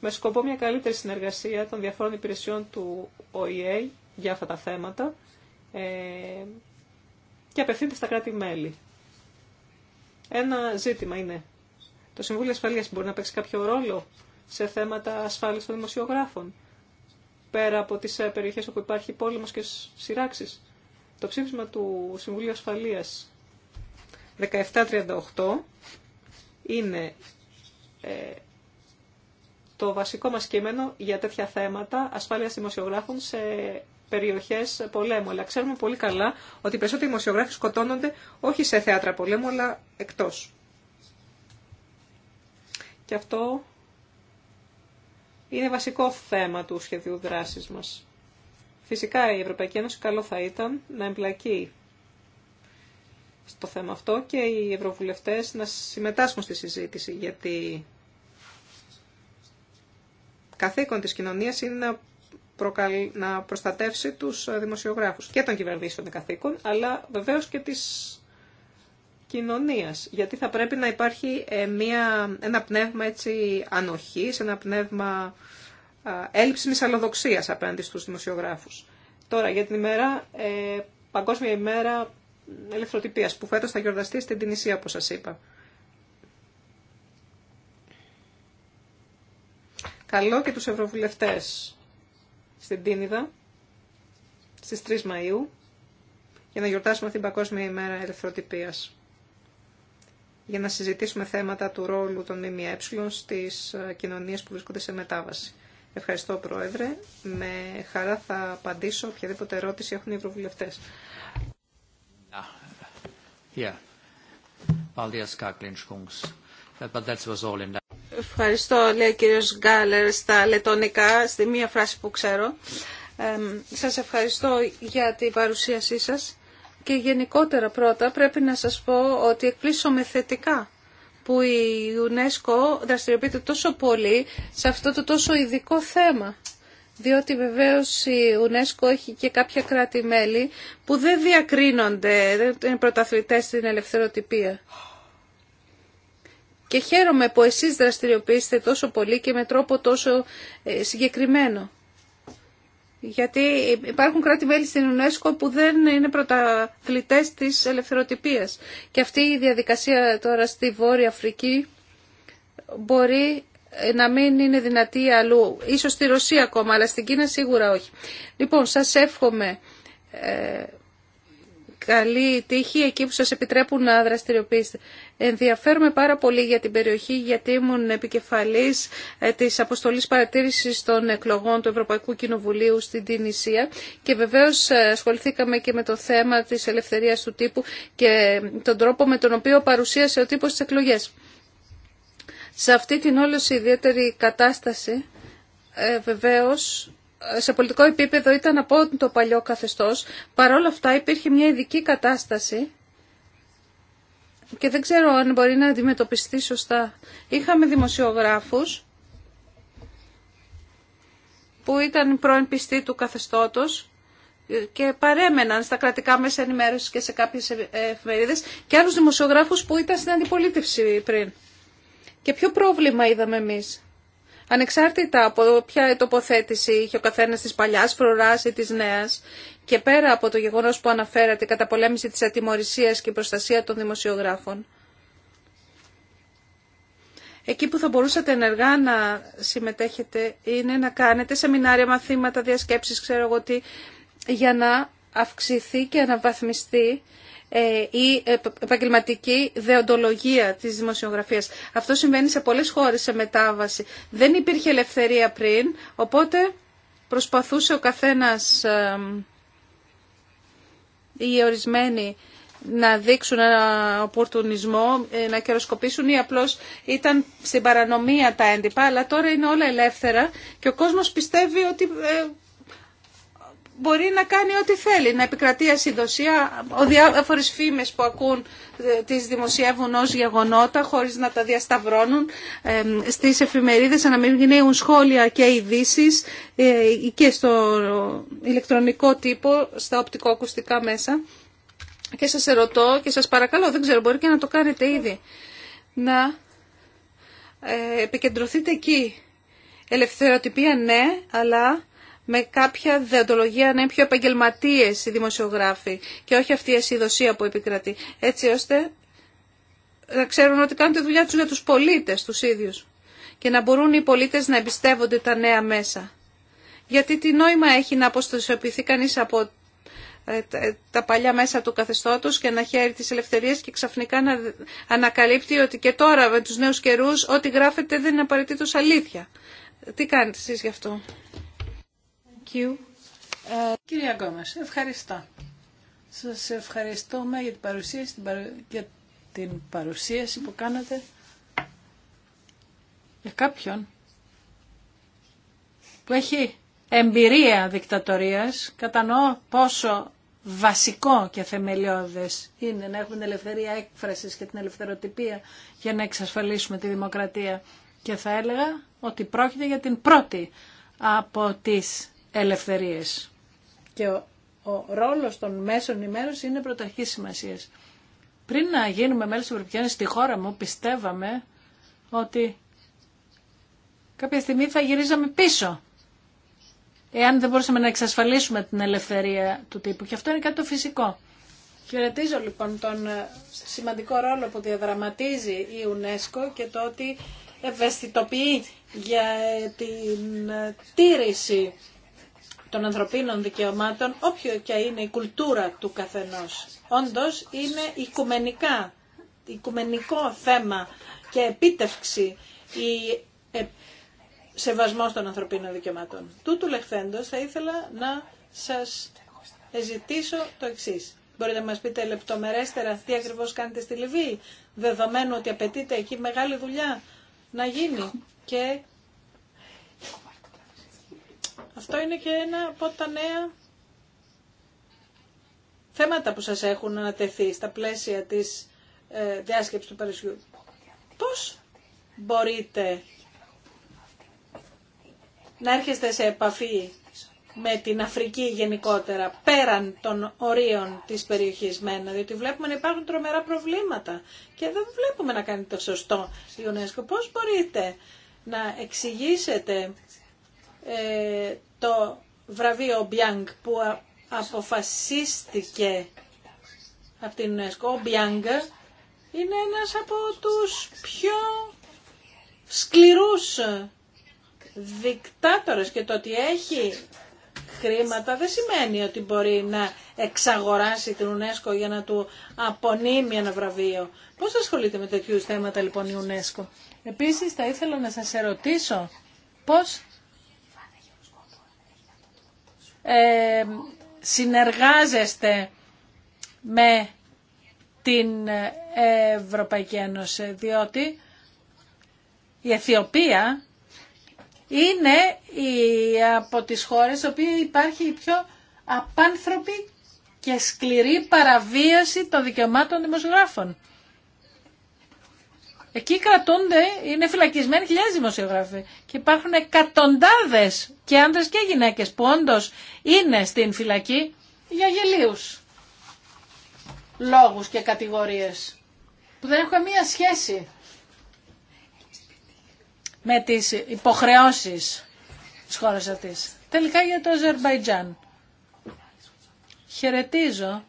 με σκοπό μια καλύτερη συνεργασία των διαφόρων υπηρεσιών του ΟΗΕ για αυτά τα θέματα ε, και απευθύνεται στα κράτη-μέλη. Ένα ζήτημα είναι. Το Συμβούλιο Ασφαλείας μπορεί να παίξει κάποιο ρόλο σε θέματα ασφάλειας των δημοσιογράφων, πέρα από τις ε, περιοχές όπου υπάρχει πόλεμος και σειράξεις. Το ψήφισμα του Συμβουλίου Ασφαλείας 1738 είναι ε, το βασικό μας κείμενο για τέτοια θέματα ασφάλειας δημοσιογράφων σε περιοχές πολέμου. Αλλά ξέρουμε πολύ καλά ότι οι περισσότεροι δημοσιογράφοι σκοτώνονται όχι σε θέατρα πολέμου, αλλά εκτός. Και αυτό είναι βασικό θέμα του σχεδίου δράσης μας. Φυσικά η Ευρωπαϊκή Ένωση καλό θα ήταν να εμπλακεί στο θέμα αυτό και οι ευρωβουλευτές να συμμετάσχουν στη συζήτηση γιατί καθήκον της κοινωνίας είναι να προκαλ... να προστατεύσει τους ε, δημοσιογράφους και των κυβερνήσεων καθήκων, αλλά βεβαίως και της κοινωνίας. Γιατί θα πρέπει να υπάρχει ε, μια, ένα πνεύμα έτσι ανοχής, ένα πνεύμα έλλειψη μυσαλλοδοξίας απέναντι στους δημοσιογράφους. Τώρα για την ημέρα, ε, Παγκόσμια ημέρα ελευθεροτυπίας που φέτος θα γιορταστεί στην Τινησία όπως σας είπα. Καλό και τους ευρωβουλευτές στην Τίνιδα στις 3 Μαΐου για να γιορτάσουμε την Παγκόσμια ημέρα ελευθεροτυπίας για να συζητήσουμε θέματα του ρόλου των ΜΜΕ στις ε, κοινωνίες που βρίσκονται σε μετάβαση. Ευχαριστώ, Πρόεδρε. Με χαρά θα απαντήσω οποιαδήποτε ερώτηση έχουν οι ευρωβουλευτές. Ah, Ευχαριστώ, λέει ο κύριος Γκάλερ στα λετωνικά, στη μία φράση που ξέρω. Ε, σας ευχαριστώ για την παρουσίασή σας και γενικότερα πρώτα πρέπει να σας πω ότι με θετικά που η UNESCO δραστηριοποιείται τόσο πολύ σε αυτό το τόσο ειδικό θέμα. Διότι βεβαίως η UNESCO έχει και κάποια κράτη-μέλη που δεν διακρίνονται, δεν είναι πρωταθλητές στην ελευθεροτυπία. Και χαίρομαι που εσείς δραστηριοποιήσετε τόσο πολύ και με τρόπο τόσο ε, συγκεκριμένο. Γιατί υπάρχουν κράτη-μέλη στην UNESCO που δεν είναι πρωταθλητές της ελευθεροτυπίας. Και αυτή η διαδικασία τώρα στη Βόρεια Αφρική μπορεί ε, να μην είναι δυνατή αλλού. Ίσως στη Ρωσία ακόμα, αλλά στην Κίνα σίγουρα όχι. Λοιπόν, σας εύχομαι ε, καλή τύχη εκεί που σας επιτρέπουν να δραστηριοποιήσετε. Ενδιαφέρομαι πάρα πολύ για την περιοχή γιατί ήμουν επικεφαλής ε, της αποστολής παρατήρησης των εκλογών του Ευρωπαϊκού Κοινοβουλίου στην Τινησία και βεβαίως ε, ασχοληθήκαμε και με το θέμα της ελευθερίας του τύπου και τον τρόπο με τον οποίο παρουσίασε ο τύπος τις εκλογές. Σε αυτή την όλη ιδιαίτερη κατάσταση ε, βεβαίως σε πολιτικό επίπεδο ήταν από το παλιό καθεστώς. Παρ' όλα αυτά υπήρχε μια ειδική κατάσταση και δεν ξέρω αν μπορεί να αντιμετωπιστεί σωστά. Είχαμε δημοσιογράφους που ήταν πρώην πιστή του καθεστώτος και παρέμεναν στα κρατικά μέσα ενημέρωση και σε κάποιες εφημερίδες και άλλους δημοσιογράφους που ήταν στην αντιπολίτευση πριν. Και ποιο πρόβλημα είδαμε εμείς ανεξάρτητα από ποια τοποθέτηση είχε ο καθένα της παλιάς φρουρά ή της νέα και πέρα από το γεγονός που αναφέρατε κατά πολέμηση της ατιμορρησία και προστασία των δημοσιογράφων. Εκεί που θα μπορούσατε ενεργά να συμμετέχετε είναι να κάνετε σεμινάρια, μαθήματα, διασκέψεις, ξέρω εγώ για να αυξηθεί και αναβαθμιστεί ε, η επαγγελματική δεοντολογία της δημοσιογραφίας. Αυτό συμβαίνει σε πολλές χώρες σε μετάβαση. Δεν υπήρχε ελευθερία πριν, οπότε προσπαθούσε ο καθένας ή ορισμένοι να δείξουν ένα οπορτουνισμό, ε, να κεροσκοπήσουν ή απλώς ήταν στην παρανομία τα έντυπα, αλλά τώρα είναι όλα ελεύθερα και ο κόσμος πιστεύει ότι ε, μπορεί να κάνει ό,τι θέλει, να επικρατεί ασυνδοσία, ο διάφορες φήμες που ακούν ε, τις δημοσιεύουν ως γεγονότα χωρίς να τα διασταυρώνουν ε, στις εφημερίδες, να μην γίνουν σχόλια και ειδήσει ε, και στο ηλεκτρονικό τύπο, στα οπτικοακουστικά μέσα. Και σας ερωτώ και σας παρακαλώ, δεν ξέρω, μπορεί και να το κάνετε ήδη, να ε, επικεντρωθείτε εκεί. Ελευθεροτυπία ναι, αλλά με κάποια δεοντολογία να είναι πιο επαγγελματίε οι δημοσιογράφοι και όχι αυτή η ασυδοσία που επικρατεί. Έτσι ώστε να ξέρουν ότι κάνουν τη δουλειά του για του πολίτε του ίδιου. και να μπορούν οι πολίτε να εμπιστεύονται τα νέα μέσα. Γιατί τι νόημα έχει να αποστοσιοποιηθεί κανεί από ε, ε, τα παλιά μέσα του καθεστώτος και να χαίρει τις ελευθερίες και ξαφνικά να ανακαλύπτει ότι και τώρα με τους νέους καιρούς ό,τι γράφεται δεν είναι απαραίτητο αλήθεια. Τι κάνετε εσεί γι' αυτό. Ε, κυρία Γκόμες, ευχαριστώ. Σας ευχαριστούμε για την παρουσίαση, για την παρουσίαση που κάνατε για κάποιον που έχει εμπειρία δικτατορίας, κατανοώ πόσο βασικό και θεμελιώδες είναι να έχουμε την ελευθερία έκφρασης και την ελευθεροτυπία για να εξασφαλίσουμε τη δημοκρατία. Και θα έλεγα ότι πρόκειται για την πρώτη από τις ελευθερίες. Και ο, ο ρόλος των μέσων ενημέρωση είναι πρωταρχής σημασίας. Πριν να γίνουμε μέλη της Ευρωπαϊκή στη χώρα μου πιστεύαμε ότι κάποια στιγμή θα γυρίζαμε πίσω εάν δεν μπορούσαμε να εξασφαλίσουμε την ελευθερία του τύπου. Και αυτό είναι κάτι το φυσικό. Χαιρετίζω λοιπόν τον σημαντικό ρόλο που διαδραματίζει η UNESCO και το ότι ευαισθητοποιεί για την τήρηση των ανθρωπίνων δικαιωμάτων, όποια και είναι η κουλτούρα του καθενός. Όντως είναι οικουμενικά, οικουμενικό θέμα και επίτευξη η ε, σεβασμός των ανθρωπίνων δικαιωμάτων. Τούτου λεχθέντος θα ήθελα να σας ζητήσω το εξής. Μπορείτε να μας πείτε λεπτομερέστερα τι ακριβώς κάνετε στη Λιβύη, δεδομένου ότι απαιτείται εκεί μεγάλη δουλειά να γίνει και αυτό είναι και ένα από τα νέα θέματα που σας έχουν ανατεθεί στα πλαίσια της ε, διάσκεψης του Παρισιού. Πώς μπορείτε να έρχεστε σε επαφή με την Αφρική γενικότερα, πέραν των ορίων της περιοχής μένα, διότι βλέπουμε να υπάρχουν τρομερά προβλήματα και δεν βλέπουμε να κάνει το σωστό η Πώς μπορείτε να εξηγήσετε ε, το βραβείο Μπιάνγκ που αποφασίστηκε από την UNESCO. Ο Μπιάνγκ είναι ένας από τους πιο σκληρούς δικτάτορες και το ότι έχει χρήματα δεν σημαίνει ότι μπορεί να εξαγοράσει την UNESCO για να του απονείμει ένα βραβείο. Πώς ασχολείται με τέτοιου θέματα λοιπόν η UNESCO. Επίσης θα ήθελα να σας ερωτήσω πώς ε, συνεργάζεστε με την Ευρωπαϊκή Ένωση, διότι η Αιθιοπία είναι η, από τις χώρες όπου υπάρχει η πιο απάνθρωπη και σκληρή παραβίαση των δικαιωμάτων δημοσιογράφων. Εκεί κρατούνται, είναι φυλακισμένοι χιλιάδε δημοσιογράφοι και υπάρχουν εκατοντάδε και άντρε και γυναίκες που όντω είναι στην φυλακή για γελίου λόγους και κατηγορίες που δεν έχουν καμία σχέση με τις υποχρεώσεις τη χώρα αυτή. Τελικά για το Αζερβαϊτζάν. Χαιρετίζω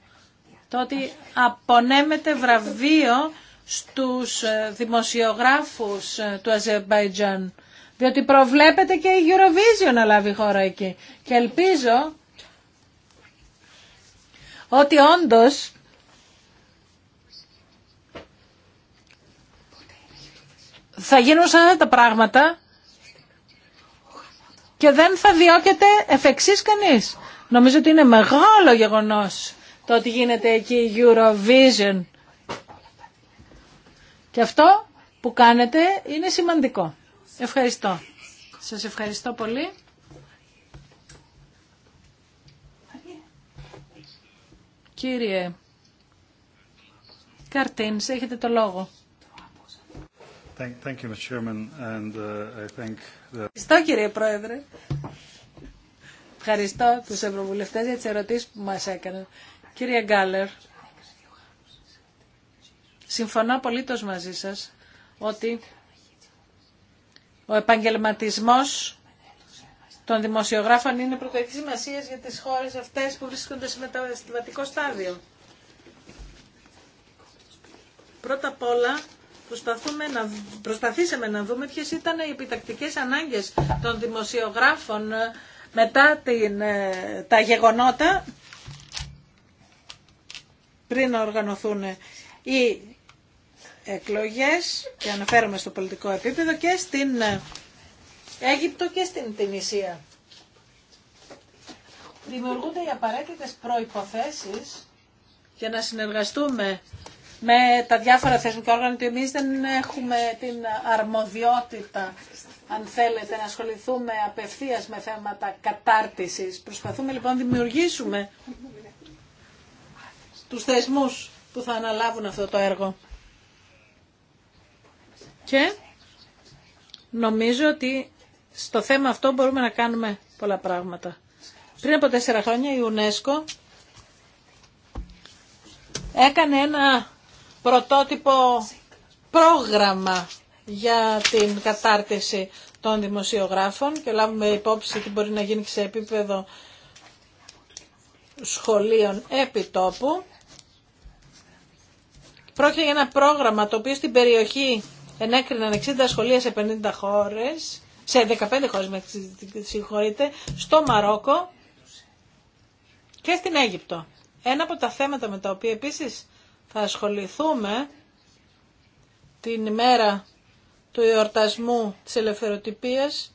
το ότι απονέμεται βραβείο στους ε, δημοσιογράφους ε, του Αζερμπαϊτζάν. Διότι προβλέπεται και η Eurovision να λάβει χώρα εκεί. Και ελπίζω ότι όντως θα γίνουν σαν τα πράγματα και δεν θα διώκεται εφ' κανείς. Νομίζω ότι είναι μεγάλο γεγονός το ότι γίνεται εκεί η Eurovision και αυτό που κάνετε είναι σημαντικό. Ευχαριστώ. Σας ευχαριστώ πολύ. Κύριε Καρτίνς, έχετε το λόγο. Ευχαριστώ κύριε Πρόεδρε. Ευχαριστώ τους Ευρωβουλευτές για τις ερωτήσεις που μας έκαναν. Κύριε Γκάλερ, Συμφωνώ απολύτως μαζί σας ότι ο επαγγελματισμός των δημοσιογράφων είναι πρωτοϊκής σημασία για τις χώρες αυτές που βρίσκονται σε μεταστηματικό στάδιο. Πρώτα απ' όλα προσπαθούμε να, προσπαθήσαμε να δούμε ποιες ήταν οι επιτακτικές ανάγκες των δημοσιογράφων ε, μετά την, ε, τα γεγονότα πριν να οργανωθούν εκλογές και αναφέρομαι στο πολιτικό επίπεδο και στην ε, Αίγυπτο και στην Τινησία. Δημιουργούνται οι απαραίτητες προϋποθέσεις για να συνεργαστούμε με τα διάφορα θεσμικά όργανα ότι εμείς δεν έχουμε την αρμοδιότητα αν θέλετε να ασχοληθούμε απευθείας με θέματα κατάρτισης. Προσπαθούμε λοιπόν να δημιουργήσουμε τους θεσμούς που θα αναλάβουν αυτό το έργο. Και νομίζω ότι στο θέμα αυτό μπορούμε να κάνουμε πολλά πράγματα. Πριν από τέσσερα χρόνια η UNESCO έκανε ένα πρωτότυπο πρόγραμμα για την κατάρτιση των δημοσιογράφων και λάβουμε υπόψη ότι μπορεί να γίνει σε επίπεδο σχολείων επί τόπου. Πρόκειται για ένα πρόγραμμα το οποίο στην περιοχή ενέκριναν 60 σχολεία σε 50 χώρε, σε 15 χώρες με συγχωρείτε, στο Μαρόκο και στην Αίγυπτο. Ένα από τα θέματα με τα οποία επίσης θα ασχοληθούμε την ημέρα του εορτασμού της ελευθεροτυπίας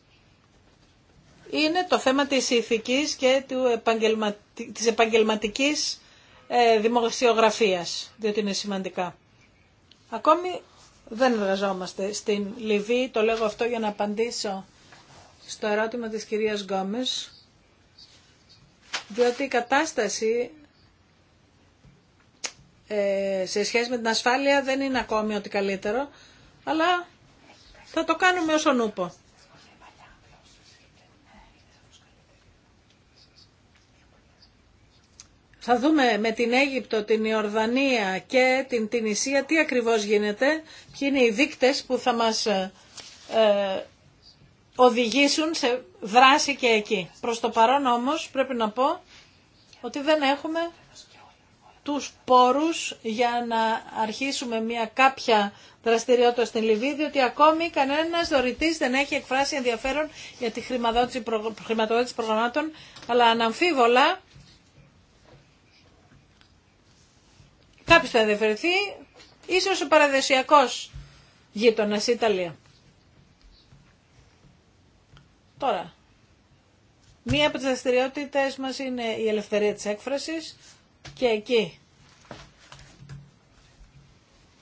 είναι το θέμα της ηθικής και του επαγγελματι... της επαγγελματικής ε, δημοσιογραφίας, διότι είναι σημαντικά. Ακόμη δεν εργαζόμαστε στην Λιβύη. Το λέγω αυτό για να απαντήσω στο ερώτημα της κυρίας Γκόμες, διότι η κατάσταση ε, σε σχέση με την ασφάλεια δεν είναι ακόμη ότι καλύτερο, αλλά θα το κάνουμε όσο νούπο. Θα δούμε με την Αίγυπτο, την Ιορδανία και την Τινησία τι ακριβώς γίνεται, ποιοι είναι οι δείκτες που θα μας ε, ε, οδηγήσουν σε δράση και εκεί. Προς το παρόν όμως πρέπει να πω ότι δεν έχουμε τους πόρους για να αρχίσουμε μια κάποια δραστηριότητα στην Λιβύη, διότι ακόμη κανένας δωρητής δεν έχει εκφράσει ενδιαφέρον για τη χρηματοδότηση προγραμμάτων, αλλά αναμφίβολα Κάποιος θα ενδιαφερθεί, ίσως ο παραδοσιακό γείτονας Ιταλία. Τώρα, μία από τι δραστηριότητε μας είναι η ελευθερία της έκφρασης και εκεί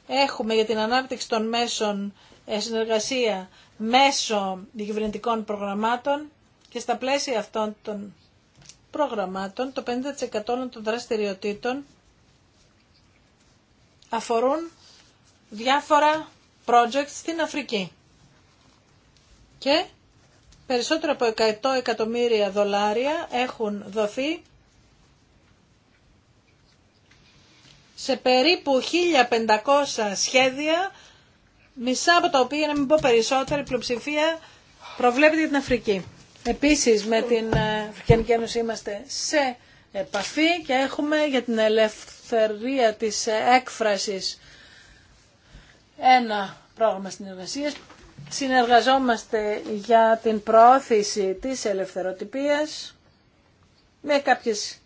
έχουμε για την ανάπτυξη των μέσων ε, συνεργασία μέσω διευρυντικών προγραμμάτων και στα πλαίσια αυτών των προγραμμάτων το 50% των δραστηριοτήτων αφορούν διάφορα projects στην Αφρική. Και περισσότερο από 100 εκατομμύρια δολάρια έχουν δοθεί σε περίπου 1500 σχέδια, μισά από τα οποία, να μην πω περισσότερα, η πλειοψηφία προβλέπεται για την Αφρική. Επίσης με την ε, Αφρικανική Ένωση είμαστε σε επαφή και έχουμε για την ελεύθερη ελευθερία της έκφρασης ένα πρόγραμμα συνεργασίας. Συνεργαζόμαστε για την προώθηση της ελευθεροτυπίας με κάποιες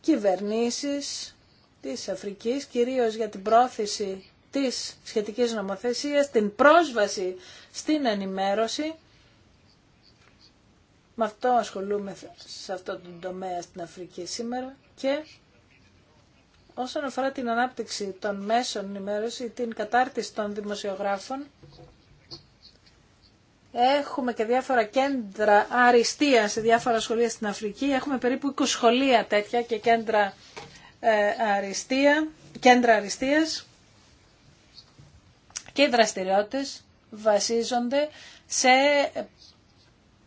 κυβερνήσεις της Αφρικής, κυρίως για την πρόθεση της σχετικής νομοθεσίας, την πρόσβαση στην ενημέρωση. Με αυτό ασχολούμαι σε αυτό το τομέα στην Αφρική σήμερα και όσον αφορά την ανάπτυξη των μέσων ενημέρωση, την κατάρτιση των δημοσιογράφων, Έχουμε και διάφορα κέντρα αριστεία σε διάφορα σχολεία στην Αφρική. Έχουμε περίπου 20 σχολεία τέτοια και κέντρα ε, αριστεία, κέντρα αριστείας και οι δραστηριότητες βασίζονται σε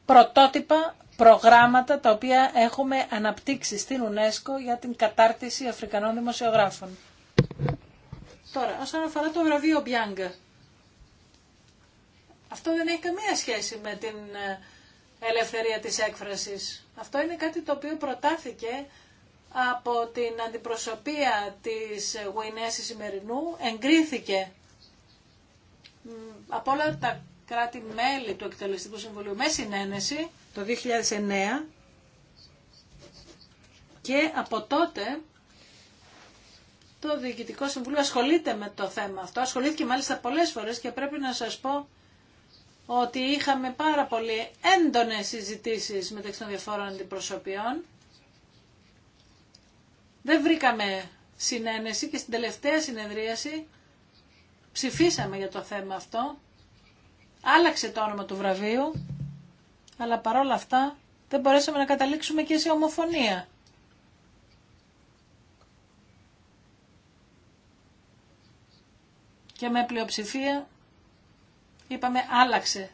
πρωτότυπα προγράμματα τα οποία έχουμε αναπτύξει στην UNESCO για την κατάρτιση Αφρικανών δημοσιογράφων. Τώρα, όσον αφορά το βραβείο Μπιάνγκα, αυτό δεν έχει καμία σχέση με την ε, ελευθερία της έκφρασης. Αυτό είναι κάτι το οποίο προτάθηκε από την αντιπροσωπεία της Γουινέσης σημερινού, εγκρίθηκε από όλα τα κράτη-μέλη του Εκτελεστικού Συμβουλίου με συνένεση το 2009 και από τότε το Διοικητικό Συμβούλιο ασχολείται με το θέμα αυτό. Ασχολήθηκε μάλιστα πολλές φορές και πρέπει να σας πω ότι είχαμε πάρα πολύ έντονες συζητήσεις μεταξύ των διαφόρων αντιπροσωπιών. Δεν βρήκαμε συνένεση και στην τελευταία συνεδρίαση ψηφίσαμε για το θέμα αυτό. Άλλαξε το όνομα του βραβείου αλλά παρόλα αυτά δεν μπορέσαμε να καταλήξουμε και σε ομοφωνία. Και με πλειοψηφία είπαμε άλλαξε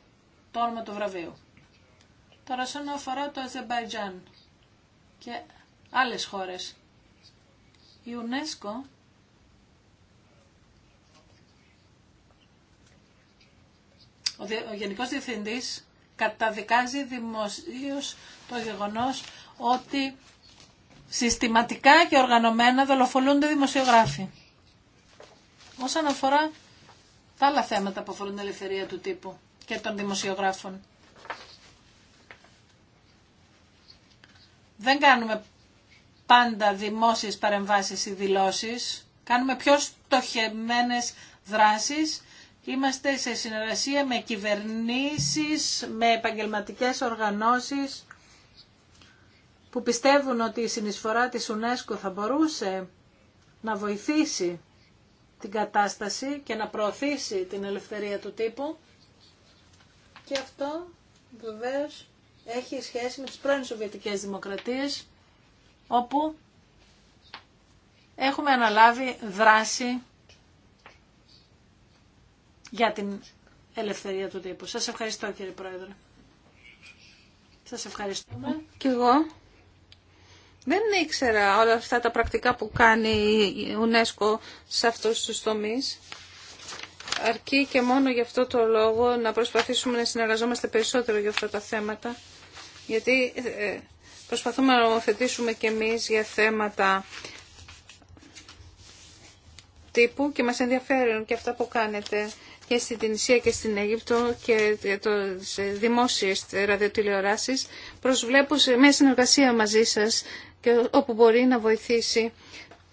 το όνομα του βραβείου. Τώρα να αφορά το Αζερμπαϊτζάν και άλλες χώρες. Η UNESCO ο, Γενικός Διευθυντής καταδικάζει δημοσίως το γεγονός ότι συστηματικά και οργανωμένα δολοφονούνται δημοσιογράφοι. Όσον αφορά τα άλλα θέματα που αφορούν την ελευθερία του τύπου και των δημοσιογράφων. Δεν κάνουμε πάντα δημόσιες παρεμβάσεις ή δηλώσεις. Κάνουμε πιο στοχευμένες δράσεις Είμαστε σε συνεργασία με κυβερνήσεις, με επαγγελματικές οργανώσεις που πιστεύουν ότι η συνεισφορά της UNESCO θα μπορούσε να βοηθήσει την κατάσταση και να προωθήσει την ελευθερία του τύπου. Και αυτό βεβαίω έχει σχέση με τις πρώην Σοβιετικές Δημοκρατίες, όπου έχουμε αναλάβει δράση για την ελευθερία του τύπου. Σας ευχαριστώ κύριε Πρόεδρε. Σας ευχαριστούμε. Κι εγώ. Δεν ήξερα όλα αυτά τα πρακτικά που κάνει η UNESCO σε αυτούς τους τομείς. Αρκεί και μόνο γι' αυτό το λόγο να προσπαθήσουμε να συνεργαζόμαστε περισσότερο για αυτά τα θέματα. Γιατί ε, προσπαθούμε να ομοθετήσουμε και εμείς για θέματα τύπου και μας ενδιαφέρουν και αυτά που κάνετε και στην Τινησία και στην Αίγυπτο και το, σε δημόσιες ραδιοτηλεοράσεις. Προσβλέπω σε μια συνεργασία μαζί σας και όπου μπορεί να βοηθήσει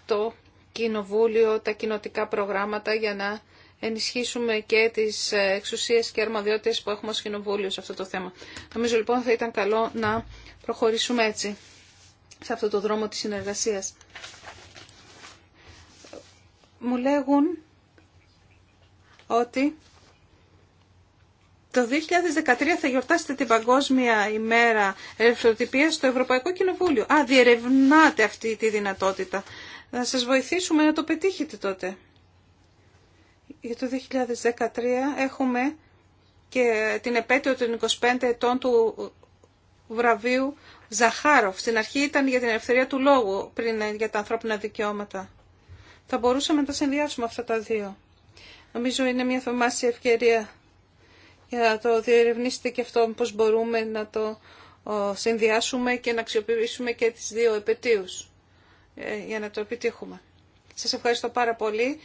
το κοινοβούλιο, τα κοινοτικά προγράμματα για να ενισχύσουμε και τις εξουσίες και αρμοδιότητες που έχουμε ως κοινοβούλιο σε αυτό το θέμα. Νομίζω λοιπόν θα ήταν καλό να προχωρήσουμε έτσι σε αυτό το δρόμο της συνεργασίας. Μου λέγουν ότι το 2013 θα γιορτάσετε την Παγκόσμια ημέρα ελευθεροτυπίας στο Ευρωπαϊκό Κοινοβούλιο. Α, διερευνάτε αυτή τη δυνατότητα. Να σας βοηθήσουμε να το πετύχετε τότε. Για το 2013 έχουμε και την επέτειο των 25 ετών του βραβείου Ζαχάροφ. Στην αρχή ήταν για την ελευθερία του λόγου πριν για τα ανθρώπινα δικαιώματα. Θα μπορούσαμε να τα συνδυάσουμε αυτά τα δύο. Νομίζω είναι μια θαυμάσια ευκαιρία για να το διερευνήσετε και αυτό πώς μπορούμε να το συνδυάσουμε και να αξιοποιήσουμε και τις δύο επαιτίους ε, για να το επιτύχουμε. Σας ευχαριστώ πάρα πολύ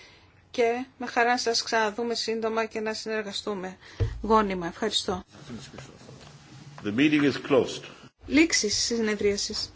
και με χαρά σας ξαναδούμε σύντομα και να συνεργαστούμε γόνιμα. Ευχαριστώ. The meeting συνεδρίασης.